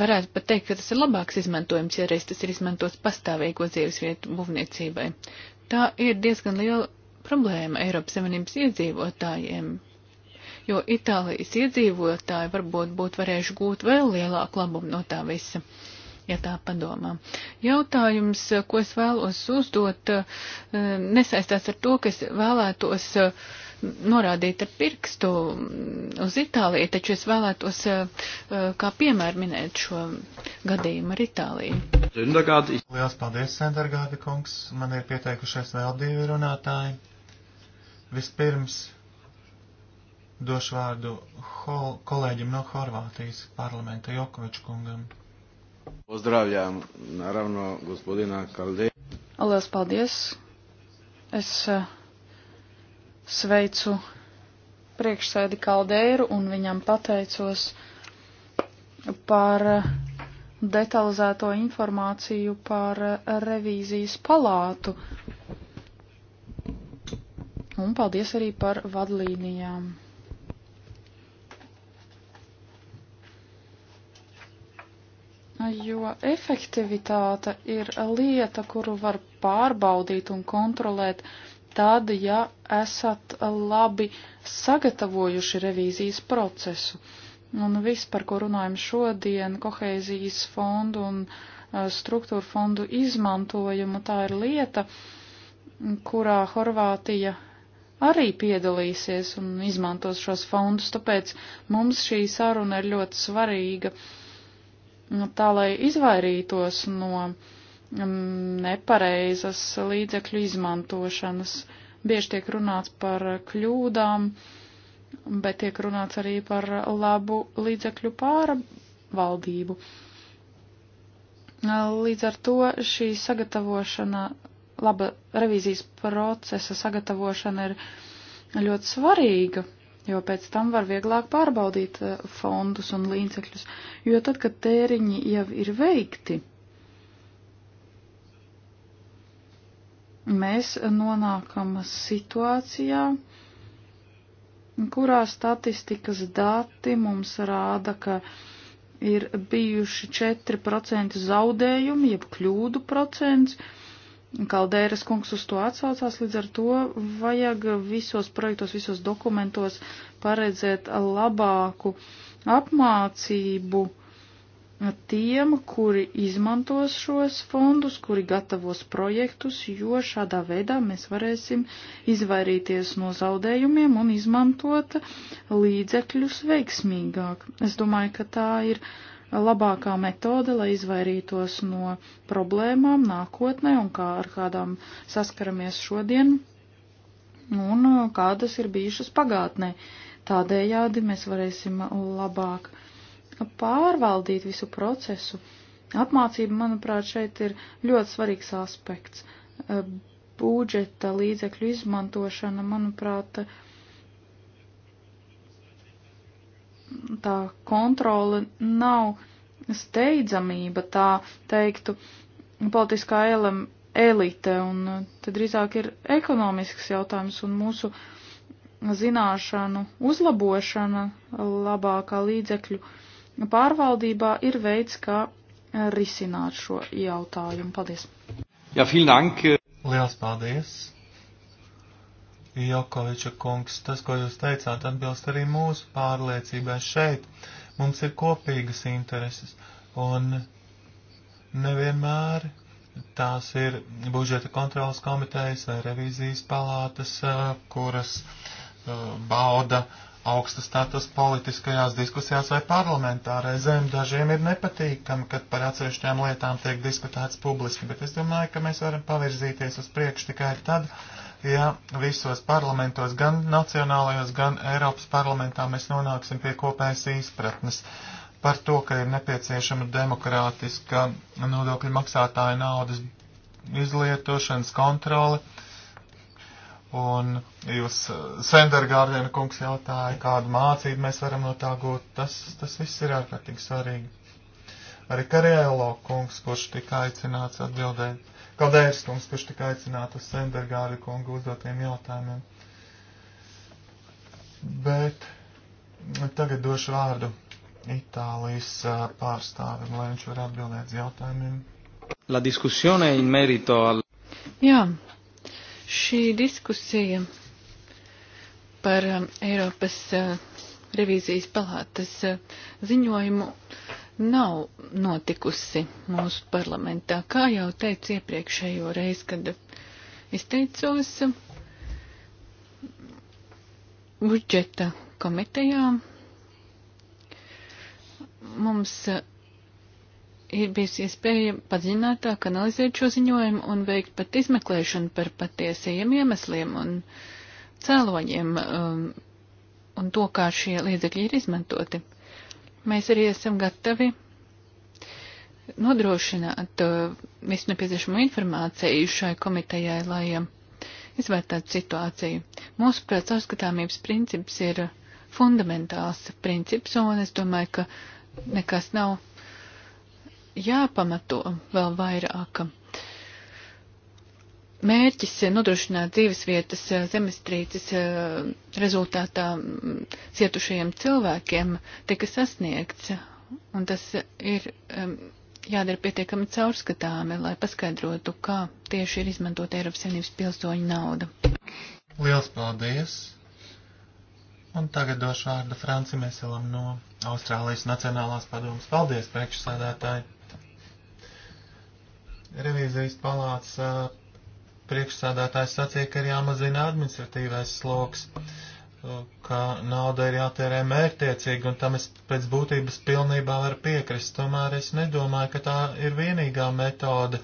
varētu pat teikt, ka tas ir labāks izmantojums, ja reiz tas ir izmantots pastāvīgo dzīves vietu būvniecībai. Tā ir diezgan liela problēma Eiropas Savienības iedzīvotājiem, jo Itālijas iedzīvotāji varbūt būtu varējuši gūt vēl lielāku labumu no tā visa, ja tā padomā. Jautājums, ko es vēlos uzdot, eh, nesaistās ar to, ka es vēlētos eh, norādīt ar pirkstu uz Itāliju, taču es vēlētos eh, kā piemēru minēt šo gadījumu ar Itāliju. Sendergādi. Lielas paldies, Sendergādi kungs. Man ir pieteikušies vēl divi runātāji. Vispirms došu vārdu hol, kolēģim no Horvātijas parlamenta Jokoviču kungam. Pozdravljam, naravno, gospodina Kaldē. Lielas paldies. Es eh, sveicu priekšsēdi Kaldēru un viņam pateicos par eh, detalizēto informāciju par eh, revīzijas palātu. Un paldies arī par vadlīnijām. jo efektivitāte ir lieta, kuru var pārbaudīt un kontrolēt tad, ja esat labi sagatavojuši revīzijas procesu. Un viss, par ko runājam šodien, kohēzijas fondu un e, struktūra fondu izmantojumu, tā ir lieta, kurā Horvātija arī piedalīsies un izmantos šos fondus, tāpēc mums šī saruna ir ļoti svarīga. Uh, Nu, tā lai izvairītos no mm, nepareizas līdzekļu izmantošanas. Bieži tiek runāts par kļūdām, bet tiek runāts arī par labu līdzekļu pārvaldību. Līdz ar to šī sagatavošana, laba revīzijas procesa sagatavošana ir ļoti svarīga jo pēc tam var vieglāk pārbaudīt eh, fondus un līdzekļus, jo tad, kad tēriņi jau ir veikti, mēs nonākam situācijā, kurā statistikas dati mums rāda, ka ir bijuši 4% zaudējumi, jeb kļūdu procents, Kaldēras kungs uz to atsaucās, līdz ar to vajag visos projektos, visos dokumentos paredzēt labāku apmācību tiem, kuri izmantos šos fondus, kuri gatavos projektus, jo šādā veidā mēs varēsim izvairīties no zaudējumiem un izmantot līdzekļus veiksmīgāk. Es domāju, ka tā ir labākā metode, lai izvairītos no problēmām nākotnē un kā ar kādām saskaramies šodien un kādas ir bijušas pagātnē. Tādējādi mēs varēsim labāk pārvaldīt visu procesu. Apmācība, manuprāt, šeit ir ļoti svarīgs aspekts. Budžeta līdzekļu izmantošana, manuprāt, ir tā kontrole nav steidzamība, tā teiktu, politiskā elem, elite, un uh, tad drīzāk ir ekonomisks jautājums un mūsu zināšanu uzlabošana labākā līdzekļu pārvaldībā ir veids, kā risināt šo jautājumu. Paldies! Jā, ja, vielen dank! Liels paldies! Jokoviča kungs, tas, ko jūs teicāt, atbilst arī mūsu pārliecībai šeit. Mums ir kopīgas intereses, un nevienmēr tās ir budžeta kontrolas komitejas vai revīzijas palātas, eh, kuras eh, bauda augsta status politiskajās diskusijās vai parlamentā. Reizēm dažiem ir nepatīkami, kad par atsevišķām lietām tiek diskutēts publiski, bet es domāju, ka mēs varam pavirzīties uz priekšu tikai tad, uh, ja visos parlamentos, gan nacionālajos, gan Eiropas parlamentā mēs nonāksim pie kopējas izpratnes par to, ka ir nepieciešama demokrātiska nodokļu maksātāja naudas izlietošanas kontrole. Un jūs, Sendergārdiena kungs, jautāja, kādu mācību mēs varam no tā gūt. Tas, tas viss ir ārkārtīgi svarīgi. Arī Karielo kungs, kurš tika aicināts atbildēt Kaldērs kungs, kurš tika aicināts uz Sendergāri kungu uzdotiem jautājumiem. Bet tagad došu vārdu Itālijas pārstāvim, lai viņš var atbildēt uz jautājumiem. La diskusione in merito al... Jā, šī diskusija par Eiropas revīzijas palātas ziņojumu nav notikusi mūsu parlamentā. Kā jau teicu iepriekšējo reizi, kad izteicos budžeta komitejā, mums ir bijusi iespēja padziļinātāk analizēt šo ziņojumu un veikt pat izmeklēšanu par patiesajiem iemesliem un cēloņiem um, un to, kā šie līdzekļi ir izmantoti mēs arī esam gatavi nodrošināt uh, visu nepieciešamo informāciju šai komitejai, lai um, izvērtētu situāciju. Mūsuprāt, caurskatāmības princips ir fundamentāls princips, un es domāju, ka nekas nav jāpamato vēl vairāk mērķis nodrošināt dzīves vietas eh, zemestrīces eh, rezultātā mm, cietušajiem cilvēkiem tika sasniegts, un tas ir jādara pietiekami caurskatāmi, lai paskaidrotu, kā tieši ir izmantot Eiropas Savienības pilsoņu naudu. Liels paldies! Un tagad došu vārdu Francim Eselam no Austrālijas Nacionālās padomas. Paldies, priekšsādātāji! Revīzijas palāca priekšsādātājs sacīja, ka ir jāmazina administratīvais sloks, ka nauda ir jātērē mērtiecīgi, un tam es pēc būtības pilnībā varu piekrist. Tomēr es nedomāju, ka tā ir vienīgā metode.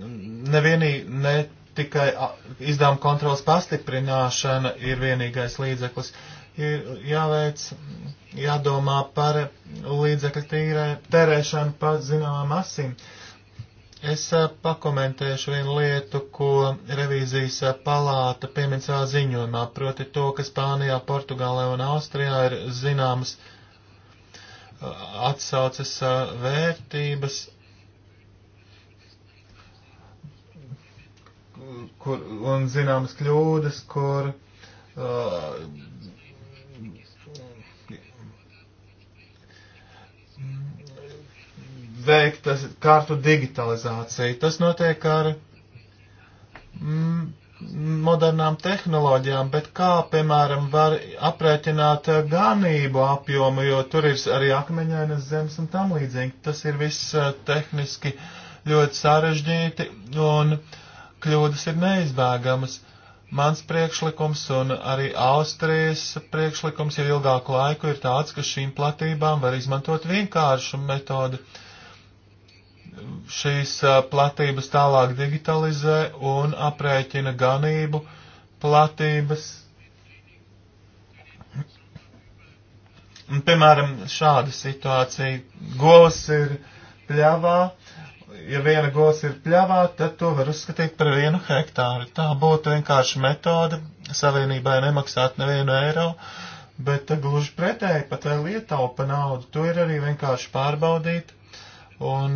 Nevienī, ne tikai izdevuma kontrolas pastiprināšana ir vienīgais līdzeklis. Ir jāveic, jādomā par līdzekļu tīrē, tērēšanu pa zināmām asim. Uh, Es pakomentēšu vienu lietu, ko revīzijas palāta piemin savā ziņojumā, proti to, ka Spānijā, Portugālē un Austrijā ir zināmas atsaucas vērtības, kur, un zināmas kļūdas, kur uh, veikt kartu digitalizāciju. Tas notiek ar mm, modernām tehnoloģijām, bet kā, piemēram, var aprēķināt ganību apjomu, jo tur ir arī akmeņainas zemes un tam līdzīgi. Tas ir viss eh, tehniski ļoti sarežģīti un kļūdas ir neizbēgamas. Mans priekšlikums un arī Austrijas priekšlikums jau ilgāku laiku ir tāds, ka šīm platībām var izmantot vienkāršu metodu. Uh, šīs platības tālāk digitalizē un aprēķina ganību platības. Un, piemēram, šāda situācija. Govs ir pļavā. Ja viena govs ir pļavā, tad to var uzskatīt par vienu hektāru. Tā būtu vienkārši metode savienībai nemaksāt nevienu eiro, bet gluži pretēji pat vēl ietaupa naudu. To ir arī vienkārši pārbaudīt. Un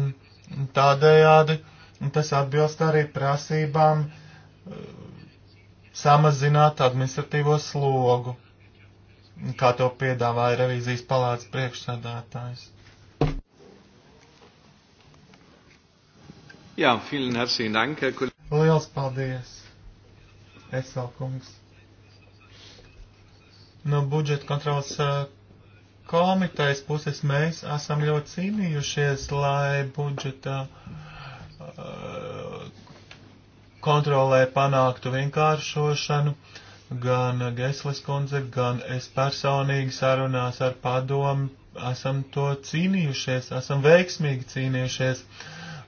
Tādējādi tas atbilst arī prasībām eh, samazināt administratīvo slogu, kā to piedāvāja revīzijas palātas priekšsēdētājs. Jā, vielen herzlichen Dank, Herr Kollege. Liels paldies, Esel kungs. No budžeta kontrolas eh, komitejas puses mēs esam ļoti cīnījušies, lai budžeta uh, kontrolē panāktu vienkāršošanu. Gan Geslis kundze, gan es personīgi sarunās ar padomu esam to cīnījušies, esam veiksmīgi cīnījušies.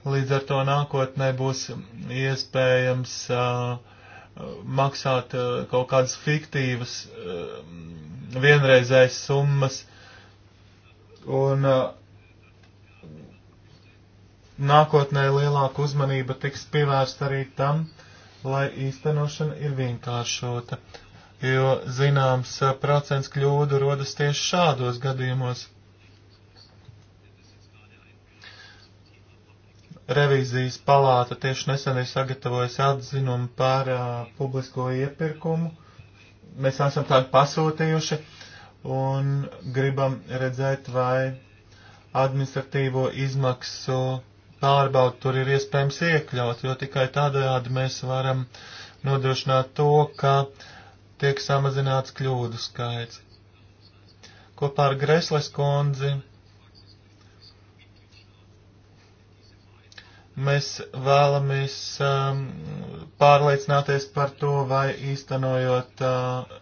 Līdz ar to nākotnē būs iespējams uh, maksāt uh, kaut kādas fiktīvas uh, vienreizējas summas uh, Un uh, nākotnē lielāka uzmanība tiks pievērsta arī tam, lai īstenošana ir vienkāršota, jo zināms uh, procents kļūdu rodas tieši šādos gadījumos. Revīzijas palāta tieši nesen ir sagatavojusi atzinumu par uh, publisko iepirkumu. Mēs esam tādu pasūtījuši. Uh, un gribam redzēt, vai administratīvo izmaksu pārbaudu tur ir iespējams iekļaut, jo tikai tādējādi mēs varam nodrošināt to, ka tiek samazināts kļūdu skaits. Kopā ar Gresles kundzi mēs vēlamies um, pārliecināties par to, vai īstenojot uh,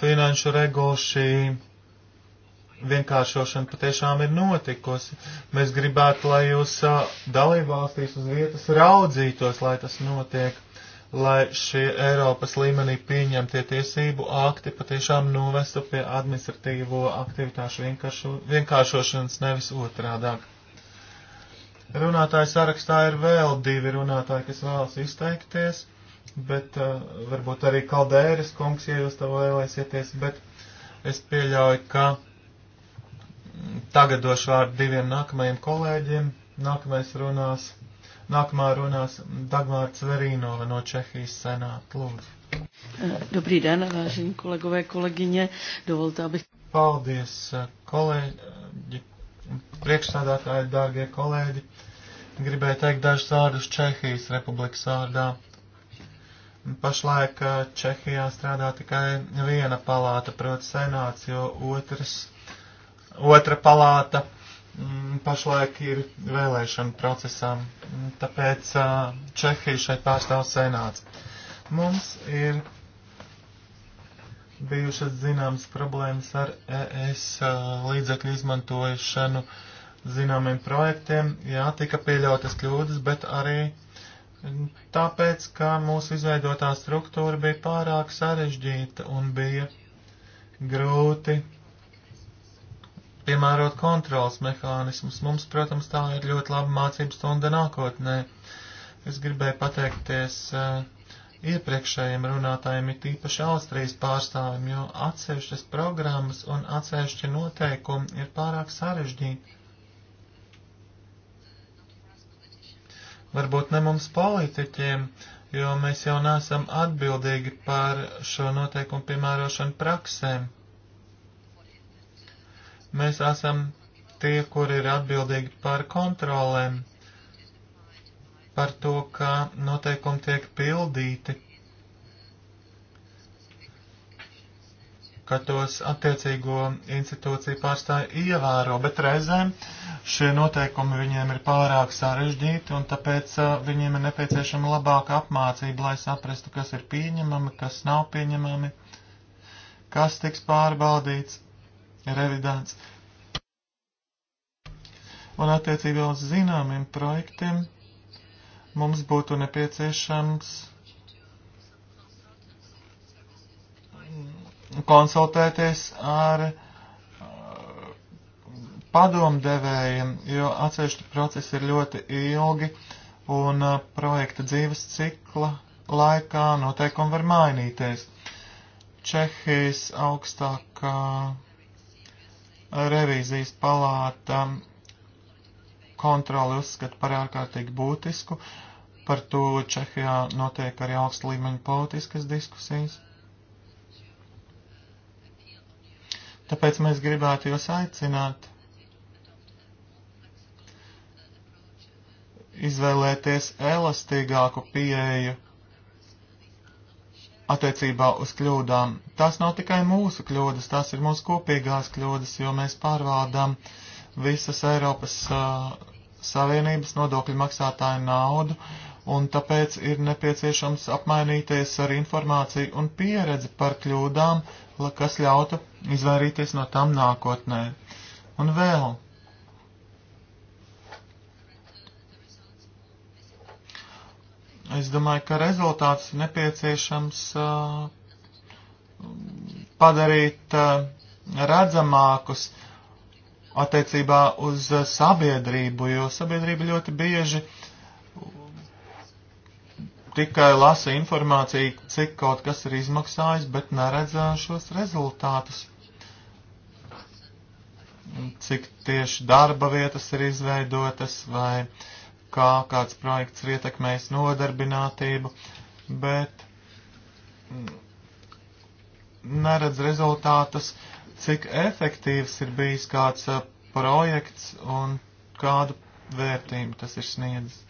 finanšu regula šī vienkāršošana patiešām ir notikusi. Mēs gribētu, lai jūs dalībvalstīs uz vietas raudzītos, lai tas notiek, lai šie Eiropas līmenī pieņemtie tiesību akti patiešām novestu pie administratīvo aktivitāšu vienkāršo, vienkāršošanas, nevis otrādāk. Runātāju sarakstā ir vēl divi runātāji, kas vēlas izteikties bet uh, varbūt arī Kaldēras kungs, ja jūs to vēlēsieties, bet es pieļauju, ka mm, tagad došu vārdu diviem nākamajiem kolēģiem. Nākamais runās, nākamā runās Dagmārts Verīnova no Čehijas senāta. Lūdzu. Eh, dobrý den, vážení kolegové, kolegyně. Dovolte, abych... Paldies, eh, kolēģi, priekšsādātāji, dārgie kolēģi. Gribēju teikt dažus vārdus Čehijas republikas vārdā Pašlaik eh, Čehijā strādā tikai viena palāta, proti senāts, jo otrs, otra palāta mm, pašlaik ir vēlēšana procesā, mm, tāpēc eh, Čehija šeit pārstāv senāts. Mums ir bijušas zināmas problēmas ar ES eh, līdzekļu izmantošanu zināmiem projektiem. Jā, tika pieļautas kļūdas, bet arī tāpēc, ka mūsu izveidotā struktūra bija pārāk sarežģīta un bija grūti piemērot kontrols mehānismus. Mums, protams, tā ir ļoti laba mācību stunda nākotnē. Es gribēju pateikties uh, iepriekšējiem runātājiem, it īpaši Austrijas pārstāvjiem, jo atsevišķas programmas un atsevišķi noteikumi ir pārāk sarežģīti. varbūt ne mums politiķiem, jo mēs jau nesam atbildīgi par šo noteikumu piemērošanu praksēm. Mēs esam tie, kur ir atbildīgi par kontrolēm, par to, kā noteikumi tiek pildīti, ka tos attiecīgo institūciju pārstāji ievēro, bet reizēm šie noteikumi viņiem ir pārāk sarežģīti, un tāpēc uh, viņiem ir nepieciešama labāka apmācība, lai saprastu, kas ir pieņemami, kas nav pieņemami, kas tiks pārbaudīts, revidēts. Un attiecībā uz zināmiem projektiem mums būtu nepieciešams konsultēties ar uh, padomdevējiem, jo atsevišķi procesi ir ļoti ilgi un uh, projekta dzīves cikla laikā noteikumi var mainīties. Čehijas augstākā revīzijas palāta kontroli uzskata par ārkārtīgi būtisku, par to Čehijā notiek arī augsta līmeņa politiskas diskusijas. Tāpēc mēs gribētu jūs aicināt izvēlēties elastīgāku pieeju attiecībā uz kļūdām. Tas nav tikai mūsu kļūdas, tās ir mūsu kopīgās kļūdas, jo mēs pārvaldām visas Eiropas uh, Savienības nodokļu maksātāju naudu un tāpēc ir nepieciešams apmainīties ar informāciju un pieredzi par kļūdām, kas ļautu izvairīties no tām nākotnē. Un vēl. Es domāju, ka rezultāts nepieciešams uh, padarīt uh, redzamākus attiecībā uz sabiedrību, jo sabiedrība ļoti bieži uh, tikai lasa informāciju, cik kaut kas ir izmaksājis, bet neredzā šos rezultātus. Cik tieši darba vietas ir izveidotas vai kā kāds projekts ir ietekmējis nodarbinātību, bet mm, neredz rezultātus, cik efektīvs ir bijis kāds projekts un kādu vērtību tas ir sniedzis.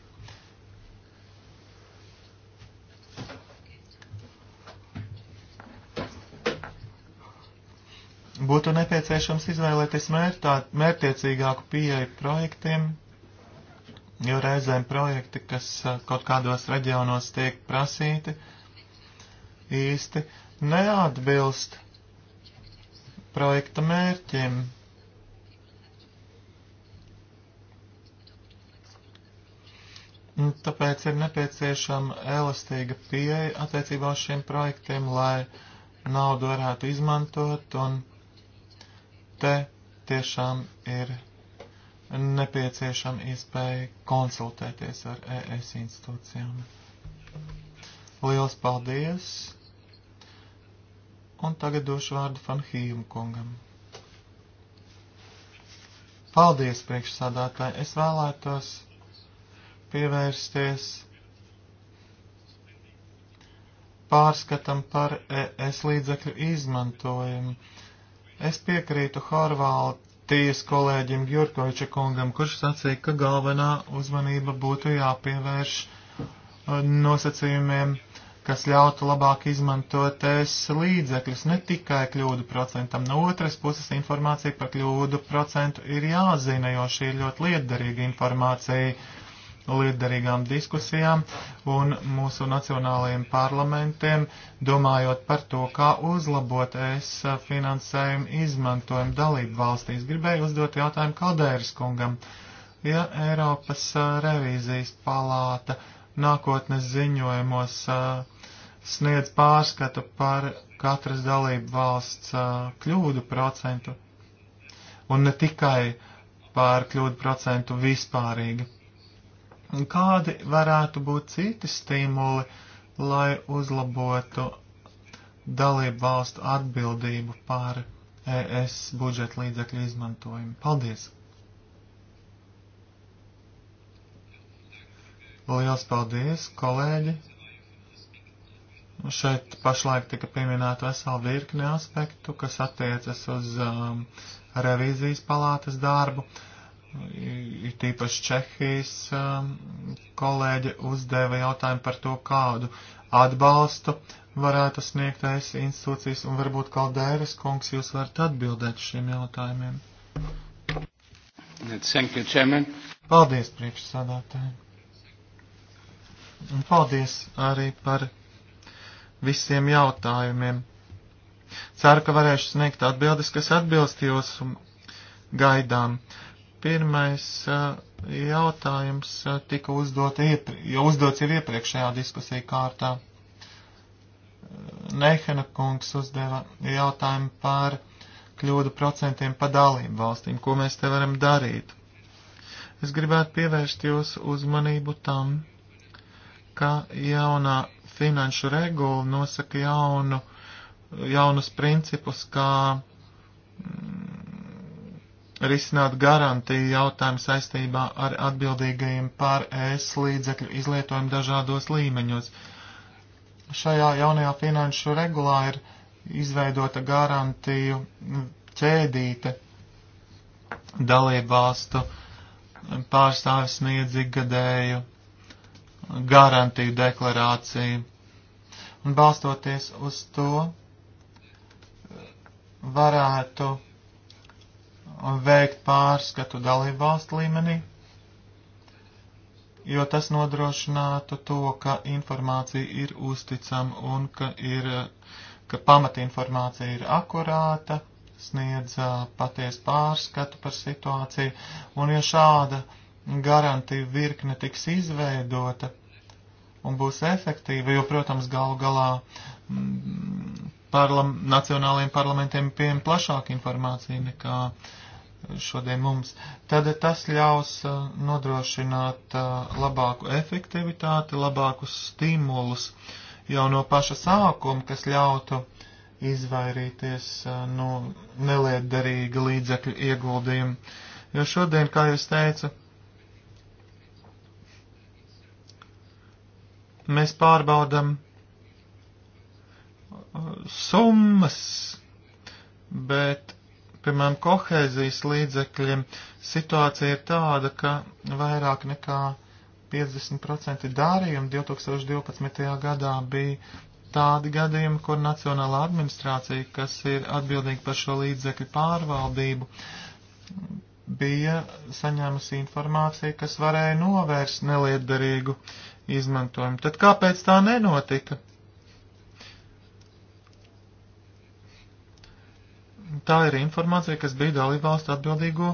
būtu nepieciešams izvēlēties mērtā, mērtiecīgāku pieeju projektiem, jo reizēm projekti, kas uh, kaut kādos reģionos tiek prasīti, īsti neatbilst projekta mērķiem. Un tāpēc ir nepieciešama elastīga pieeja attiecībā uz šiem projektiem, lai naudu varētu izmantot un Te tiešām ir nepieciešama iespēja konsultēties ar ES institūcijām. Liels paldies! Un tagad došu vārdu Fanhīmu kungam. Paldies, priekšsādātāji! Es vēlētos pievērsties pārskatam par ES līdzekļu izmantojumu Es piekrītu Horvātijas kolēģim Jurkoviča kungam, kurš sacīja, ka galvenā uzmanība būtu jāpievērš uh, nosacījumiem, kas ļautu labāk izmantot es līdzekļus, ne tikai kļūdu procentam. No otras puses informācija par kļūdu procentu ir jāzina, jo šī ir ļoti lietderīga informācija liederīgām diskusijām un mūsu nacionālajiem parlamentiem, domājot par to, kā uzlabot es finansējumu izmantojumu dalību valstīs. Gribēju uzdot jautājumu Kaldēras kungam. Ja Eiropas revīzijas palāta nākotnes ziņojumos sniedz pārskatu par katras dalību valsts kļūdu procentu un ne tikai par kļūdu procentu vispārīgi Kādi varētu būt citi stimuli, lai uzlabotu dalību valstu atbildību par ES budžeta līdzekļu izmantojumu? Paldies! Liels paldies, kolēģi! Šeit pašlaik tika pieminēta vesela virkne aspektu, kas attiecas uz um, revīzijas palātas darbu. Uh, it īpaši Čehijas um, kolēģi uzdeva jautājumu par to, kādu atbalstu varētu sniegt es institūcijas, un varbūt Kaldēras kungs jūs varat atbildēt šiem jautājumiem. Paldies, priekšsādātāji. Un paldies arī par visiem jautājumiem. Ceru, ka varēšu sniegt atbildes, kas atbilst jūsu gaidām. Uh, Pirmais uh, jautājums uh, tika uzdot iepri, jau uzdots jau iepriekšējā diskusija kārtā. Uh, Nehena kungs uzdeva jautājumu par kļūdu procentiem pa dalību valstīm, ko mēs te varam darīt. Es gribētu pievērst jūsu uzmanību tam, ka jaunā finanšu regula nosaka jaunu, jaunus principus, kā mm, risināt garantiju jautājumu saistībā ar atbildīgajiem pār ES līdzekļu izlietojumu dažādos līmeņos. Šajā jaunajā finanšu regulā ir izveidota garantiju ķēdīte dalību valstu pārstāvis sniedz ikgadēju garantiju deklarāciju. Un balstoties uz to, varētu veikt pārskatu dalību valstu līmenī, jo tas nodrošinātu to, ka informācija ir uzticama un ka, ir, ka pamatinformācija ir akurāta, sniedz patiesu pārskatu par situāciju, un ja šāda garantija virkne tiks izveidota un būs efektīva, jo, protams, galu galā mm, parlam, nacionālajiem parlamentiem pieejama plašāka informācija nekā uh, šodien mums, tad tas ļaus uh, nodrošināt uh, labāku efektivitāti, labākus stimulus jau no paša sākuma, kas ļautu izvairīties uh, no nelietderīga līdzekļu ieguldījuma. Jo šodien, kā jūs teicu, mēs pārbaudam summas, bet piemēram, kohēzijas līdzekļiem situācija ir tāda, ka vairāk nekā 50% darījumu 2012. gadā bija tādi gadījumi, kur Nacionāla administrācija, kas ir atbildīga par šo līdzekļu pārvaldību, bija saņēmusi informāciju, kas varēja novērst nelietderīgu izmantojumu. Tad kāpēc tā nenotika? tā ir informācija, kas bija dalībvalstu atbildīgo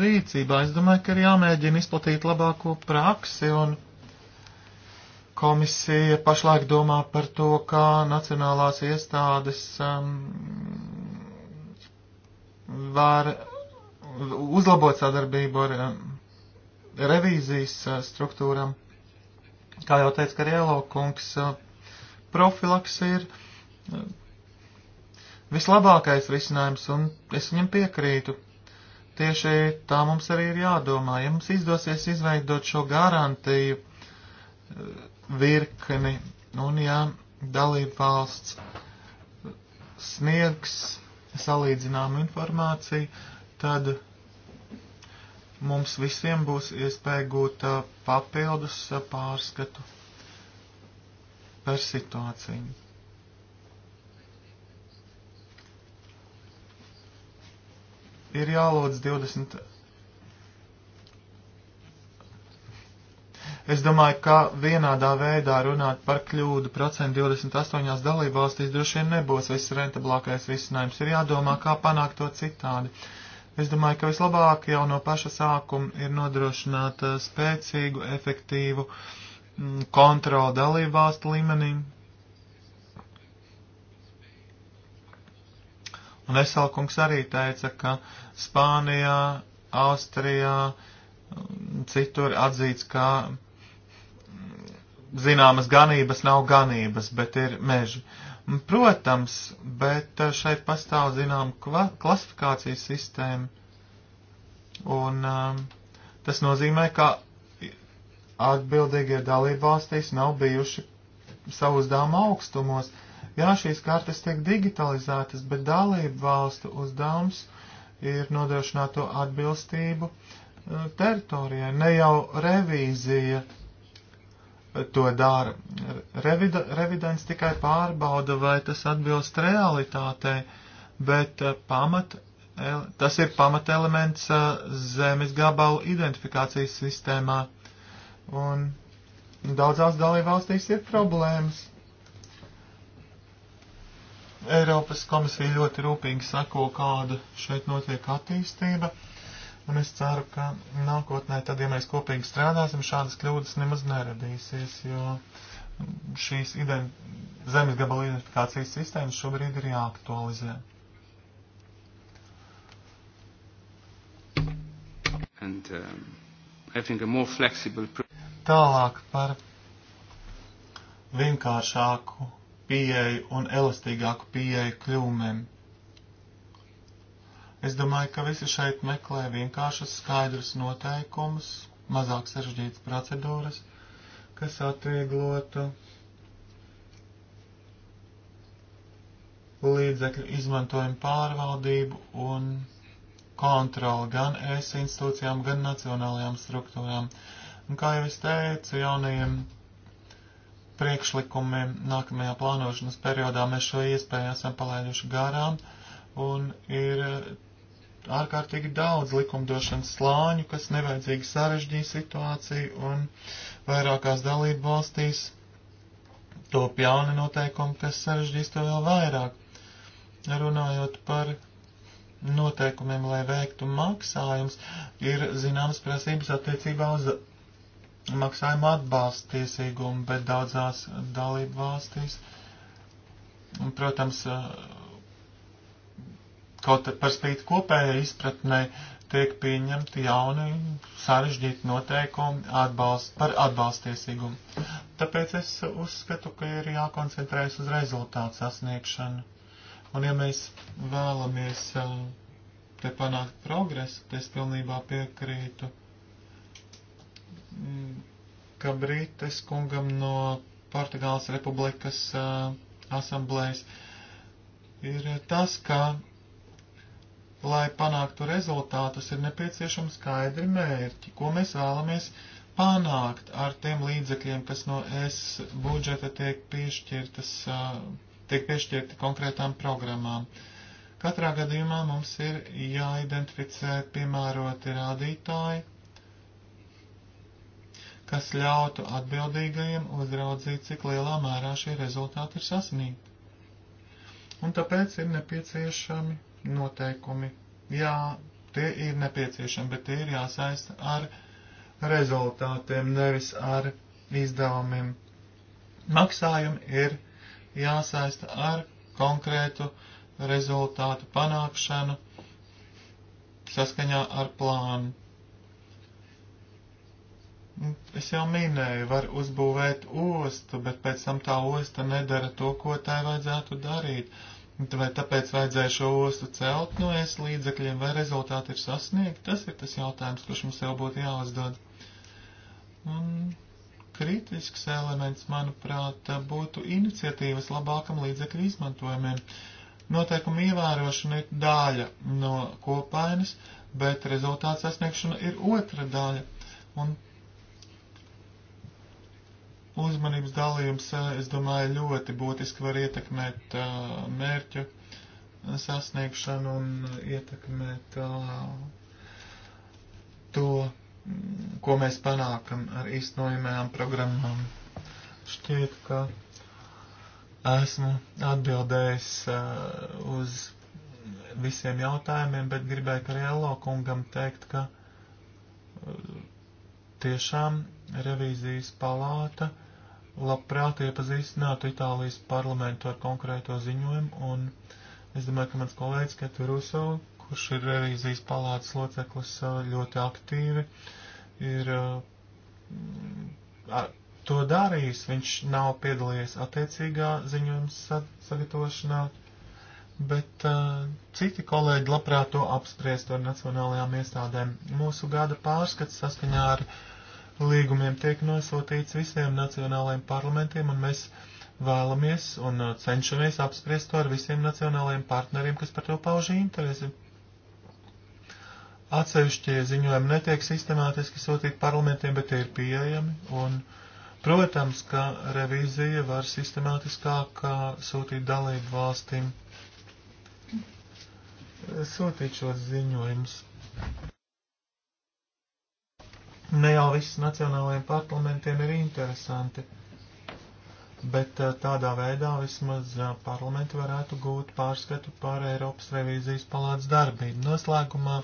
rīcībā. Es domāju, ka ir jāmēģina izplatīt labāko praksi, un komisija pašlaik domā par to, kā nacionālās iestādes um, var uzlabot sadarbību ar um, revīzijas uh, struktūram. Kā jau teica Karielo kungs, uh, profilaks ir. Uh, vislabākais risinājums, un es viņam piekrītu. Tieši tā mums arī ir jādomā. Ja mums izdosies izveidot šo garantiju eh, virkni, un ja dalība valsts sniegs salīdzināmu informāciju, tad mums visiem būs iespēja gūt eh, papildus eh, pārskatu par situāciju. ir jālūdz 20. Es domāju, ka vienādā veidā runāt par kļūdu procentu 28 dalībvalstīs droši vien nebūs viss rentablākais risinājums. Ir jādomā, kā panākt to citādi. Es domāju, ka vislabāk jau no paša sākuma ir nodrošināt eh, spēcīgu, efektīvu mm, kontroli dalībvalstu līmenī, Veselkungs arī teica, ka Spānijā, Austrijā, citur atzīts, ka zināmas ganības nav ganības, bet ir meži. Protams, bet šeit pastāv zinām klasifikācijas sistēma, un um, tas nozīmē, ka atbildīgie dalībvalstīs nav bijuši savu uzdevumu augstumos. Uh, Jā, šīs kartes tiek digitalizētas, bet dalību valstu uzdevums ir nodrošināt to atbilstību e, teritorijai, ne jau revīzija to dara. Revida, revidents tikai pārbauda, vai tas atbilst realitātei, bet e, pamat, e, tas ir pamatelements zemes gabalu identifikācijas sistēmā. Un daudzās dalībvalstīs ir problēmas. Eiropas komisija ļoti rūpīgi sako, kāda šeit notiek attīstība, un es ceru, ka nākotnē, tad, ja mēs kopīgi strādāsim, šādas kļūdas nemaz neradīsies, jo šīs zemes gabala identifikācijas sistēmas šobrīd ir jāaktualizē. And, um, I think a more flexible... Tālāk par vienkāršāku pieeju un elastīgāku pieeju kļūmēm. Es domāju, ka visi šeit meklē vienkāršas, skaidras noteikumus, mazāk sarežģītas procedūras, kas atvieglotu līdzekļu izmantojumu pārvaldību un kontroli gan es institūcijām, gan nacionālajām struktūrām. Un kā jau es teicu, jaunajiem priekšlikumiem nākamajā plānošanas periodā mēs šo iespēju esam palaiduši garām un ir eh, ārkārtīgi daudz likumdošanas slāņu, kas nevajadzīgi sarežģīja situāciju un vairākās dalību valstīs to jauni noteikumi, kas sarežģīs to vēl vairāk. Runājot par noteikumiem, lai veiktu maksājums, ir zināmas prasības attiecībā uz maksājuma atbalsta tiesīgumu, bet daudzās dalību valstīs, un, protams, kaut par spīti kopējai izpratnē tiek pieņemti jauni sarežģīti noteikumi atbalst, par atbalstiesīgumu. Tāpēc es uzskatu, ka ir jākoncentrējas uz rezultātu sasniegšanu. Un ja mēs vēlamies te panākt progresu, tad es pilnībā piekrītu Gabrītes kungam no Portugāles Republikas uh, asamblējas ir tas, ka, lai panāktu rezultātus, ir nepieciešami skaidri mērķi, ko mēs vēlamies panākt ar tiem līdzekļiem, kas no es budžeta tiek piešķirtas, uh, tiek piešķirti konkrētām programmām. Katrā gadījumā mums ir jāidentificē piemēroti rādītāji, kas ļautu atbildīgajiem uzraudzīt, cik lielā mērā šie rezultāti ir sasniegti. Un tāpēc ir nepieciešami noteikumi. Jā, tie ir nepieciešami, bet tie ir jāsaista ar rezultātiem, nevis ar izdevumiem. Maksājumi ir jāsaista ar konkrētu rezultātu panākšanu saskaņā ar plānu. Nu, es jau minēju, var uzbūvēt ostu, bet pēc tam tā osta nedara to, ko tai vajadzētu darīt. Vai tāpēc vajadzēja šo ostu celt no es līdzekļiem, vai rezultāti ir sasniegti? Tas ir tas jautājums, kurš mums jau būtu jāuzdod. Un kritisks elements, manuprāt, būtu iniciatīvas labākam līdzekļu izmantojumiem. Noteikumu ievērošana ir daļa no kopainas, bet rezultāts sasniegšana ir otra daļa. Un Uzmanības dalījums, eh, es domāju, ļoti būtiski var ietekmēt uh, mērķu eh, sasniegšanu un ietekmēt uh, to, mm, ko mēs panākam ar īstenojumajām programmām. Šķiet, ka esmu atbildējis uh, uz visiem jautājumiem, bet gribēju Karjēlo kungam teikt, ka tiešām revīzijas palāta labprāt iepazīstinātu Itālijas parlamentu ar konkrēto ziņojumu, un es domāju, ka mans kolēģis Ketu Ruso, kurš ir revīzijas palātas loceklis, eh, ļoti aktīvi ir eh, ar, to darījis. Viņš nav piedalījies attiecīgā ziņojuma sagatavošanā, bet uh, citi kolēģi labprāt to apspriest ar nacionālajām iestādēm. Mūsu gada pārskats saskaņā ar. Uh, līgumiem tiek nosūtīts visiem nacionālajiem parlamentiem, un mēs vēlamies un uh, cenšamies apspriest to ar visiem nacionālajiem partneriem, kas par to pauž interesi. Atsevišķie ziņojumi netiek sistemātiski sūtīti parlamentiem, bet tie ir pieejami, un, protams, ka revīzija var sistemātiskāk uh, sūtīt dalību valstīm sūtīt šos ziņojumus ne jau viss nacionālajiem parlamentiem ir interesanti, bet eh, tādā veidā vismaz eh, parlamenti varētu gūt pārskatu par Eiropas revīzijas palātas darbību. Noslēgumā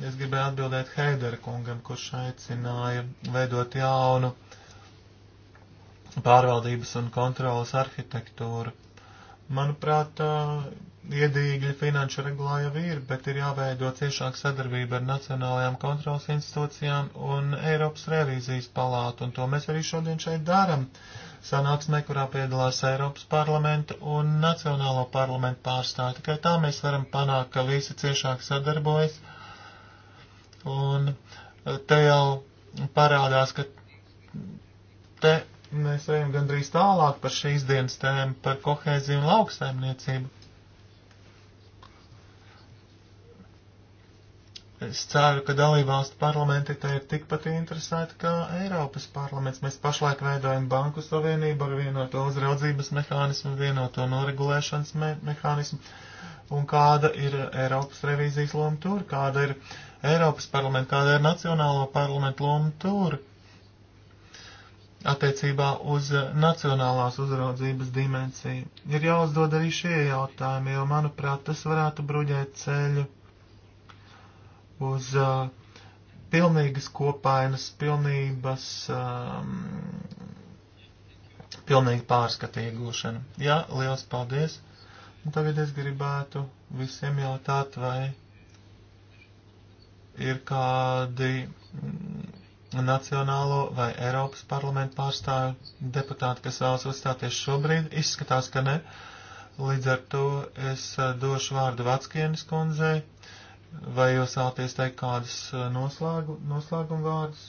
es gribēju atbildēt Heidera kungam, kurš aicināja veidot jaunu pārvaldības un kontrolas arhitektūru. Manuprāt, eh, iedīgļi finanšu regulā jau ir, bet ir jāveido ciešāka sadarbība ar nacionālajām kontrols institūcijām un Eiropas revīzijas palātu, un to mēs arī šodien šeit daram. Sanāksmē, kurā piedalās Eiropas parlamenta un Nacionālo parlamentu pārstāvji. Tikai tā mēs varam panākt, ka visi ciešāk sadarbojas. Un eh, te jau parādās, ka te mēs ejam gandrīz tālāk par šīs dienas tēmu, par kohēziju un lauksaimniecību Es ceru, ka dalībvalstu parlamenti te ir tikpat interesēti kā Eiropas parlaments. Mēs pašlaik veidojam banku savienību ar vienoto uzraudzības mehānismu, vienoto noregulēšanas me mehānismu. Un kāda ir Eiropas revīzijas loma tur, kāda ir Eiropas parlamenta, kāda ir Nacionālo parlamentu loma tur attiecībā uz nacionālās uzraudzības dimensiju. Ir jāuzdod arī šie jautājumi, jo, manuprāt, tas varētu bruģēt ceļu uz uh, pilnīgas kopainas, pilnības, um, pilnīgi pārskatīgošana. Jā, liels paldies! Un tagad es gribētu visiem jautāt, vai ir kādi mm, nacionālo vai Eiropas parlamentu pārstāvju deputāti, kas vēlas uzstāties šobrīd. Izskatās, ka ne. Līdz ar to es uh, došu vārdu Vatskienes kundzei Vai jūs vēlaties teikt kādus eh, noslēgu, noslēguma vārdus?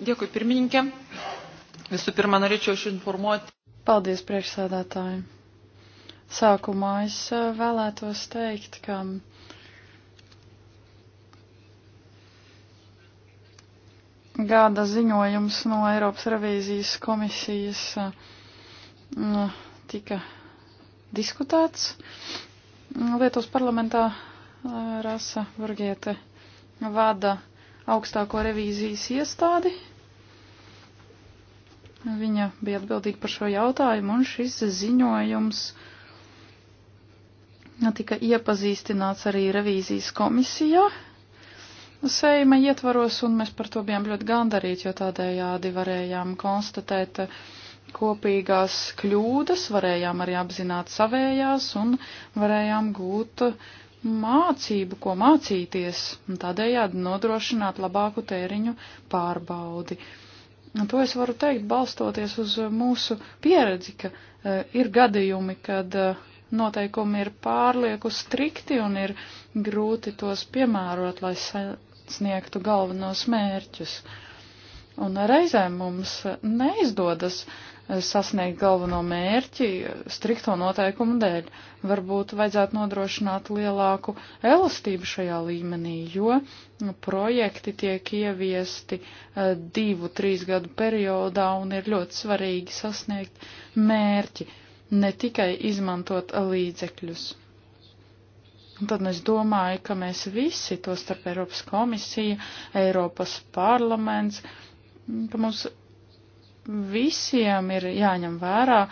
Dėkui pirmininkė. Visų pirma, norėčiau išinformuoti. Paldies priekšsēdētājiem. Sākumā es eh, vēlētos teikt, ka gada ziņojums no Eiropas revīzijas komisijas uh, tika diskutēts Lietuvas parlamentā. Eh, Rasa Vargiete vada augstāko revīzijas iestādi. Viņa bija atbildīga par šo jautājumu, un šis ziņojums tika iepazīstināts arī revīzijas komisijā Seima ietvaros, un mēs par to bijām ļoti gandarīti, jo tādējādi varējām konstatēt uh, kopīgās kļūdas, varējām arī apzināt savējās un varējām gūt mācību, ko mācīties, un tādējādi nodrošināt labāku tēriņu pārbaudi. Un to es varu teikt balstoties uz mūsu pieredzi, ka uh, ir gadījumi, kad uh, noteikumi ir pārlieku strikti un ir grūti tos piemērot, lai sasniegtu galvenos mērķus. Un reizēm mums neizdodas uh, sasniegt galveno mērķi strikto noteikumu dēļ. Varbūt vajadzētu nodrošināt lielāku elastību šajā līmenī, jo projekti tiek ieviesti eh, divu, trīs gadu periodā un ir ļoti svarīgi sasniegt mērķi, ne tikai izmantot līdzekļus. Un tad es domāju, ka mēs visi, to starp Eiropas komisija, Eiropas parlaments, ka mums visiem ir jāņem vērā eh,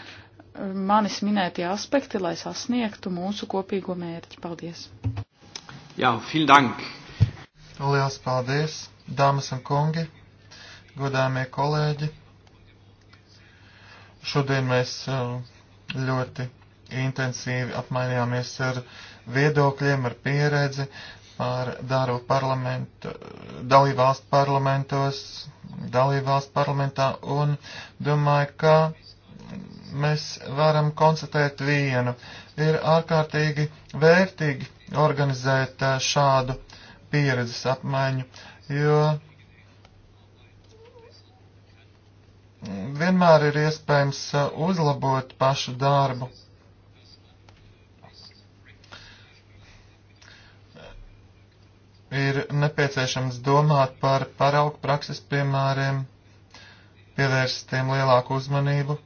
manis minētie aspekti, lai sasniegtu mūsu kopīgo mērķi. Paldies! Jā, vielen dank! Lielas paldies, dāmas un kungi, godāmie kolēģi! Šodien mēs eh, ļoti intensīvi apmainījāmies ar viedokļiem, ar pieredzi, ar darbu parlamentu, dalībvalstu parlamentos, dalībvalstu parlamentā, un domāju, ka mēs varam konstatēt vienu. Ir ārkārtīgi vērtīgi organizēt šādu pieredzes apmaiņu, jo vienmēr ir iespējams uzlabot pašu darbu ir nepieciešams domāt par paraugu prakses piemēriem, pievērst tiem lielāku uzmanību,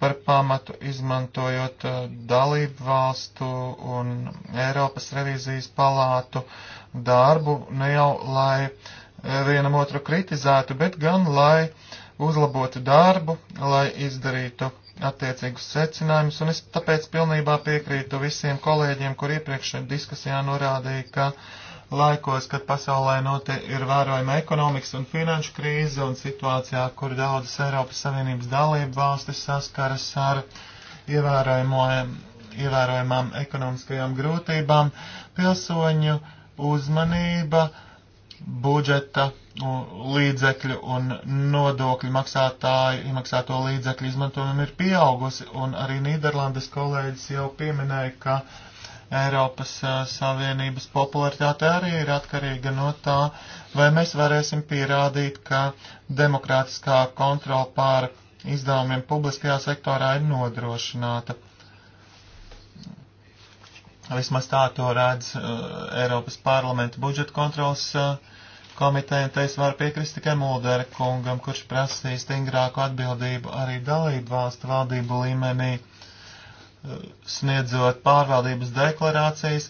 par pamatu izmantojot uh, dalību valstu un Eiropas revīzijas palātu darbu, ne jau lai uh, vienam otru kritizētu, bet gan lai uzlabotu darbu, lai izdarītu attiecīgus secinājumus, un es tāpēc pilnībā piekrītu visiem kolēģiem, kur iepriekšējā diskusijā norādīja, ka laikos, kad pasaulē notie, ir vērojama ekonomikas un finanšu krīze un situācijā, kur daudzas Eiropas Savienības dalību valstis saskaras ar ievērojamām ekonomiskajām grūtībām, pilsoņu uzmanība uh, budžeta nu, līdzekļu un nodokļu maksātāju iemaksāto līdzekļu izmantojumu ir pieaugusi, un arī Nīderlandes kolēģis jau pieminēja, ka Eiropas Savienības popularitāte arī ir atkarīga no tā, vai mēs varēsim pierādīt, ka demokrātiskā kontrola pār izdevumiem publiskajā sektorā ir nodrošināta. Vismaz tā to redz uh, Eiropas parlamenta budžeta kontrols uh, komiteja, un te es varu piekrist tikai Muldera kungam, kurš prasīja stingrāku atbildību arī dalību valstu valdību līmenī, uh, sniedzot pārvaldības deklarācijas,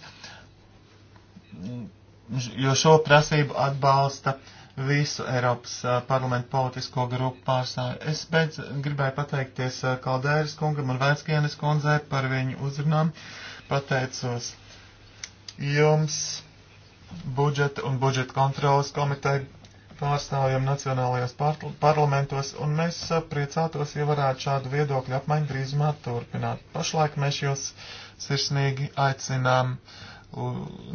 jo šo prasību atbalsta visu Eiropas uh, parlamentu politisko grupu pārstāvju. Es beidz gribēju pateikties uh, Kaldēras kungam un Vēckienes kundzei par viņu uzrunām. Uh, Pateicos jums, budžeta un budžeta kontrolas komiteja pārstāvjiem nacionālajos parl parlamentos, un mēs priecātos, ja varētu šādu viedokļu apmaiņu drīzumā turpināt. Pašlaik mēs jūs sirsnīgi aicinām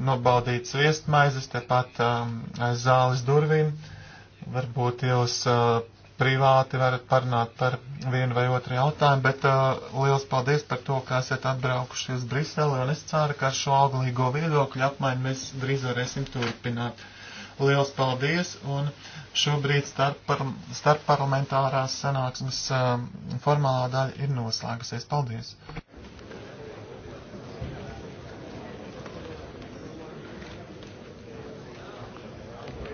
nobaudīt sviestmaizes tepat um, aiz zāles durvīm. Varbūt jūs uh, privāti varat parunāt par vienu vai otru jautājumu, bet uh, liels paldies par to, ka esat atbraukuši uz Briseli, un es ceru, ka ar šo auglīgo viedokļu apmaiņu mēs drīz varēsim turpināt. Liels paldies, un šobrīd starpparlamentārās starp sanāksmes uh, formālā daļa ir noslēgusies. Paldies!